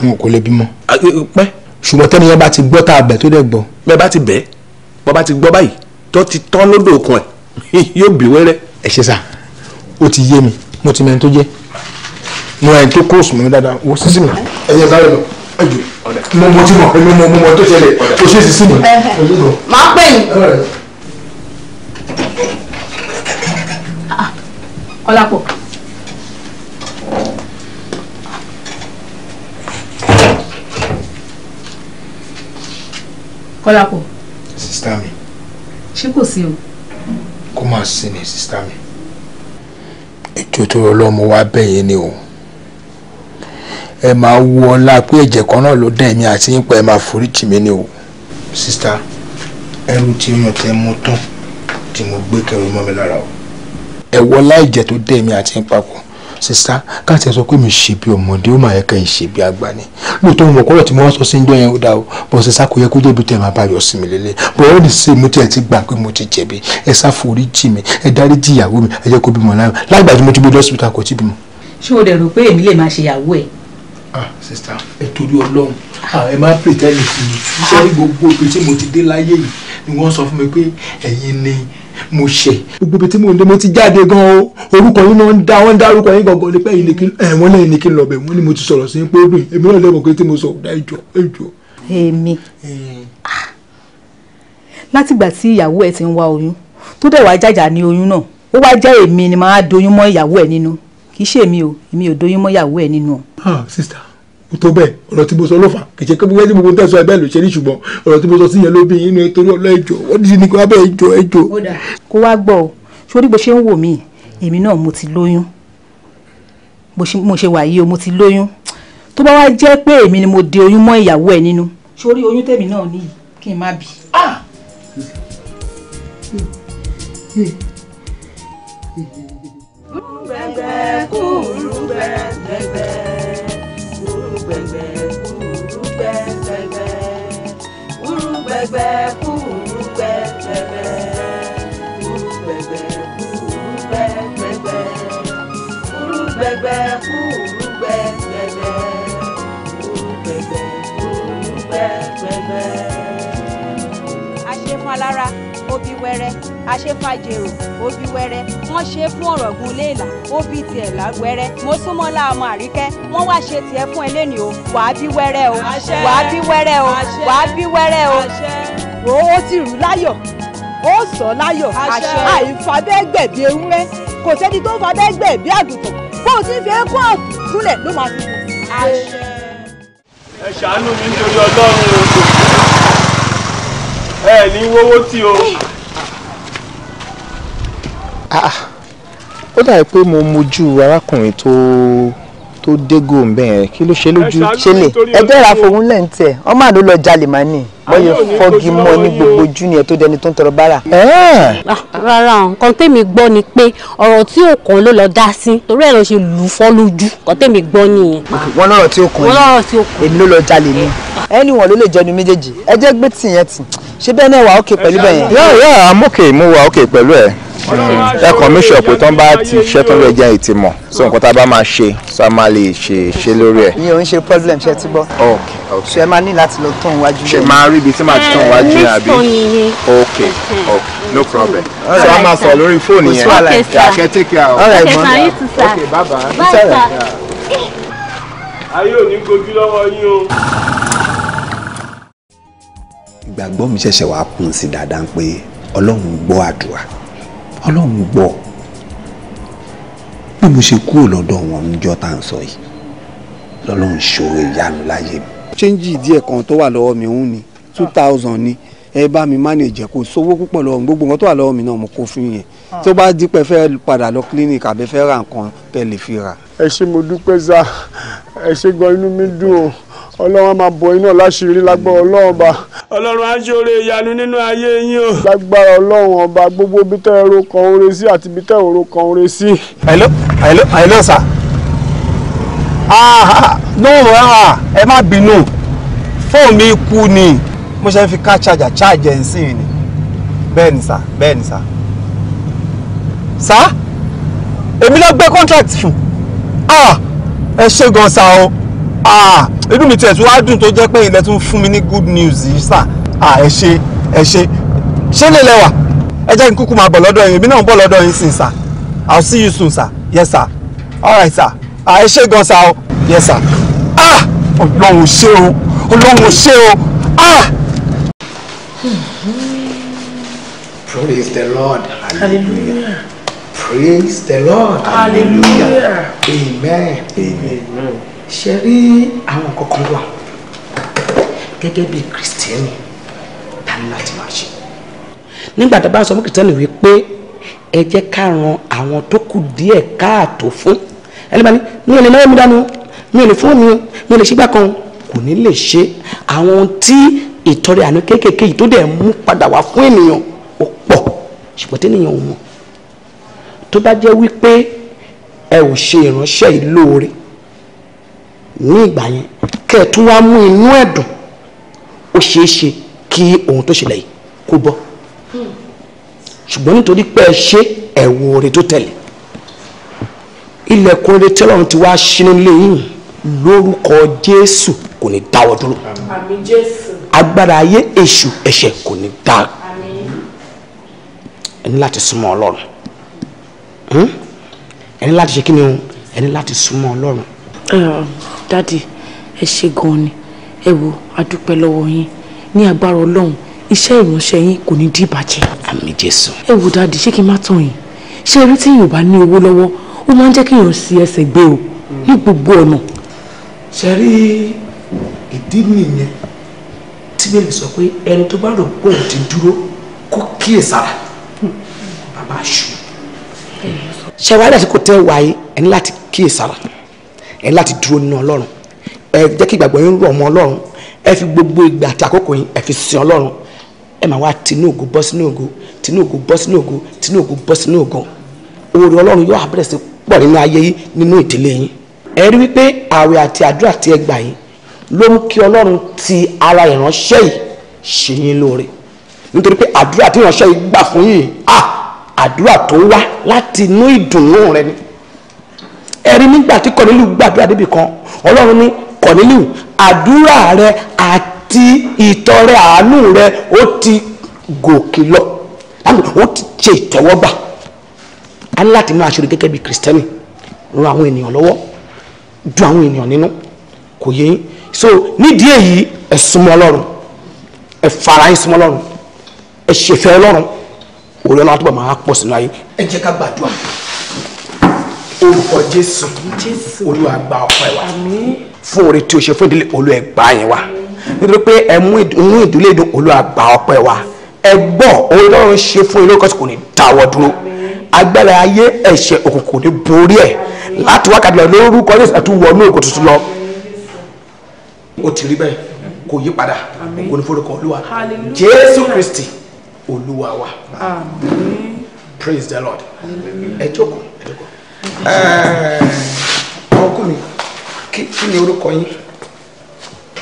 A: wọn kò lè bímọ. Ah, pẹ́ ṣùgbọ́n tẹ́ni ọba ti gbọ́ tá a bẹ̀ tó dẹ̀ gbọ́. bẹ́ẹ̀ bá ti bẹ̀ bọ́ bá ti gbọ́ báyìí tó ti tán lódò òkun ẹ̀ yóò bí wẹ́rẹ́. ẹ ṣe sá O ti yé mi mo ti mẹ́ni tó jẹ́ mo ẹni tó kó òsùn mi dáadáa wo sísì mi ẹ̀yẹ sáré lọ ẹ̀jọ̀ mo mo ti mọ̀ èmi mo mo mọ̀ tó ṣẹlẹ̀ kò ṣe sísì mi. máa pè yín.
C: ọlápọ̀. kọ́lápọ̀. sista mi. ṣé kò sí o.
A: kó máa sí sista mi ètò tó ọlọ́mọ wa bẹ̀ yín ni o ẹ máa wo ọlá pé ẹ̀jẹ̀ kan náà ló dẹ̀ mí àti nípa ẹ máa foríjì mí ni o. sista ẹrù tí ó tẹ mú tán tí mo gbé kẹrù mọ́ mi lára o. ẹ wọ ẹ̀jẹ̀ tó dẹ̀ mí àti nípa pọ̀ sista káàtì ẹ sọ pé mi ṣe bí ọmọdé ó máa yẹ ká ìṣe bí àgbà ni lóòótọ́ mo kọ́rọ̀ tí mo wá sọ sí njọ́ yẹn ó dáa o bọ̀ sista kò yẹ kó débi tẹ̀ máa bá yọ sí mi lélẹ̀ bọ̀ ọ́ ní sí mo tiẹ̀ ti gbà pé mo ti jẹ̀bi ẹ sá forí jì mí ẹ dárí jì ìyàwó mi ẹ jẹ́ kó bímọ láyọ̀ lágbàdo mo ti gbé lọ́sibítà kò tí bímọ.
C: ṣé o dẹ̀ rò pé èmi lè máa ṣe ìyàwó ẹ̀ ah sista ẹ torí
A: Ọlọ́run ah, ẹ má pretend fún mi sẹ́rí gbogbo ibi tí sọ mo ṣe gbogbo ibi tí mo ń dé mo ti jáde gan o orúkọ yín náà ń dá wọn dá orúkọ yín gangan nípa ẹ̀yin nìkí ẹ wọn náà nìkí lọbẹ wọn ni mo ti sọ̀rọ̀ sí pé dùn èmi náà lẹ́mọ̀ pé tí mo sọ
C: ọ̀dà ìjọ ìjọ. èmi látìgbà tí ìyàwó ẹ ti ń wá oyún tó dẹ̀ wá jàjà ní oyún náà ó wá jẹ́ èmi ni màá doyún mọ́ ìyàwó ẹ nínú kì í ṣèmi o èmi ò doyún mọ́ ìyàwó ẹ nínú. ah sister
A: tó bẹ́ẹ̀ ọ̀rọ̀ tí mo sọ ló fà kìí pé bóyá tí gbogbo tẹ̀sán ẹgbẹ́ ló ṣe ní ṣùgbọ́n ọ̀rọ̀ tí mo sọ sí yẹn ló bí inú torí ọlọ́ ẹjọ́ wọ́n ti ní kí
C: wọ́n bẹ́ ẹjọ́ ẹjọ́. kó wá gbọ́ o sórí bó ṣe ń wò mí èmi náà mo ti lóyún mo ṣe wà yìí o mo ti lóyún tó bá wá jẹ́ pé èmi ni mo de oyún mọ́ ìyàwó ẹ̀ nínú sórí oyún tèmi náà ní kí n má bì. Ah! Rúbẹ̀gbẹ̀
E: gbẹgbẹ kú gbẹgbẹgbẹ
B: kú gbẹgbẹ kú
E: gbẹgbẹgbẹ kú gbẹgbẹ kú gbẹgbẹgbẹ kú
B: gbẹgbẹ kú
E: gbẹgbẹgbẹ. a ṣe fún alára obi wẹrẹ àṣefàjèrò òbí wẹrẹ wọ́n ṣe fún ọ̀rọ̀gùn léèlà òbí tiẹ̀ wẹrẹ mo súnmọ́ láàmú àríkẹ́ wọ́n wá ṣe tiẹ̀ fún ẹlẹ́ni o wàá bí wẹrẹ o wàá bí wẹrẹ o wàá bí wẹrẹ o wò ti rù láyọ̀
H: ó sọ láyọ̀ àìfàbẹ́gbẹ̀bí ewúrẹ́ kò sẹ́ni tó fàbẹ́gbẹ̀bí àgùntàn bó ti fi ẹkún àgùn ló máa fi kú.
A: ẹ ṣàánú mi nítorí ọlọ́run ẹ ní wọ́wọ́ tí o. dàbí pé mo mojú arákùnrin tó tó dégò ń bẹ̀rẹ̀ kí ló ṣe lójú. ṣẹlẹ̀ ẹgbẹ́ ra fòun lẹ̀ ń tẹ̀ wọ́n máa ló lọ jalè máa nì wọ́n yóò fọ́gi mọ́ ní gbogbo junior tó dẹni tó ń tọrọ
E: bára. Ah, rárá nǹkan tèmi gbọ́ ni pé ọ̀rọ̀ tí òkan ló lọ dá sí torí ẹ̀ ló ṣe lù fọ́ lójú nǹkan tèmi gbọ́ nìyẹn. wọ́n lọ́rọ̀ tí òkan
B: èmi ló lọ
H: jalè ni ẹni wọn ló lè jẹnu méjèèjì ẹ jẹ́ gbé tìyẹn tì ṣé bẹ́ẹ̀ náà wà ókè pẹ̀lú bẹ́ẹ̀ yẹn. yóò
A: yóò I'm okay mo wà ókè pẹ̀lú ẹ̀ ẹkọ mission pé tán bá ti ṣe tán lè jẹ́ ìtìmọ̀ so nǹkan tá a bá máa ṣe so a máa lè ṣe ṣe lórí ẹ̀. mi ò ń ṣe problem ṣe ti bọ́
C: so máa ní láti lọ tán iwájú. ṣe máa rí ibi tí màá tán iwájú yẹn eh, àbí
A: ok ok no problem
F: so a máa sọ lórí fóònù yẹn àṣẹ
C: take care
B: o. ok
A: bye bye. ayé ò gojú lọ́wọ́ yín o. ìgbàgbọ́ mi ṣẹ̀ṣẹ̀ wàá kún sí dáadáa pé ọlọ́run gbọ́ àdúrà ọlọ́run gbọ́ bí mo ṣe kúrò lọ́dọ̀ wọn níjọ́ tá à ń sọ yìí lọ́lọ́run ṣòro ìyanu láyé mi. ṣéǹjì díẹ̀ kan tó wà lọ́wọ́ mi òun ni two thousand ni ẹ bá mi manage kò sówó púpọ̀ lọ́wọ́ gbogbo nǹkan tó wà lọ́wọ́ mi náà mo kó fún yẹn ah. tó bá dípẹ́ fẹ́ padà lọ clinic àbẹ́ fẹ́ ra nǹkan tẹ́ fi rà. ẹ ṣé mo dúpẹ́ sá ẹ ṣé gan inú mi dùn o ọlọ́run máa bọ̀ iná láṣìírí lágbára ọlọ́run ọba. ọlọ́run á ṣe ìyanu nínú ayé yín o. lágbára ọlọ́run ọba gbogbo bí tẹ́ kan oore sí àti bí tẹ́ kan oore sí. hello hello hello sir. ah, ah no ah, ah, ẹ má bínú fóònù mi kú ni mo ṣe fi ká ṣàjà ṣáàjẹ nsìn ni bẹ́ẹ̀ ni sà bẹ́ẹ̀ ni sà. sà èmi ló gbé contract fún ah ẹ ṣe gan sa o ah inú mi tiẹ̀ tún wá dùn tó jẹ́ pé ilẹ̀ tún fún mi ní good news yìí sà ah ẹ ṣe ẹ ṣe ṣé lè lẹ́wà ẹ jẹ́ kí n kúkú máa bọ̀ lọ́dọ̀ yín èmi náà ń bọ̀ lọ́dọ̀ yín sìn sà i'll see you soon sà yes sà all right sà ah ẹ ṣe gan sà o yes sà ah ọlọ́run ṣé o
D: ọlọ́run ṣé o ah.
A: praise the lord hallelujah. Praise the Lord. Hallelujah. Hallelujah. Amen. Amen. Amen ṣe rí àwọn kankan wà gẹ́gẹ́ bí kìrìsìtẹ́nì ta ni láti máa ṣe nígbà tá a bá sọ fún kìrìsìtẹ́nì wípé ẹ jẹ́ ká ran àwọn tó kù díẹ̀ káàtó fún ẹni bá ní mi ò lè náwó mi dànù mi ò lè fún mi mi ò lè ṣígbà kan kò ní lè ṣe àwọn tí ìtọrẹ àánú kéékèèké yìí tó dẹ̀ mú padà wá fún ènìyàn ó pọ̀ ṣùgbọ́n tẹ́nìyàn ò mọ̀ tó bá jẹ́ wípé ẹ ò ṣe ìránṣẹ́ yìí lóore ní ìgbà yẹn kẹ́ ẹ̀ tún wá mú inú ẹ̀dùn ó ṣeé ṣe kí ohun tó ṣẹlẹ̀ yìí kó bọ́ ṣùgbọ́n nítorí pé ẹ ṣe ẹ̀wọ̀ oore tó tẹ̀lé ilẹ̀kùn oore tẹ́lọ̀run ti wá ṣínú lẹ́yìn lórúkọ Jésù kò ní dáwọ́ dúró
D: àmín Jésù
A: agbára ayé èṣù ẹ̀ṣẹ̀ kò ní dá ẹni láti súnmọ́ Ọlọ́run hm? ẹni láti ṣe kí ni
C: ẹni láti súnmọ́ Ọlọ́run dádì ẹ ṣe gan ni
D: ẹ wo adúpẹ́ lọ́wọ́ yín ní agbára ọlọ́run iṣẹ́ ìránṣẹ́ yín kò ní di ìbàjẹ́. àmín jésù. ẹ wo dádì ṣé kí n má tàn yín ṣé ẹ rí tí yóò bá ní owó lọ́wọ́ ó máa ń jẹ́ kí èèyàn sí ẹsẹ̀ gbé o ní gbogbo ọ̀nà. ṣe rí
A: ìdí nìyẹn tí bẹ́ẹ̀ sọ pé ẹni tó bá rò pé òun ti dúró kó kíyèsára bàbá àṣù. ṣe wàhálà tí kò tẹ́ wáyé ẹni láti kíyèsára ẹ láti dúró nínú ọlọ́run ẹ jẹ́ kí ìgbàgbọ́ yín rọ̀ mọ́ ọlọ́run ẹ fi gbogbo ìgbà àti àkókò yín ẹ fi sin ọlọ́run ẹ máa wá tinú ògo bọ́ sínú ògo tinú ògo bọ́ sínú ògo tinú ògo bọ́ sínú ògo oore ọlọ́run yóò àbẹ̀rẹ̀ sí pọ̀ nínú ayé yín nínú ìdílé yín ẹ rí wípé ààwẹ̀ àti àdúrà tí ẹ gbà yín ló mú kí ọlọ́run ti ara ìránṣẹ́ yìí ṣe yín lóore nítorí pé àdúrà tí ìránṣẹ́ yìí gbà fún yín ah àdúrà tó wá láti inú ìdùnnú rẹ ni ẹ̀rí nígbà tí kọ̀nílù gbàdúrà débi kan ọlọ́run ní kọ̀nílù àdúrà rẹ àti ìtọrẹ àánú rẹ ó ti gòkè lọ ó ti ṣe ìtẹ́wọ́gbà a ní láti máa ṣòro gẹ́gẹ́ bí kìrìsìtẹ́nì ran àwọn ènìyàn lọ́wọ́ du àwọn ènìyàn nínú kò yé yín so nídìí èyí ẹ súnmọ́ ọlọ́run ẹ fara yín súnmọ́ ọlọ́run ẹ ṣèfẹ́ ọlọ́run òun lọ́la tó bá máa pọ̀ sínú ayé ẹ jẹ́ ká gbàdúrà orúkọ jésù olúwa gba ọpẹ́ wa fún oore tí o ṣe fún ìdílé olúwa gbà yín wa nítorí pé ẹ mú inú ìdílé ìdùn olúwa gba ọpẹ́ wa ẹ gbọ́ olóòrùn ṣe fún ilé ìkọsí kò ní dáwọ́ dúró agbára ayé ẹ̀ṣẹ̀ òkùnkùn ní borí ẹ̀ láti wákàtí lọ lórúkọ jésù àti wọnú òkú tuntun lọ ó ti rí bẹ́ẹ̀ kò yí padà kò ní forúkọ olúwa jésù kristi olúwa wa praise the lord ẹ jókòó. Eh, ọkùnrin kí ni orúkọ yín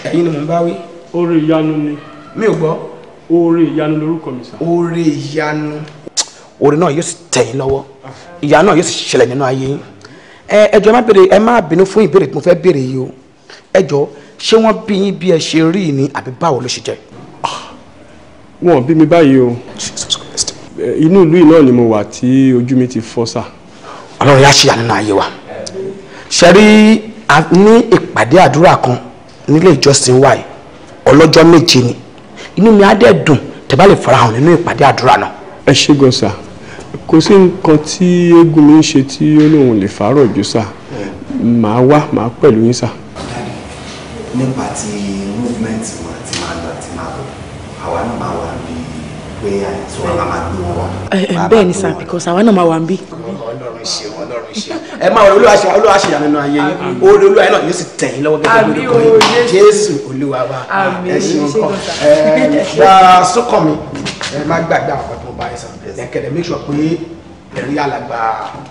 A: ẹ̀yin ni mò ń bá wí. oore ìyanu ni. mi ò gbọ́. oore ìyanu lorúkọ mi sá. oore ìyanu. oore náà yóò sì tẹ̀ yín lọ́wọ́ ìyá náà yóò sì ṣẹlẹ̀ nínú ayé yín ẹ jọ̀ọ́ má béèrè ẹ má bínú fún ìbéèrè tí mo fẹ́ béèrè yìí o ẹ jọ̀ọ́ ṣé wọ́n bí yín bí ẹ ṣe rí ni àbí báwo ló ṣe jẹ́. Ah, wọn bí mi báyìí o inú ìlú náà ni mo wà tí ojú mi ti fọ́ sáà ọlọ́run yá ṣe àánú ayé wa ṣe rí ní ìpàdé àdúrà kan nílé ìjọsìn wa yìí ọlọ́jọ́ méje ni inú mi á dẹ̀ dùn tẹ́ bá lè farahàn nínú ìpàdé àdúrà náà. ẹ ṣe gan kò sí nǹkan tí eégún mi ń ṣe tí ó lóun lè fàárọ̀ jù sà màá wá màá pẹ̀lú yín sà. nípa ti movement wọn àti máa lọ àti máa bọ̀ àwa náà máa wà níbi pé àìsàn wa máa gbé
D: wọn wá. bẹ́ẹ̀ because àwa náà máa wà níbi ọlọ́run ṣeun ọlọ́run ṣeun
A: ẹ máa wọ olúwa ṣe olúwa ṣe àmì ayé yín olúwa yín náà yóò sì tẹ̀ yín lọ́wọ́ bí olùkọ́ yín jésù olúwa wa ẹ ṣeun kọ ẹ gba sókàn mi ẹ má gbàgbé àwọn tó bá ẹ sàn make sure pé ẹ̀rí alàgbà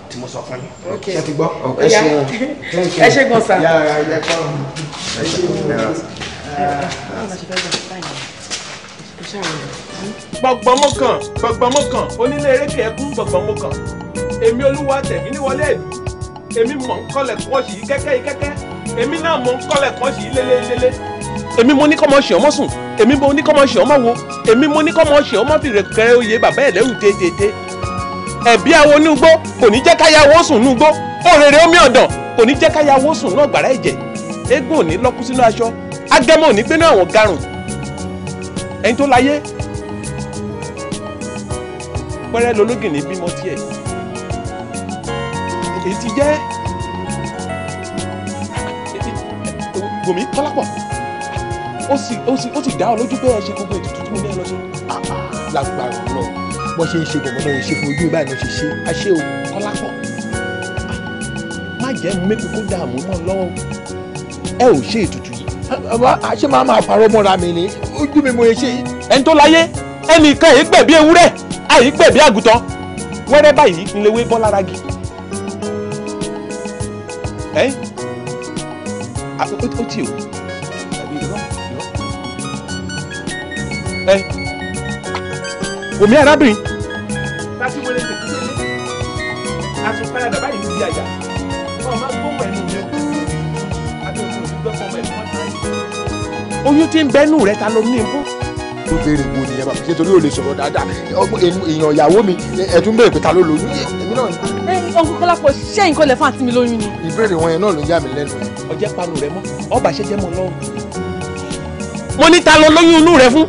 A: tí mo sọ fún yín ẹ ti gbọ́ ẹ ṣeun ẹ ṣe gan sa ẹ ṣe gan sa gbọ̀gbọ̀mọ̀kàn gbọ̀gbọ̀mọ̀kàn onílé erékè ẹkún gbọ̀gbọ̀mọ̀kàn èmi olúwa tẹ̀mí níwọlé ìlú èmi mọ̀ ń kọ́lẹ̀ kọ́ọ̀ṣì yìí kẹ́kẹ́ yìí kẹ́kẹ́ èmi náà mọ̀ ń kọ́lẹ̀ kọ́ọ̀ṣì yìí lélẹ́lẹ́lẹ́ èmi mo ní kọ́ mọ ṣe ọmọ sùn èmi mo ní kọ́ mọ ṣe ọmọ wo èmi mo ní kọ́ mọ ṣe ọmọ fìrè kẹrẹ oyè bàbá ẹ̀ lẹ́rù tètè ẹ̀bí àwọn onígbó kò ní jẹ́ káyàwó sùn núgbó òrèrè omi ọ̀dàn kò ní jẹ́ káyàwó sùn náà gbàrà ẹ̀jẹ̀ eégún ò ní lọ́kú sínú aṣọ agẹmọ ò ní gbénú àwọn garùn ẹni tó láyé pẹ́rẹ́ lológìnní bímọ tiẹ̀ èyí ti jẹ́ gòmí tọ́lápọ̀ ó sì ó sì ó sì dá ọ lójú pé ṣe gbogbo ètùtù tí mo ní ẹ lọ ṣe. lọ bó ṣe ń ṣe gbọ̀ngàn náà ṣe fojú báyìí ló ṣe ṣe àṣé o tọ́lápọ̀ má jẹ́ mẹ́kù kó dààmú mọ́ lọ́wọ́ ẹ ò ṣe ètùtù yìí. àṣé máa máa parọ́ mọ́ra mi ni ojú mi mo ṣe ẹni tó láyé ẹnì kan èé gbẹ̀bí ewúrẹ́ àyígbẹ̀bí àgùntàn wẹ́rẹ́ báyìí ńlẹ̀wé bọ́ lára gi. ẹ ó tì o tàbí irọ́ irọ́ ẹ omi arábìnrin. láti wọlé tètè lé aṣọ káyàdà báyìí ló di àjà wọn máa gbóhùn ẹnu rẹ àti òkú òsì gbọ́ fọmọ ẹ̀ fún wọn. oyún tí ń bẹ́nu rẹ ta ló ní ibú tún béèrè wo nìyẹn bàbá ṣé torí ò lè sọ̀rọ̀ dáadáa èèyàn ìyàwó mi ẹ tún béèrè pé ta ló lóyún èmi
H: náà ni. ẹ ọkùnrin kọlápọ̀ ṣé nǹkan lè fún àǹtí mi lóyún ni.
A: ìbéèrè wọn yẹn náà ló yà mí lẹ́nu. ọjẹ́ pariwo rẹ mọ́
H: ọba ṣẹ́jẹ́ mọ́ lọ́rùn.
A: mo ní ta ló lóyún inú rẹ fún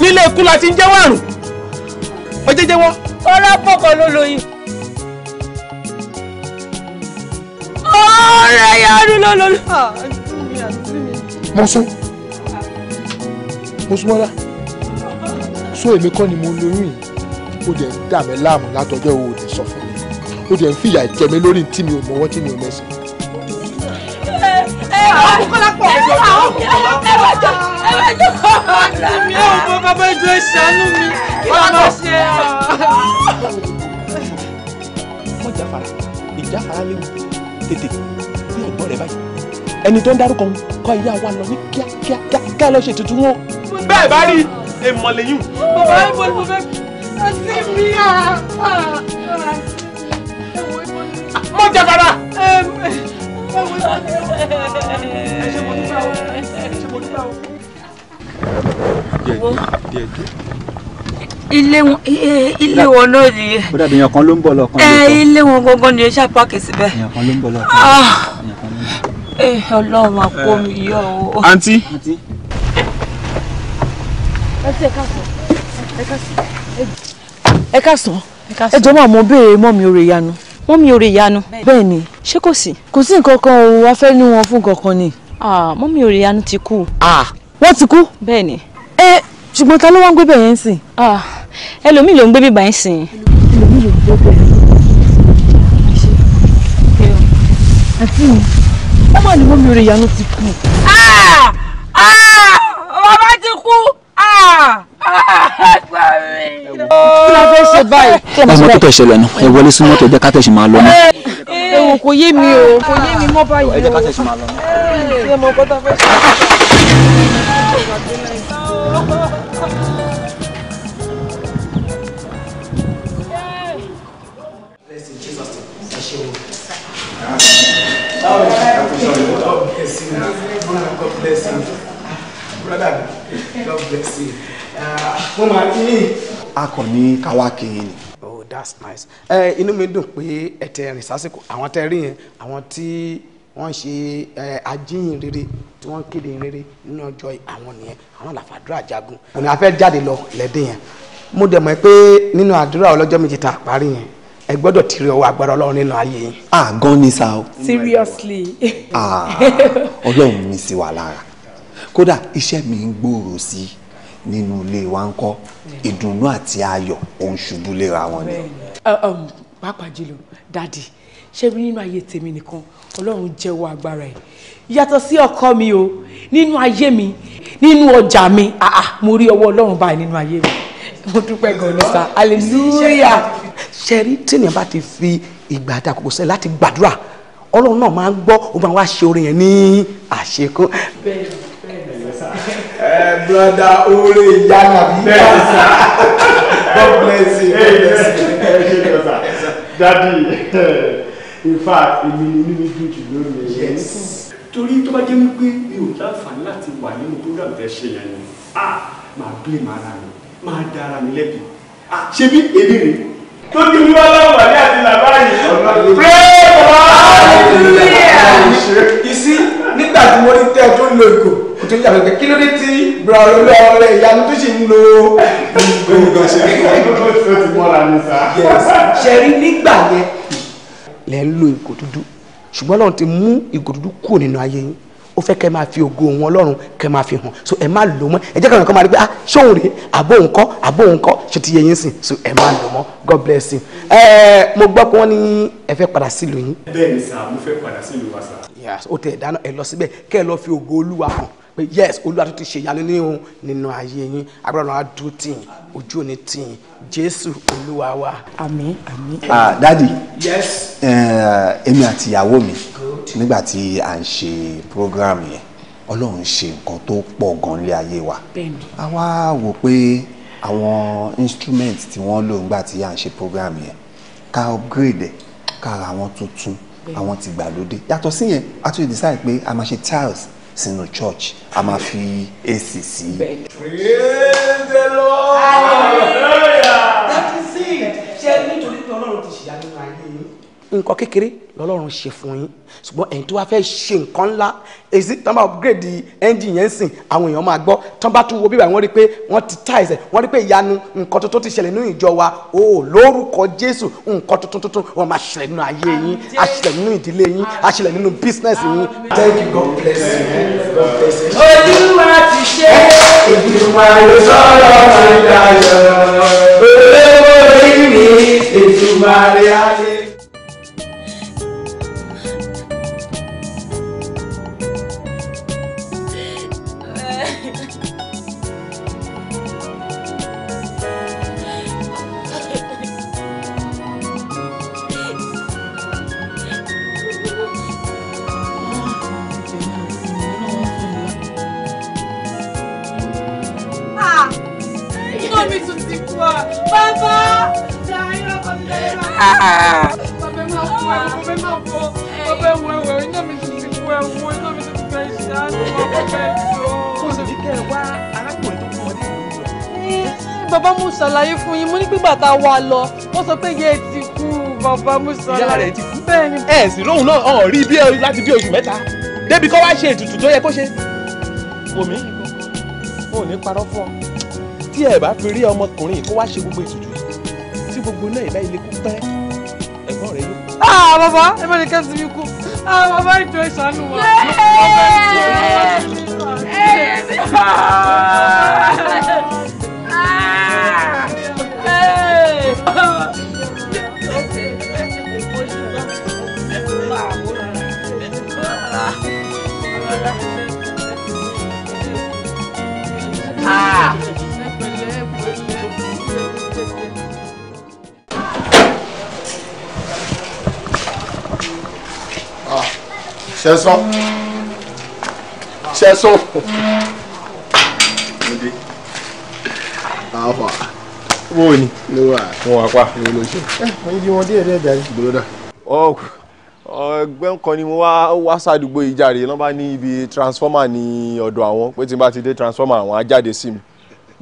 A: nílé ikú la ti ń jẹ́wọ́ àrùn ọjẹ́ jẹ́wọ́. kọlápọ̀ kan ló lóyún. Ah, mọ́lá so èmi kọ́ ni mo lóyún yìí ó dẹ̀ ń dà mí láàmú látọjọ́ wo ò dẹ̀ sọ fún mi ó dẹ̀ ń fìyà jẹ mí lórí tí mi ò mọwọ́ tí mi ò mẹsẹ̀.
H: ẹ ẹ àwọn kọ́lá pọ̀ ẹjọ́ ẹ wá jọ ẹ wá jọ ọ̀rọ̀ mi. ẹ ò mọ bàbá ìjọ ìṣàánú mi
D: kí ló máa ṣe
H: é.
A: mo jàfara ìjàfara léwu tètè bí ọ̀gbọ́n rẹ̀ báyìí ẹni tó ń dárúkọ kọ ìyá wa lọ ní kíákíá kíákíá lọ ṣètùtù wọn. bẹ́ẹ̀ bá rí i èèmọ̀ lẹ́yìn. bàbá ìbò ni mo fẹ́ àti
B: mi. mo jẹ bàrà. ẹ ṣe mo dúpẹ́ o ẹ ṣe mo dúpẹ́ o. díẹ̀ díẹ̀ díẹ̀
G: ilé wọn ilé wọn náà ni. ó dàbí èèyàn kan ló ń bọ̀ lọ́kàn. ẹ eh, ilé wọn gangan ni ṣáà pààkì síbẹ̀. èèyàn kan ló ń bọ̀ lọ́kàn. ẹ ah. eh, ọlọ́run àpò mi yọ o. àǹtí ẹ káàsán ẹ káàsán
H: ẹ káàsán ẹ jọ máa mọ béèrè mọ mi òrè ìyanu. mọ mi òrè ìyanu. bẹ́ẹ̀ ni ṣé kò sí. kò sí nǹkan kan òun wá fẹ́ ní wọn fún kankan ni.
G: mọ mi òrè ìyanu ti kú. wọ́n ti kú. bẹ́ẹ̀ ni. ẹ ṣùgbọ́n ta ló wá ń gbé bẹ̀yẹn sìn. ẹlòmíì ló ń gbé bíbá yẹn sìn.
B: ẹlòmíì ló ń gbé bẹ̀yẹn sìn.
D: àti ọmọ ni mọ mi òrè ti kú.
G: bàbá ti kú kí
H: la fẹ́ ṣe báyìí. ọmọ tó tẹ̀sẹ̀
A: lẹ́nu ẹ wọlé sí mọ́tò ẹ jẹ́ ká tẹ̀sí máa lọ náà.
H: ewu kò yé
D: mi o kò yé mi mọ́ báyìí o
A: madam god bless you mo uh, máa kí ni. a kàn ní káwá kìíní. oh that's nice ẹ inú mi dùn pé ẹ tẹ rìn sásìkò àwọn tẹ rí yẹn àwọn tí wọ́n ṣe ajíhìn rere tí wọ́n kéde rere nínú ọjọ́ àwọn nìyẹn àwọn làfàdúrà jagun òní a fẹ́ jáde lọ lẹ́dẹ̀ yẹn mo dẹ̀ mọ̀ pé nínú àdúrà ọlọ́jọ́ méjì tá a parí yẹn ẹ gbọ́dọ̀ tìrì ọwọ́ agbára ọlọ́run nínú ayé yín. a gan ni sa o.
D: seriously. Ah,
A: ọlọ́run mi sì wà lára kódà iṣẹ́ mi ń gbòòrò sí nínú ilé wa ń kọ́ ìdùnnú àti ayọ̀ òun ṣubú léra
F: wọn ni.
D: Um, pàápàá jùlọ dádì ṣé rí nínú ayé tèmi nìkan ọlọ́run jẹ́wọ́ agbára ẹ̀ yàtọ̀ sí ọkọ mi o nínú ayé mi nínú ọjà mi mo rí ọwọ́ ọlọ́run báyìí nínú ayé mi mo dúpẹ́ gan sá
A: hallelujah ṣe rí tènìyàn bá ti fi ìgbà àti àkókò sẹ́yìn láti gbàdúrà ọlọ́run náà máa ń gbọ́ ó máa wá ṣe orin yẹn ní àṣekún. bẹ́ẹ̀ ni Eh, brother, broda oore ìyá nàbí God bless you God bless you. ẹ ṣe lọ sá in fact èmi ni inú mi dùn know me. yes torí tó bá jẹ́ wípé mi ò láǹfààní láti wà nínú program tẹ́ ṣe yẹn ni ah màá bí màrà mi máa dára mi lẹ́bi ah ṣe bí èmi rè tó ti wíwá láwà ní àti làbá pray for hallelujah you see nígbà tí mo rí tẹ́ tó lo ìgò o tún yàgò pé kí ló dé tí brown olú ọrẹ ìyanu tó sì ń lo gbogbo ṣe rí o ti mọ́ra ní sá. ṣe rí nígbà yẹn lẹ́ ń lo ìgò dúdú ṣùgbọ́n Ọlọ́run ti mú ìgò dúdú kúrò nínú ayé yín ó fẹ́ kẹ́ máa fi ògo wọn Ọlọ́run kẹ́ máa fi hàn so ẹ má lò mọ́ ẹ jẹ́ káwọn kan máa rí pé ah ṣóun rèé àbó nǹkan àbó nǹkan ṣe ti yẹ yín sìn so ẹ má lò mọ́ God bless you. ẹ ẹ mo gbọ́ pé wọ́n ní ẹ fẹ́ padà sílùú yín. bẹ́ẹ̀ ni sà mo fẹ́ padà sílùú wa sà. yà ó tẹ̀ dáná ẹ lọ síbẹ̀ kẹ́ ẹ lọ fi ògo Olúwa hàn pé yes olúwa tó ti ṣe ìyanu ní òun nínú ayé yín agbára náà á dúró tì yín ojú òní tì yín jésù olúwa wa. àmín àmín. ah dadi yes èmi àti ìyàwó mi nígbà tí à ń ṣe program yẹn ọlọ́run ṣe nǹkan tó pọ̀ gan lé ayé wa a wá wò pé àwọn instrument tí wọ́n lò
F: ńgbà tí à ń ṣe program yẹn ká upgrade ẹ̀ ká ra àwọn tuntun àwọn tìgbàlódé yàtọ̀ síyẹn a tún decide pé a máa ṣe tiles sínú church a máa fi AC sí.
A: praise the lord that
D: is it ṣe nítorí pé ọlọ́run ti ṣìyá nínú ayé yìí.
A: nǹkan kékeré lọ́lọ́run ṣe fún yín ṣùgbọ́n ẹ̀yin tó wá fẹ́ ṣe nǹkan ńlá èsì tán bá upgrade engine yẹn sìn àwọn èèyàn máa gbọ́ tán bá tún wo bíbá wọ́n rí pé wọ́n ti tá ẹsẹ̀ wọ́n rí pé ìyanu nǹkan tuntun ti ṣẹlẹ̀ nínú ìjọ wa o lórúkọ Jésù nǹkan tuntun tuntun wọ́n máa ṣẹlẹ̀ nínú ayé yín á ṣẹlẹ̀ nínú ìdílé yín á ṣẹlẹ̀ nínú business yín. thank you God bless you God bless you. olúwa ti
B: ṣe ìgbìmọ̀ àlùsọ̀rọ̀ ìdáyọ̀ òwe wo
A: rí mi ìtumọ̀ rẹ̀ ayé.
D: bàbá mo ṣàlàyé fún yín mo ní pígbà tá a wà lọ wọ́n sọ pé yẹ ti kú bàbá mo ṣàlàyé. ìyá rẹ̀ ti kú bẹ́ẹ̀ ni. ẹ sì lóhùn náà
A: ọ̀hún rí bí láti bí oṣù mẹ́ta débi kọ́ wá ṣe ètùtù tó yẹ kó ṣe. wòmí o ò ní parọ́ fún ọ tí ẹ bá fi rí ọmọkùnrin kó wá ṣe gbogbo ètùtù
D: tí gbogbo náà ìbá ilé kú pẹ́ ẹ̀gbọ́n rẹ yó. ah bàbá ẹ bá ní kẹ́ sí mi kú
B: ah bàbá ìjọ ìṣàánú wa. Ah!
A: ṣẹ́sán ah. ah. ṣẹ́sán. wo ni. ló wà mo wà pa. èwo ló ṣe. ẹ mo ń jí wọn díẹ̀ díẹ̀ jàre. bùrọ̀dà. ọ ẹgbẹ́ kan ni mo wá wá sádùúgbò ìjàre lọ́n bá ní ibi transformer ní ọ̀dọ̀ àwọn pé tí n bá ti dé transformer àwọn á jáde sí mi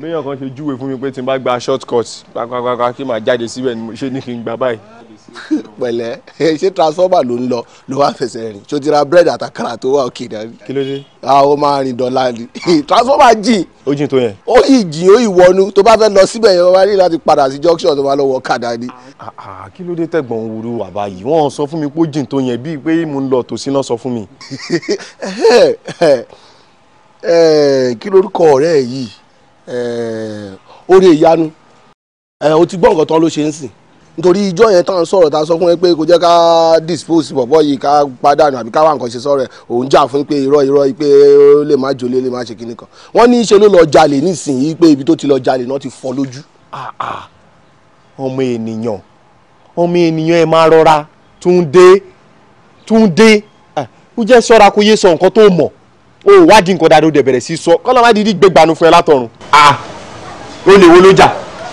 A: méyàn kan ṣe júwe fún mi pé tí n bá gba short cut pàápàá kí màá jáde síbẹ̀ ni ní kí n gbà báyìí. pẹ̀lẹ́ ṣé transformer ló ń lọ ló wá fẹsẹ̀ rìn tó ti ra bread àtàkàrà tó wà òkè dání. kí ló dé. àwọn máa rìn dọ́là ni transformer jìn. ó jìn tó yẹn. ó yìí jìn ó yìí wọnú tó bá fẹ́ lọ síbẹ̀ yẹn wọ́n bá ní láti padà sí junction tó bá lọ wọ kàdá ni. kí ló dé tẹ̀gbọ́n wúru wàbá yìí wọ́n sọ fún mi pé ó jìn tó yẹn bíi pé mo ń lọ tòsí náà sọ fún mi. Eh, eh, kí lorúkọ ọ̀rẹ́ yìí eh, oore ìyanu o ti gbọ́ nǹkan tán ló ṣe ń sìn nítorí ìjọ yẹn tán sọ̀rọ̀ ta sọ fún ẹ pé kò jẹ́ ká dispose bọ̀bọ̀ yìí ká pàdánù àbí ká wà nǹkan ṣe sọ̀rọ̀ ẹ̀ òun jà fún pé irọ́ irọ́ pé ó lè má jòlé lè má ṣe kinní kan wọ́n ní í ṣe ló lọ jalè nísìnyí pé ibi tó ti lọ jalè náà ti fọ́ lójú. Ah, ah. ọmọ ènìyàn ọmọ ènìyàn ẹ máa rọra Túndé Túndé ah, ó jẹ́ ṣọ́ra kó yé sọ nǹkan tó mọ̀ ó wádìí nǹkan dáadáa ó dẹ̀ bẹ̀rẹ̀ sí sọ kọ́lọ́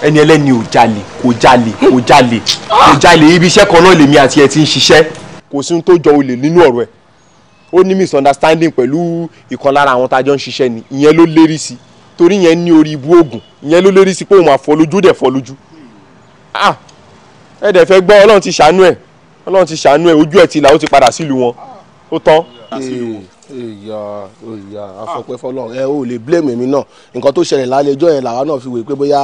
A: ẹni ẹlẹ́ni ò jalè kò jalè kò jalè kò jalè ibi iṣẹ́ kan náà lèmi àti ẹ̀ ti ń ṣiṣẹ́ kò sí ohun tó jọ olè nínú ọ̀rọ̀ ẹ̀ ó ní misunderstanding pẹ̀lú ìkan lára àwọn tá ń ṣiṣẹ́ ni ìyẹn ló lérí sí torí ìyẹn ní orí ibú oògùn ìyẹn ló lérí sí pé òun àfọlójú dẹ̀ fọlójú ah ẹ dẹ̀ fẹ́ gbọ́ ọlọ́run ti ṣàánú ẹ̀ ọlọ́run ti ṣàánú ẹ̀ ojú ẹ̀ ti là ó ti padà sílùú wọn ó tán ìyá ìyá afọpẹ́ fọ́lọ́run ẹ ò lè blame mi náà nǹkan tó ṣẹlẹ̀ lálẹ́ ẹjọ́ yẹn làwa náà fi wèé pé bóyá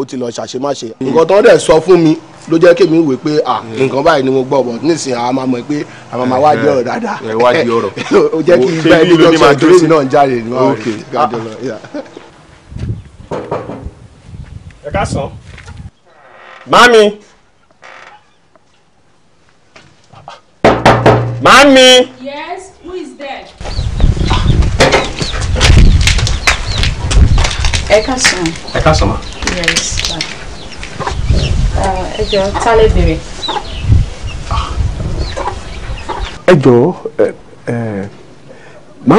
A: ó ti lọ ṣàṣemáṣe. Hmm. nǹkan tó ń dẹ̀ sọ fún mi ló jẹ́ kémi wèé pé à hmm. nǹkan báyìí ni mo gbọ́ bọ̀ nísìnyí àwọn máa mọ̀ pé àwọn máa wádìí ọ̀rọ̀ dáadáa ẹ wádìí ọ̀rọ̀ ó jẹ́ kí ibà ẹni tó ìdúró mi náà jáde ní wàá rè kájọ lọ. ẹ ká sàn. mami. Mami.
G: Yes, who is there? Eka káàsán. Eka káàsán Yes, sir.
C: Ẹ jọ̀ọ́, Ejo, lẹ béèrè?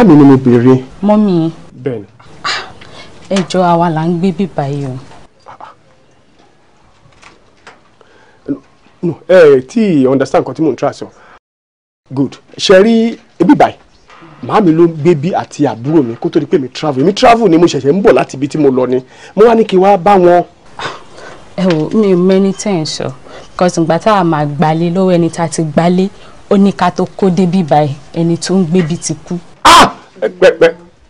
A: ni mo béèrè.
C: Mami. Ben. Ejo jọ̀ọ́, àwa là ń gbé
A: No, ẹ tí understand nǹkan tí mò good ṣe rí ebi báyìí màámi ló ń gbé bí àti àbúrò mi kó tó di pé mi travel mi travel ni mo ṣẹ̀ṣẹ̀ ń bọ̀ láti ibi tí mo lọ ni mo wá ní kí n wá bá wọn.
C: ẹ wo mi ò mẹ́ni tẹ̀ ń sọ because ìgbà tá a máa gbalé lọ́wọ́ ẹni tá a ti gbalé ó ní ká tó kó débí báyìí ẹni tó ń gbé bí ti kú. Ah!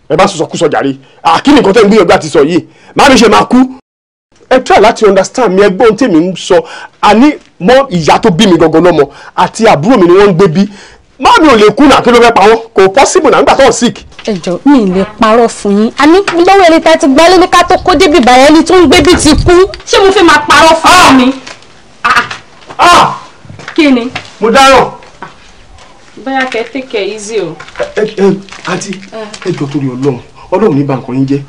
A: ẹ bá sọsọ kú sọjà rí kí ni nǹkan tẹ́ ń gbìyànjú àti sọ yìí màámi ṣe máa kú ẹ try láti understand mi ẹgbọ́n tèmi ń sọ àní mọ ìyá tó bí mi gangan lọ́mọ àti àbúrò mi ni wọ́n ń gbé bí mọ́mí ò lè kú náà kí ló fẹ́ pa wọ́n kò possible náà nígbà tó ń sick.
E: ẹ jọ mi ì lè parọ́ fún yín àní lọ́wọ́ ẹni tá a ti gbálé ní ká tó kó débi bàyẹ̀ ẹni tó ń gbé bí ti kú ṣé mo fẹ́ máa parọ́ fún ah! mi. Ah! Ah! kí ni. mo dáràn.
H: bóyá kẹ́ take care easy o.
A: ẹ ẹ àǹtí ẹ jọ torí Ọlọ́run
H: Ọlọ́run ní bá nǹkan yín jẹ́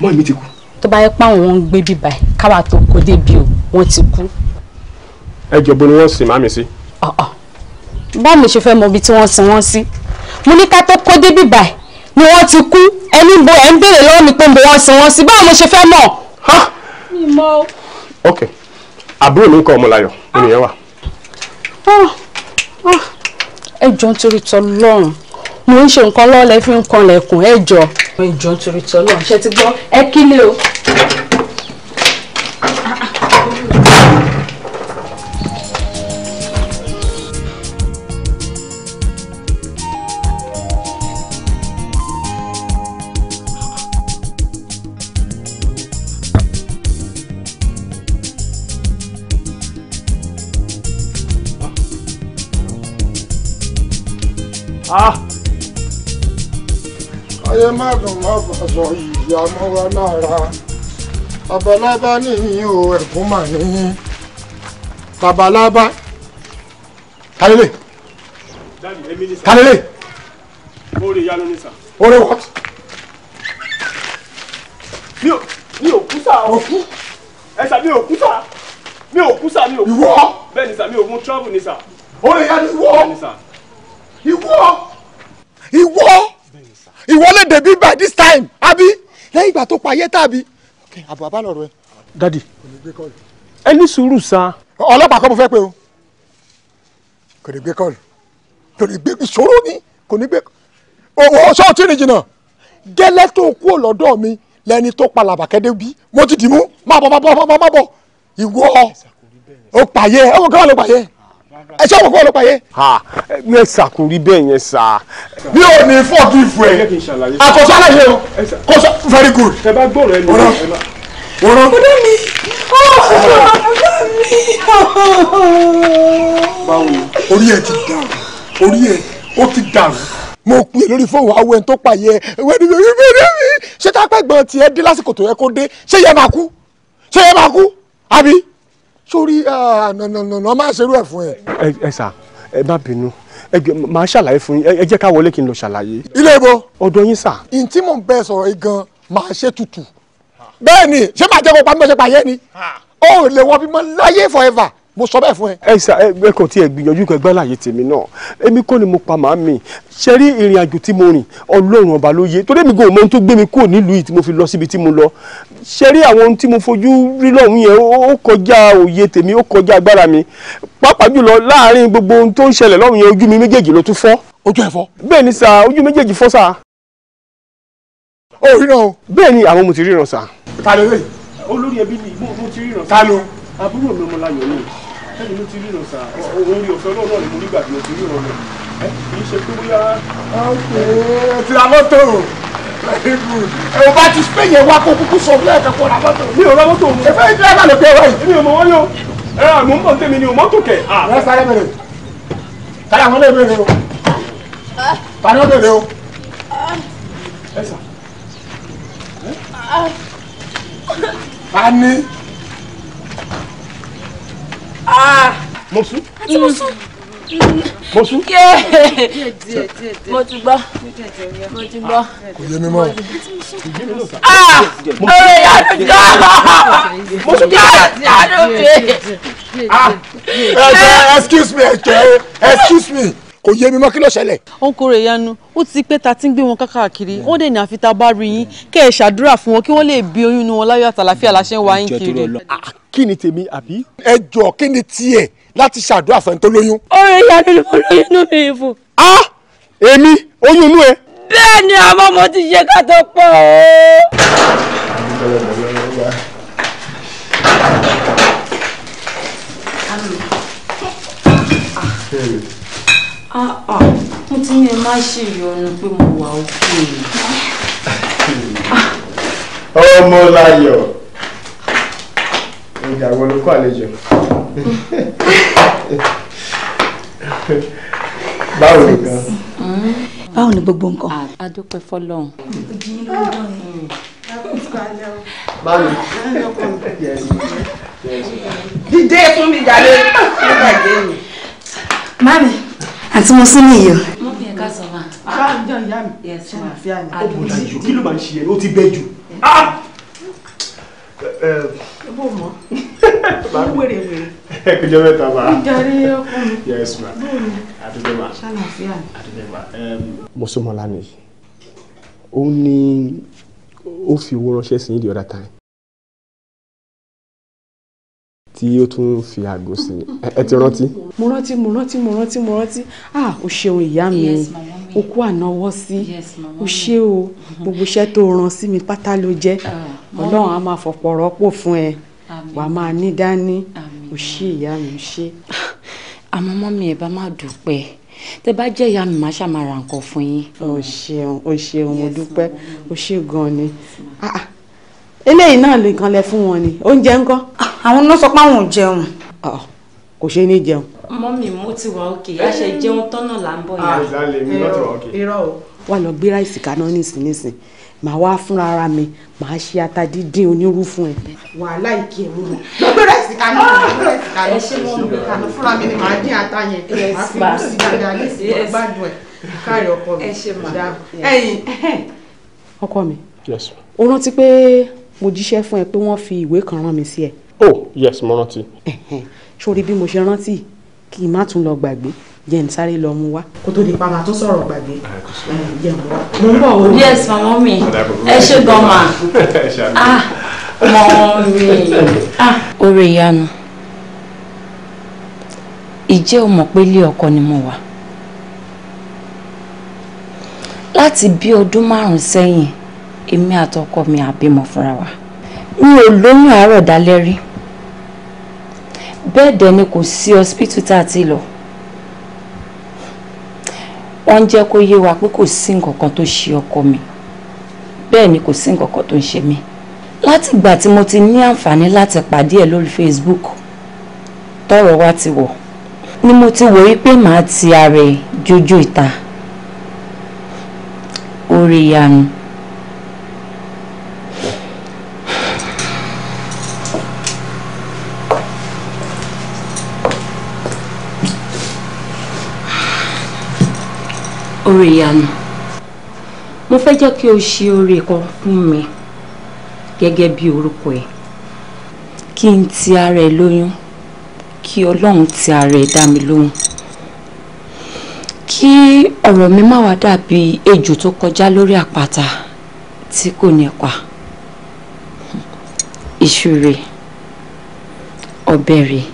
H: mọ́ ẹ̀mí ti kú tó bá yẹ pé àwọn ń gbé bíbá ẹ káwa tó kó débi o wọ́n ti kú.
A: ẹ jọ̀bọ ni wọ́n sin màmí sí.
H: Ah, ah.
E: báwo mi ṣe fẹ́ mọ ibi tí wọ́n sin wọ́n sí mo ní ká tó kó débi bíbá ẹ ni wọ́n ti kú ẹni bo ẹ̀ ń béèrè lọ́wọ́ mi pé mo wọ́n sin wọ́n sí báwo mo ṣe fẹ́ mọ̀.
A: ok àbúrò mi ń kọ ọmọláyọ ènìyàn wà.
E: Ah, ẹ jọ nítorí tọ́ mo ń ṣe nǹkan lọ́ọ́lẹ́ fi ń kan lẹ̀kùn ẹ jọ
H: ìjọ nítorí tọ́lọ́ ṣe ti gbọ́ ẹ
E: kílé o.
A: ayé má dùn má bàbọ̀ ìyá mọ́ wa lára babalábá níyìn o ẹ̀kún mà níyìn babalábá kálílé kálílé orí wọ́t. mi ò kú sáà o kú ẹ sà mi ò kú sáà mi ò kú sáà mi ò kú. ìwọ. bẹ́ẹ̀ ni sà mi ò mú travel ni sà. orí yá ni ìwọ ìwọ ìwọ ìwọlé dèbí by this time àbí lẹ́yìn ìgbà tó payé tàbí. ok àbọ̀ àbá lọ̀rọ̀ ẹ. dadi ẹ ní sùúrù sa. ọlọ́pàá kọ́ mo fẹ́ pé o kò ní gbé kọ́ọ̀lù kò ní gbé ìṣòro ni kò ní gbé owó ọṣọ tí ni jìnnà gẹ́lẹ́ tó kú lọ́dọ̀ mi lẹ́ni tó pa làbàkẹ́dé bí mo ti dì mú má bọ̀ má bọ̀ má bọ̀ ìwọ ó pààyẹ ẹ wọ́n kí wọ́n lè pààyẹ ẹ ṣe àkókò ọlọ́pàá yẹ. yẹn sà kò rí bẹ́ẹ̀ yẹn sà. mi ò ní fọ́ọ̀kì ìfọ̀ ẹ̀ àkọsọ aláṣẹ o kọsọ very good. ẹ bá gbọ́rọ̀ ẹnu ẹ má. ọ̀rọ̀ ọ̀rọ̀ mi báwo orí ẹ ti dàrú orí ẹ ó ti dàrú mo pè lórí fóònù awọ ẹni tó pààyẹ ẹwẹ ni mi ò mi ṣé tá a pẹ́ gbọ́n tiẹ̀ dé lásìkò tó yẹ kó dé ṣé yẹ máa kú ṣé yẹ máa kú àbí sórí ah, ah, nànànà máa ṣerú ẹ̀ fún ẹ. ẹ sà ẹ má bínú ẹ jẹ́ máa ṣàlàyé fún yín ẹ jẹ́ ká wọlé kí n lọ ṣàlàyé. ilé ibo. ọ̀dọ̀ yín sà. n tí mò ń bẹ sọ̀rọ̀ yìí gan máa ṣe tutù bẹ́ẹ̀ ni ṣé máa jẹ́ kó pa mọ́ṣẹ́ pa yẹ́ ni ó lè wọ́n bímọ láyé forever mo sọ bẹ́ẹ̀ fún ẹ. ẹ sà ẹ kàn tí ẹ gbìyànjú kan gbálàyé tèmi náà èmi kọ́ ni mo pa màá mi ṣe rí ìrìn àjò tí mo rìn ọlọ́run ọba ló yé torí èmi gan-an tó gbé mi kúrò nílùú yìí tí mo fi lọ síbi tí mo lọ ṣe rí àwọn ohun tí mo fojú rí lọ́hùn yẹn ó kọjá òye tèmi ó kọjá agbára mi pàápàá jùlọ láàárín gbogbo ohun tó ń ṣẹlẹ̀ lọ́hùn yẹn ojú mi méjèèjì ló tún fọ́. ojú ẹ fọ́. bẹ́ẹ̀ ni sà ojú méjèèjì fọ́ sà. ó ríran o. bẹ́ẹ̀ ni àwọn mo ti ríran sà. ta ló lè. olórí ẹbí ni mo ti ríran sà. ta ló. àbúrò mi ọmọ ni bẹ́ẹ̀ni mo ti rí ìrọ̀sà òun rí ọ̀fẹ́ ọlọ́run ni mo nígbà tí ti rí ìrọ̀lẹ́ ẹ kì í ṣe pé bóyá. ọkùnrin ti ra mọ́tò ẹ ò ti pé yẹn wá kó kúkú sọ lẹ́ẹ̀kan kó ra mọ́tò. mi ò ra mọ́tò mi. ṣe fẹ́ẹ́ dírẹ́bà ló pé ọ̀rọ̀ yìí. mi ò mọ wọ́n yóò ẹ àmọ́ mọ̀ tẹ́mi ni ò mọ́tò kẹ̀. ẹ sáré bèrè kára àwọn ọlọ́ọ̀ bèrè o tani ó bèrè o. ẹ sà. tani.
E: Ah. mo sún. àti mo sún. Mm. Mm. mo sún. mo ti gbọ́ mo ti gbọ́.
G: kò yé mi mọ́
B: o. Ah. mo sún. ọ̀rẹ́ yàrá jọ́ mo sún kí yàrá mi. ẹ̀jẹ̀ excuse me ẹ̀jẹ̀
H: excuse me kò yé mi mọ́ kí ló ṣẹlẹ̀. ọkọ rẹ̀ yanu ó ti pẹ́ ta ti ń gbé wọn káàkiri ó dẹ̀ ní àfi ta bá rí yín kẹ́ ẹ̀ ṣàdúrà fún wọn kí wọ́n lè bí oyún inú wọn láyọ̀ àtàlàfíà láṣẹ wá yín kiri kí ni tèmi àbí. ẹ jọ kí ni tiẹ̀ láti ṣàdúrà fẹ́ tó lóyún. orin ìyanu
G: ni mo lóyún inú mi ìfò. a èmi oyún inú ẹ. bẹ́ẹ̀ ni àmọ́ mo ti ṣe ká tó pọ̀ o. Àà, ah, ah, mo ti ní ẹ má ṣe ìyọnu pé mo wà òkè.
A: Ah. Ọmọ láyọ̀ ìjà ìwọ ló kọ́ àlejò
G: báwo
B: ni gan. báwo ni gbogbo nǹkan. a dúpẹ́
C: fọlọ́run. báwo
E: dídé fún mi jalè nígbà dé mi. mami àti mo sún nìyí o.
G: mo fi ẹ̀ka sọ ma. ṣáà ń jẹ́ ìyá mi. ṣáà ń fi àyàn. ó bọ̀ dájú
A: kí ló máa ń ṣe ẹ́ ó ti bẹ́ jù. Ah! bó mọ ní wèrè wèrè. ẹ kújọ mẹ́ta bá. yes ma
B: àdúgbò ma. ṣàlàfíà ni. àdúgbò ma.
A: mọ̀sọ́mọ́lá ni ó ní ó fi owó ránṣẹ́ sí the other time tí ó tún fi àgbo sí ẹ ti rántí.
D: mo rántí mo rántí mo rántí mo rántí ah o ṣeun ìyá mi o kú ànáwọ́ sí o ṣé o
E: gbogbo iṣẹ́ tó rán sí mi pátá ló jẹ́ ah ọlọ́run á máa fọ̀pọ̀ rọ́pò fún ẹ wàá máa ní dání ò ṣí ìyá mi ṣe. àmọ́ mọ́mí ẹ̀ bá má
G: dúpẹ́ tẹ bá jẹ́ ìyá mi máa ṣàmàrà nǹkan fún yín. o ṣeun o ṣeun mo dúpẹ́ o ṣe gan-an ni ah, ah. eléyìí náà lè kan lẹ fún wọn ni oúnjẹ ńkọ́.
E: Ah, àwọn náà sọ pé àwọn ò jẹun. kò ṣe ní jẹun.
G: mọ́mí mo ti wà òkè a ṣe jẹun tọ́nà là ń bọ̀ yàrá. àìsàn
E: wà lọ gbé ráìsì kaná nísìnyìí
H: màá wá fúnra ara mi màá ṣe ata dídín onírú fún ẹ.
C: wàhálà ìkí ẹ
H: mú
E: mi
C: lọ́bẹ̀rẹ̀ sí ká
E: ní lọ́bẹ̀rẹ̀ sí ká ní ṣé wọ́n mú mi ká ní fúnra mi ni màá dín ata yẹn màá fi mú sí dáadáa ní ìsìn tó gbádùn ẹ káàrí ọkọ mi ẹ̀yin ọkọ mi o rántí pé mo jíṣẹ́ fún ẹ pé wọ́n fi ìwé kan rán mi sí ẹ. oh
A: yes mo rántí.
E: sori bí mo ṣe rántí kì í má tún lọ gbàgbé jẹ́ n sáré lọ mu wá. kó tó di pa màá tún gbàgbé jẹ́ mu
B: wá. mo ń bọ̀ wò. yes
G: mama mi ẹ ṣe gan ah
E: mọ mi
G: ah. oore ìyanu ìjẹ́ ò mọ̀ pé ilé ọkọ ni mo wà láti bí ọdún márùn-ún sẹ́yìn èmi àtọkọ mi àbímọ fúnra wa mi ò lóyún àárọ̀ dálẹ́ rí bẹ́ẹ̀ dẹ̀ ni kò sí hospital tá a ti lọ wọ́n ń jẹ́ kó yé wa pé kò sí nǹkan kan tó ṣe ọkọ mi bẹ́ẹ̀ ni kò sí nǹkan kan tó ń ṣe mí látìgbà tí mo ti ní àǹfààní láti pàdé ẹ̀ lórí Facebook tọ́rọ̀ wa ti wọ̀ ni mo ti wò pé màá ti ara ẹ̀ jójó ìta orí ìyanu. oore ìyanu mo fẹ́ jẹ́ kí o ṣe oore kan fún mi gẹ́gẹ́ bí orúkọ ẹ̀ kí n ti ara ẹ lóyún kí ọlọ́run ti ara ẹ dá mi lóhùn kí ọ̀rọ̀ mi má wá dàbí ejò tó kọjá lórí àpáta tí kò nípa ìṣúre ọbẹ̀ rẹ̀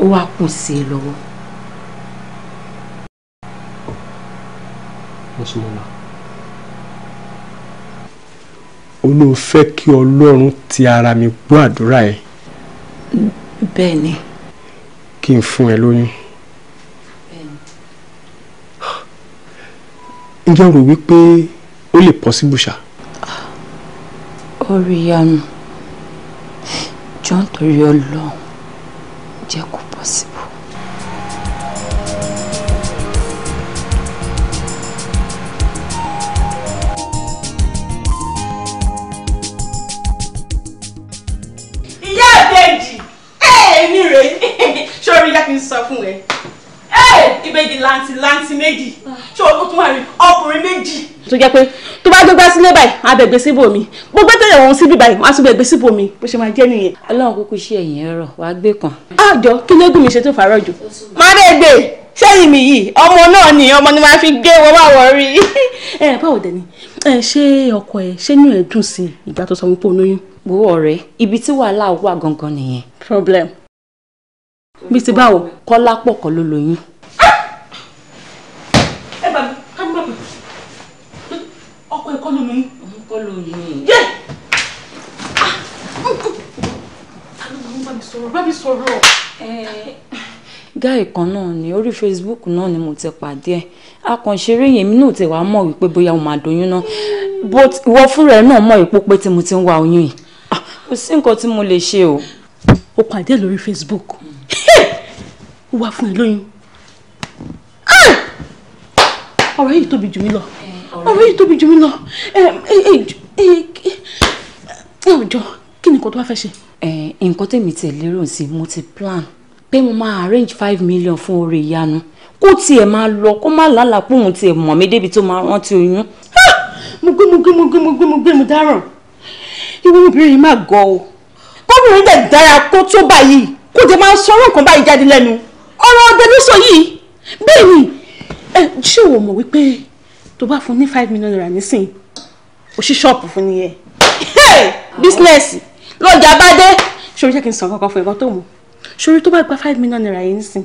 G: ó wá kùn sí i lọ́wọ́.
E: ṣe wọn.
A: ó ló fẹ́ kí ọlọ́run ti ara mi gbọ́ àdúrà ẹ. bẹ́ẹ̀ ni. kí n fún ẹ lóyún. ǹjẹ́ o rò wípé ó lè possible ṣá.
G: orí ìyanu jọ́ nítorí ọlọ́run jẹ́ kó possible.
H: fún ẹ ìbejì lanti lanti méjì ṣé o tún wà rí ọkùnrin méjì.
C: tó
G: jẹ́ pé tó bá gbégbá sílé báyìí á bẹ̀ gbé síbò mi gbogbo tẹ̀lé wọn síbí báyìí wọ́n á tún bẹ̀ gbé síbò mi bó ṣe máa jẹ́ nìyẹn. ọlọ́run kúkú ṣe ẹ̀yìn ẹ̀rọ wàá gbé kan. àjọ kí lẹ́gùn mi ṣe tó fàárọ̀ jù. má lè gbè sẹ́yìn mi yìí ọmọ náà ni ọmọ ni máa fi gé wọn bá wọ rí. ẹ báwo dẹ̀ ni ẹ ṣé ọkọ ẹ ṣé inú ẹ dùn sí ìgbà tó sọ wípé olóyún. gbowó ọ̀rẹ́ ibi tí wàhálà wà gangan nìyẹn. problem bí ti báwo kọ́lá pọ̀ kọ́ ló lóyún. ẹ bàbá ká ní bàbá
D: ọkọ ẹ̀kọ́ ló lóyún. òun kọ́ ló
G: lóyún. yé ah!
D: bá mi sọ̀rọ̀ bá mi sọ̀rọ̀.
G: gáì kan náà ni orí Facebook náà ni mo ti pàdé ẹ akànṣeré yẹn mi náà ti wàá mọ̀ wípé bóyá o máa doyún náà but ìwọ fúnra ẹ náà mọ̀ ìpópé tí mo ti ń wá oyún yìí ah, kò sí nǹkan tí mo lè ṣe o o pàdé lórí Facebook
D: ó wá fún ẹ lóyún
G: ah! ọ̀rọ̀ yìí tóbi jù mí lọ ọ̀rọ̀ yìí tóbi jù mí lọ ọjọ́ kí ni nǹkan tó wá fẹ́ ṣe. nǹkan tèmi tẹ̀ lérò sí mo ti plan pé mo máa arrange five million fún oore ìyanu kó tiẹ̀ máa lọ kó má lálàá pé òun tiẹ̀ mọ̀ mí débi tó máa rántí oyún. Ah! mo gbé mo gbé mo gbé mo gbé mo gbé mo dáràn ìwé obìnrin yìí máa gọ̀ o
H: ọkùnrin dẹ̀ dára kó tó báyìí kó dé máa ń sọ ọ̀rọ̀ nǹkan báyìí jáde lẹ́nu ọ̀rọ̀ ọdẹ ló sọ yìí bẹ́ẹ̀ ni ẹ ṣé o mọ̀ wípé tó bá fún ní five million naira nísìn o ṣí ṣọ́ọ̀pù fún nìyẹn bísínẹ́sì lọ́jà bá dé ṣorí jẹ́ kí n sàn kankan fún ẹ̀kọ́ tó mú ṣorí tó bá gba five million naira yìí nísìn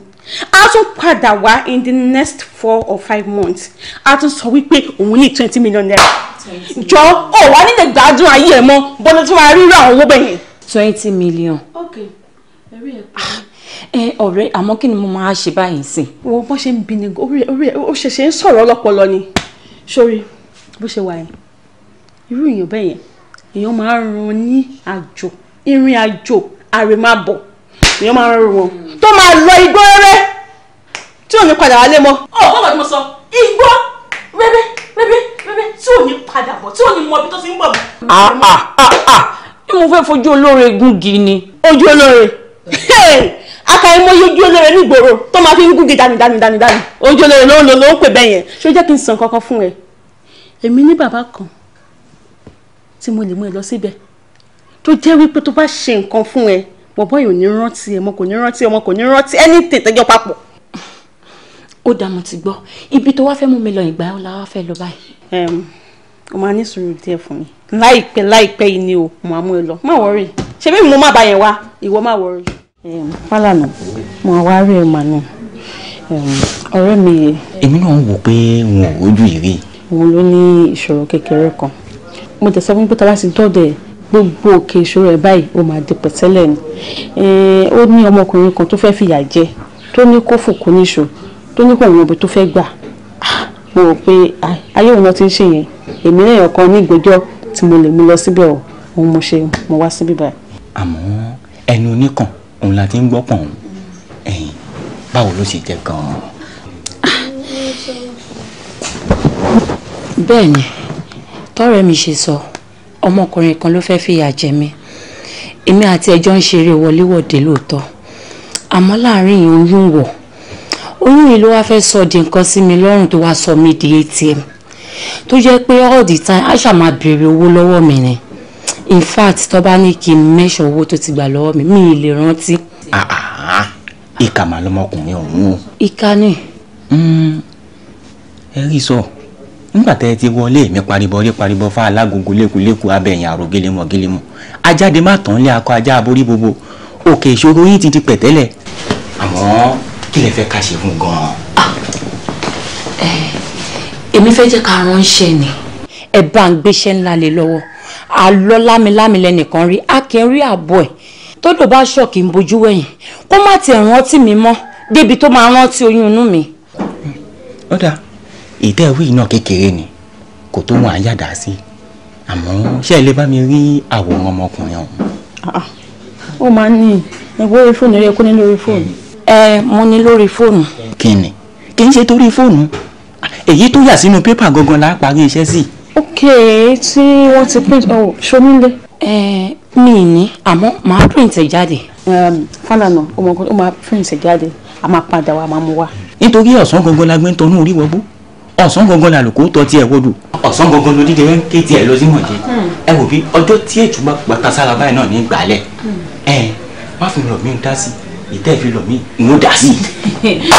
H: a tún padà wá in the next four or five months a tún sọ wípé òun ní twenty million
G: naira jọ ọ wà nílẹ̀ gbádùn ayé ẹ̀ mọ́ bọ́lá tún máa ríra àwọn owó bẹ́yẹn twenty million.
C: ok ẹ̀rí ẹ̀ pé. Ah,
G: ẹ ọ̀rẹ́ àmọ́ kí ni mo máa ṣe báyìí sìn. wo
H: bó ṣe ń bi ni orí orí ó ṣẹ̀ṣẹ̀ ń sọ̀rọ̀ ọlọ́pọlọ ni sórí
E: bó ṣe wà yẹn irú èèyàn bẹ́ẹ̀ yẹn èèyàn máa ń ran ní àjò ìrìn àjò àrèmábọ̀ èèyàn máa ń ran wọn tó máa lọ igbó rẹ́rẹ́
G: tí ò ní
H: padà wálé mọ́. ọ̀ bọ́ọ̀ ni mo sọ igbó rẹ́rẹ́ rẹ́rẹ́ rẹ́rẹ́ tí ò ní padà bọ̀ tí ò ní mọ ibi tó ti ń bọ̀
G: ṣé mo fẹ́ fojú olóore gúngi ni. ojú olóore akàìmọye ojú olóore nígboro tó máa fi
H: ń gúngi dání dání dání dání
C: ojú olóore ló ń lò ló ń pè bẹ́ẹ̀ yẹn ṣé ó jẹ́ kí n sàn kankan fún ẹ. èmi ní bàbá kan tí mo lè mú ẹ lọ síbẹ̀ tó jẹ́ wípé tó bá
E: ṣe nǹkan fún ẹ bọ̀bọ́ yìí ò ní rántí ẹ mọ kò ní rántí ọmọ kò ní rántí ẹni tètèjọ papọ̀. ó dààmú ti gbọ́
G: ibi tó wá fẹ́ mú mi lọ ìgbà ó la wá fẹ́ lọ
E: báyìí
C: o máa ní sùúrù díẹ̀ fún mi láìpẹ́ láìpẹ́ yìí ni o mo àmú ẹ lọ má wọrí ṣe
E: bí mo má ba yẹn wá ìwọ má wọrí.
G: fálànà mo wá rí ẹ màánù ọ̀rẹ́ mi.
D: èmi náà ń wò pé wọn ò ojú yìí rí. òun ló ní
C: ìṣòro kékeré kan mo tẹ̀ sọ fún pé tàbá ti dọ́dẹ̀ gbogbo òkè ìṣòro ẹ̀ báyìí ó máa
E: di pẹ̀tẹ́lẹ̀ ni ó ní ọmọkùnrin kan tó fẹ́ẹ́ fìyà jẹ tó ní kó fòkó níṣó tó ní kó àwọn ibi tó fẹ́ gbà ah, mo rò pé ayé òun náà ti ń ṣe èmi lèèyàn kan ní ìgbẹ́jọ́ tí mo lè mú lọ síbẹ̀ o òun mo ṣe mo wá síbí báyìí.
A: àmọ́ ẹnu oníkàn òun la ti ń gbọ́pọ̀ òun ẹ̀yìn báwo ló ṣe jẹ́
G: gan-an. bẹ́ẹ̀ ni tọ́rẹ́ mi ṣe sọ ọmọkùnrin kan ló fẹ́ fìyà jẹ mí èmi àti ẹjọ́ ń ṣeré wọléwọ̀de lóòótọ́ àmọ́ láàrin yìí oyún wọ̀ oyún yìí ló wá fẹ́ sọ di nǹkan sí mi lọ́rùn tó wá sọ mí di atm tó jẹ́ pé all the time aṣà máa béèrè owó lọ́wọ́ mi ni in fact tó bá ní kí n mẹ́sàn owó tó ti gbà lọ́wọ́ mi mi ì lè rántí. Ah, ah, ah. ìkà màá lọmọkùnrin ọ̀hún o. ìkà ni.
A: Hmm. ẹ rí sọ nígbà tẹ́ ẹ ti wọlé mi paribọlé paribọ fún alágogo lékuléku abẹ́yìn àrò gélémọ̀ gélémọ̀ ajáde má tán lé akọ ajá aborí gbogbo òkè ìṣòro yìí ti di pẹ̀tẹ́lẹ̀ àmọ́ kí lè fẹ́ ká ṣe fún gan-an.
G: Eh èmi fẹ́ jẹ́ ká ránṣẹ́ ni. ẹ bá ń gbéṣẹ́ ńlá lè lọ́wọ́ àlọ́ lámilámi lẹ́nìkan rí a kì í rí àbọ̀ ẹ̀ tọ́dọ̀ bá ṣọ̀kì ń bojú wẹ̀yìn kó má tiẹ̀ rántí mi mọ́ débi tó máa rántí oyún inú mi. ó dáa
A: ìtẹ́wé náà kékeré ni kò tó wọn àyàdá sí àmọ́ ṣé ẹ lè bá mi rí àwòrán ọmọkùnrin ọ̀hún.
G: Ah, ah. ó máa ń ní ẹgbẹ́ fóònù rẹ kó ní lórí fóònù. Hmm. ẹ mo ní lórí fóònù.
A: kí ni kì í ṣe torí fóònù èyí tó yà sínú pépà gangan la parí iṣẹ́ sí.
G: ok tí wọ́n ti print ọ̀ oh, ṣomílẹ̀. ẹ mi ní àmọ́ màá print ẹ̀ jáde. Fálànà ó máa print ẹ̀ jáde a máa padà wá a máa mú
C: wá.
A: nítorí ọ̀sán gangan la gbé ń tọ́nú orí wọgbó ọ̀sán gangan la lòkó tọ́ tiẹ̀ wọ́dù. ọ̀sán gangan ló dídé ké tiẹ̀ lọ sí mọ̀jẹ́ hmm. ẹ wò bí ọjọ́ tí ètò bá pata sára báyìí náà ní ìgbàlẹ̀ hmm. ẹ má fi lọ̀ mí ń dá sí ìtẹ́ fi lọ̀ mí ń dá sí.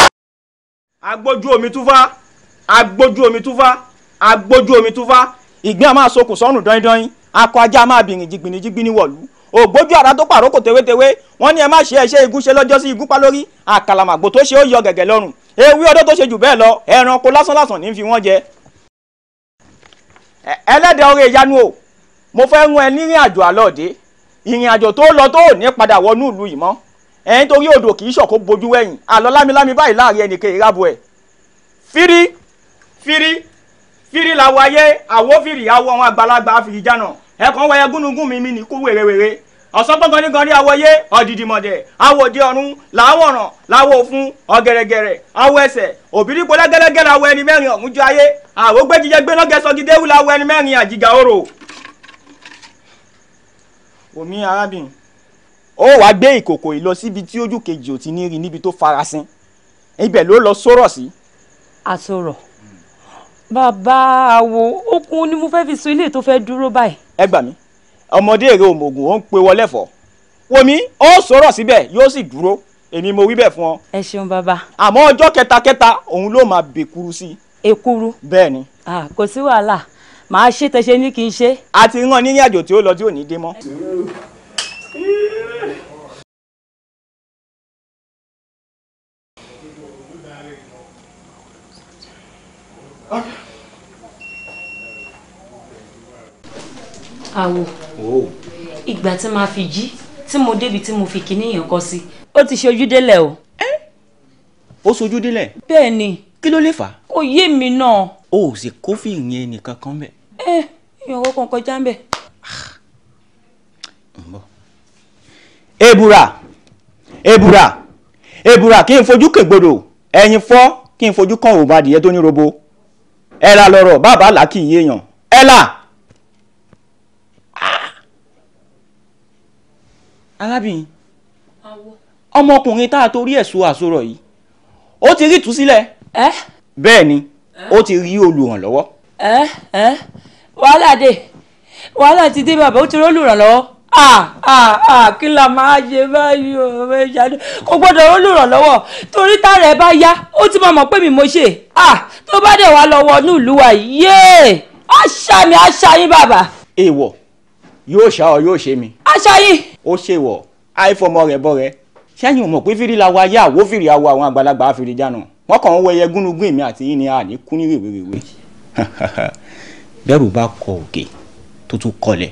A: agbójú omi tún fá agbójú omi túfá agbójú omi túfá ìgbín a máa sokùn sọ́rùn dọ́ndọ́n akọ ajá máa bìrìn jìgbìnì jìgbìnì wọ̀lú ògbójú àrà tó pàrókò tewétewé wọn ní ẹ má ṣe ẹṣẹ igun ṣe lọ́jọ́ sí igun pa lórí àkàlàmàgbò tó ṣe ó yọ gẹ̀gẹ̀ lọ́rùn ewé ọdọ́ tó ṣe jù bẹ́ẹ̀ lọ ẹranko lásánlásán ní fi wọ́n jẹ. ẹlẹ́dẹ̀ ọ̀rẹ́ ìyanu o mo fẹ́ rún ẹ nírìn àjò àlọ́ọ̀dẹ́ ìrìn àjò tó lọ tó ò ní padà wọnú ìlú yìí mọ́ ẹ̀yìn torí odò kì í ṣọ̀kó bojú wẹ̀yìn àlọ́ lámilámi báyìí láàrin firi firi la wáyé àwo firi àwo àwọn àgbàlagbà àfìrí jànà ẹ̀kan wáyé gúnugún mi mi ní kú wèrèwèrè ọ̀sánpọ̀ gọ́nigọ́ni awọyé ọ̀dìdìmọ̀dẹ̀ awòde ọ̀run làwọ̀ràn làwọ̀ òfun ọ̀gẹ̀rẹ̀gẹ̀rẹ̀ awọ ẹsẹ̀ òbírípo lẹ́gẹ́lẹ́gẹ́rẹ́ awọ ẹni mẹ́rin ọ̀hún ju ayé àwògbé jíjẹ gbé náà gẹ̀ẹ́sọ́ gidéwù làwọ ẹni mẹ́rin àjìgà orò. omi arábìnrin ó wàá gbé ìkòkò yìí lọ síbi tí ojú kejì ò ti ní rí níbi tó farasin ibẹ̀ ló lọ sọ̀rọ̀ sí. àsọ̀rọ̀ bàbá àwo okun ni mo fẹ́ fi sun ilé tó fẹ́ dúró báyìí. ẹ gbà mí ọmọdé èrè òmògùn ó ń pe wọlé fọ wọmi ó sọ̀rọ̀ síbẹ̀ yóò sì dúró èmi mo wí bẹ́ẹ̀ fún ọ. ẹ ṣeun bàbá. àmọ́ ọjọ́ kẹtakẹta òun ló máa bèkuru sí i. èkuru. bẹ́ẹ̀ ni. kò sí wàhálà
G: màá ṣe tẹ̀sẹ̀ ní kí n ṣe. a ti rán ní ìrìn àjò tí ó lọ tí ò ní dé mọ́. àwò ìgbà tí màá fi jí tí mo débi tí mo fi kíní yẹn kọ sí ó ti ṣojú délẹ̀ o. ó ṣojú délẹ̀. bẹ́ẹ̀ ni. kí ló lè fà á. kò yé mi náà. o ò sì kófì yẹn nìkan kan bẹ́ẹ̀. ẹ ìyàn kọkàn kọjá ń bẹ̀.
A: ebura ebura ebura kí n fojú kègbodò ẹyin fọ́ kí n fojú kan òun tó ní robo ẹ la lọ́rọ̀ bàbá là kì í yéèyàn ẹ là. arábìnrin ọmọkùnrin tá a torí ẹ̀sùn àsọ̀rọ̀ yìí ó ti rí ìtúsílẹ̀. ẹ. bẹ́ẹ̀ ni ó ti rí olùrànlọ́wọ́. ẹ
G: ẹ wàhálà dé wàhálà ti dé bàbá ó ti rí olùrànlọ́wọ́. Ah, ah, ah, kí la máa ṣe báyìí o ọmọ ìṣàdó kò gbọ́dọ̀ olùrànlọ́wọ́ torí tára ẹ̀ bá yá ó ti máa mọ̀ pé mi mo ṣe tó bá dẹ̀ wá lọ́wọ́ ní ìlú wa yéè àṣà mi àṣà yín bàbá. èèwọ̀
A: yóò ṣá ọ yóò ṣe mi.
G: àṣà yín. ó
A: ṣèwọ̀ àìfọmọ rẹ̀ bọ̀ rẹ̀ ṣẹ́yìn ò mọ̀ pé fìrí la wa yá àwo fìrí awọ àwọn àgbàlagbà fìrí jánu wọ́n kàn ń wọ ẹyẹ gúnugún èmi àti yín ni a ní kú ní wèwèwèwe bẹ́rù bá kọ òkè tó tún kọlẹ̀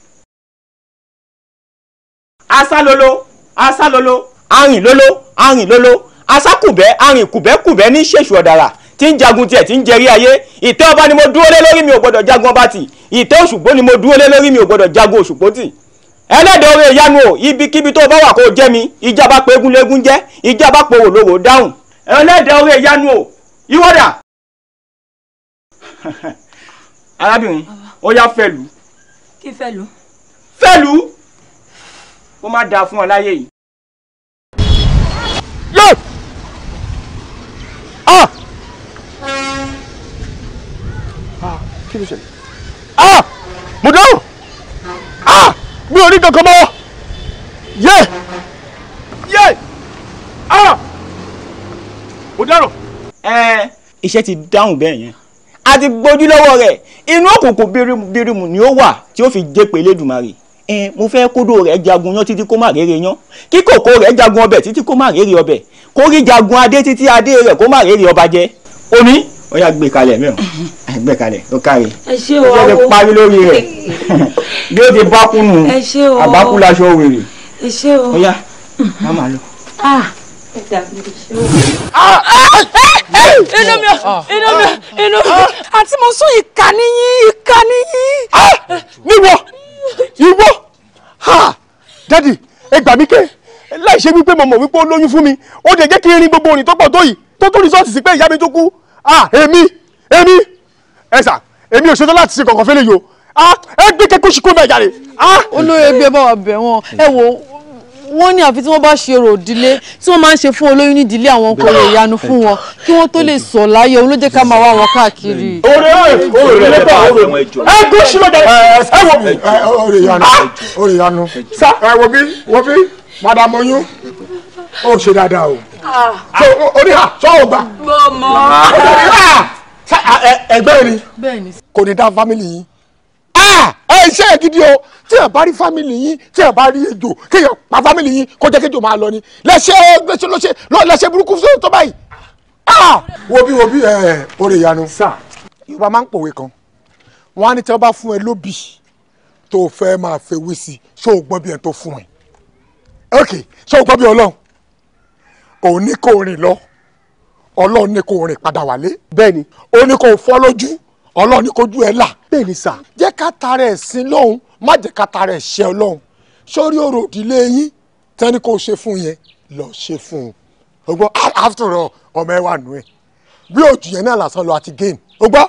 A: lolo, asálolo lolo, arìnlolo asákùbẹ́ arìnkùbẹ́kùbẹ́ ní ṣèṣù ọ̀dàrà tí ń jagun tiẹ̀ tí ń jẹrí ayé ìtẹ́ ọba ni mo dúró lé lórí mi ò gbọ́dọ̀ jagun ọba tì ìtẹ́ òṣùgbó ni mo dúró lé lórí mi ò gbọ́dọ̀ jagun òṣùgbó tì
B: ẹlẹ́dẹ̀ oore ìyanu
A: o ibikíbi tó bá wà kó jẹ́ mi ìjàmbá pé egúnlégún jẹ́ ìjàmbá pé òwòlówó dáhùn ẹlẹ́dẹ̀ oore ìyanu o yíwọ́dà. arábìnrin ó yá fẹ́lú. kí fẹ́lú. fẹ́lú ó má dáa fún ọ láyé yìí. yóò ah ah kí ló ṣẹlẹ̀ ah mo dáhùn ah mi ò rí kankan mọ́ yé yé ah mo dáhùn. ẹ iṣẹ́ ti dáhùn bẹ́ẹ̀ yẹn a ti gbójú lọ́wọ́ rẹ̀ inú òkùnkùn bírímù ni ó wà tí ó fi jẹ́ pé ẹ mo fẹ́ kódò rẹ̀ jagun yán títí kó má rere yán kí kòkó rẹ̀ jagun ọbẹ̀ títí kó má rere ọbẹ̀ kó rí jagun adé títí adé rẹ̀ kó má rere ọba jẹ omi ó yà gbé kalẹ̀ mẹ́rin gbé kalẹ̀ ó káre
G: ó ṣe ti parí
A: lórí rẹ̀ bí ó ti bá kúnnù àbákú laṣọ wèrè
G: ó yà má má lọ. Ah. Ah, ah, inú mi ò, inú mi ò, inú mi ò, àti mo sún ìkànnì yín, ìkànnì
A: yín. Mi wọ ìwọ ha dádì ẹ gbà mí ké láì ṣe wípé mo mọ̀ wípé ó lóyún fún mi ó dẹ̀ jẹ́ kí n rin gbogbo orin tó pọ̀ tó yìí tó tó rìsọ́ọ̀tì sí pé ìyá mi tó kú ah èmi èmi ẹ sà èmi ò ṣetán láti ṣe kankan fẹ́lẹ́ yìí o
H: ah ẹ gbé kẹ́kọ̀ọ́ ṣìkò bẹ́ẹ̀ jáde ah. olóyè gbé bá wa bẹ̀ wọ́n ẹ wo wọ́n ní àfi tí wọ́n bá ṣe orò ìdílé tí wọ́n máa ń ṣe fún olóyún ní ìdílé àwọn kò lè yanu fún wọn kí wọ́n tó lè sọ̀ láyé òun ló jẹ́ ká máa wá wọn káàkiri.
A: òrè òrè òrè bá òrè ẹ kó sílẹ̀ dẹ ẹ wò mí. òrè yanu òrè yanu
H: ẹ wò bí wò bí
A: madam oyún ó ṣe dáadáa o. orí ha sọ ò gbà.
B: mo
G: mọ.
A: ẹgbẹ́ rin kò ní dá fámìlì yìí. ẹ ṣe é gidi o tí yàn bá rí fámìlì yín tí yàn bá rí ejò kí yàn pa fámìlì yín kó jẹ́ kéjò máa lọ ni lẹ́sẹ̀ lọ́sẹ̀ lọ́sẹ̀ lọ́sẹ̀ burúkú sóyún tó báyìí. wo bí wo bí ẹ orí ìyanu. yorùbá máa ń pòwe kan wọn á ní tí wọn bá fún ẹ lóbì tó fẹ́ máa fewé sí ṣó o gbọ́ bí ẹ tó fún ẹ ok ṣó o gbọ́ bí ọlọ́run òun ní kò rìn lọ ọlọ́run ní kò rìn padà wálé. bẹ́ẹ̀ni ó ní kò fọ́ lójú ọlọ́run ní kò ju ẹ là. bẹ́ẹ̀ni sà. jẹ́ ká tara ẹ̀ sin lóhun má jẹ́ ká tara ẹ̀ ṣe ọlọ́run sórí ọ̀rọ̀ ìdílé yín tẹ́ni kò ṣe fún yẹn lọ ṣe fún un o gbọ́ after all ọmọ ẹ wà nù ẹ bí òjì yẹn náà lásán lọ àti game o gbọ́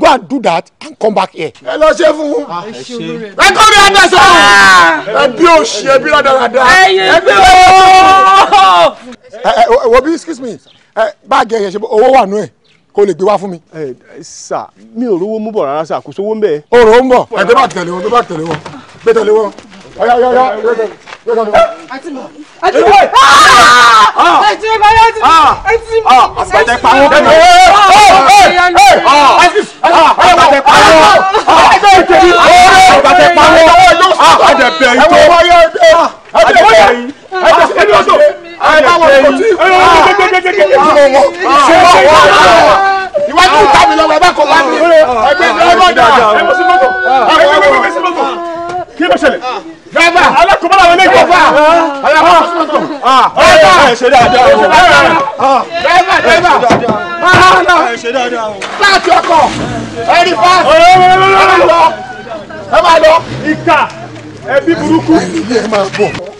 A: go and do that and come back here. ẹ lọ ṣe
B: fún un. Ah, ẹ kọ́ mi ọ̀dà sọ́run ẹ bí òṣì ẹ bí rádaràda ẹ bí owó.
A: ẹ ẹ wọ bí excuse me báàgì ẹ yẹn ṣe owó wà nù ẹ kó lè gbé wá fún mi. ẹ sà mi ò rówó mú bọ̀ rárá sà kò sówó ń bẹ̀. o rò ó ń bọ̀ ẹ tó bá tẹ̀lé wọn tó bá tẹ̀lé wọn gbé tẹ̀lé wọn ọ̀yá ọ̀yá ọ̀yá gbé tẹ̀lé wọn.
B: àti mi àti mi àti mi àti mi àti mi. àgbàjẹ pa wọn. àgbàjẹ pa wọn. àgbàjẹ pa wọn. àgbàjẹ bẹ̀rẹ̀ yìí tó. àgbàjẹ bẹ̀rẹ̀
H: yìí báwo ni kò tí ì ìwájú ìta mi lọ bàbá kò bá mi ẹgbẹ́ mi lọ́wọ́ dà ẹ wọ sí mọ́tò
B: ẹ wọ sí mọ́tò kí ló ṣẹlẹ̀ dráìvà alákòbára wọlé ìjọba aláwọ mọ́tò dráìvà ẹ ṣe dáadáa o dráìvà dráìvà
A: máa lọ láti ọkọ
B: ẹ rí fáàsì ẹ máa lọ
A: ẹ máa lọ ìka ẹbí burúkú.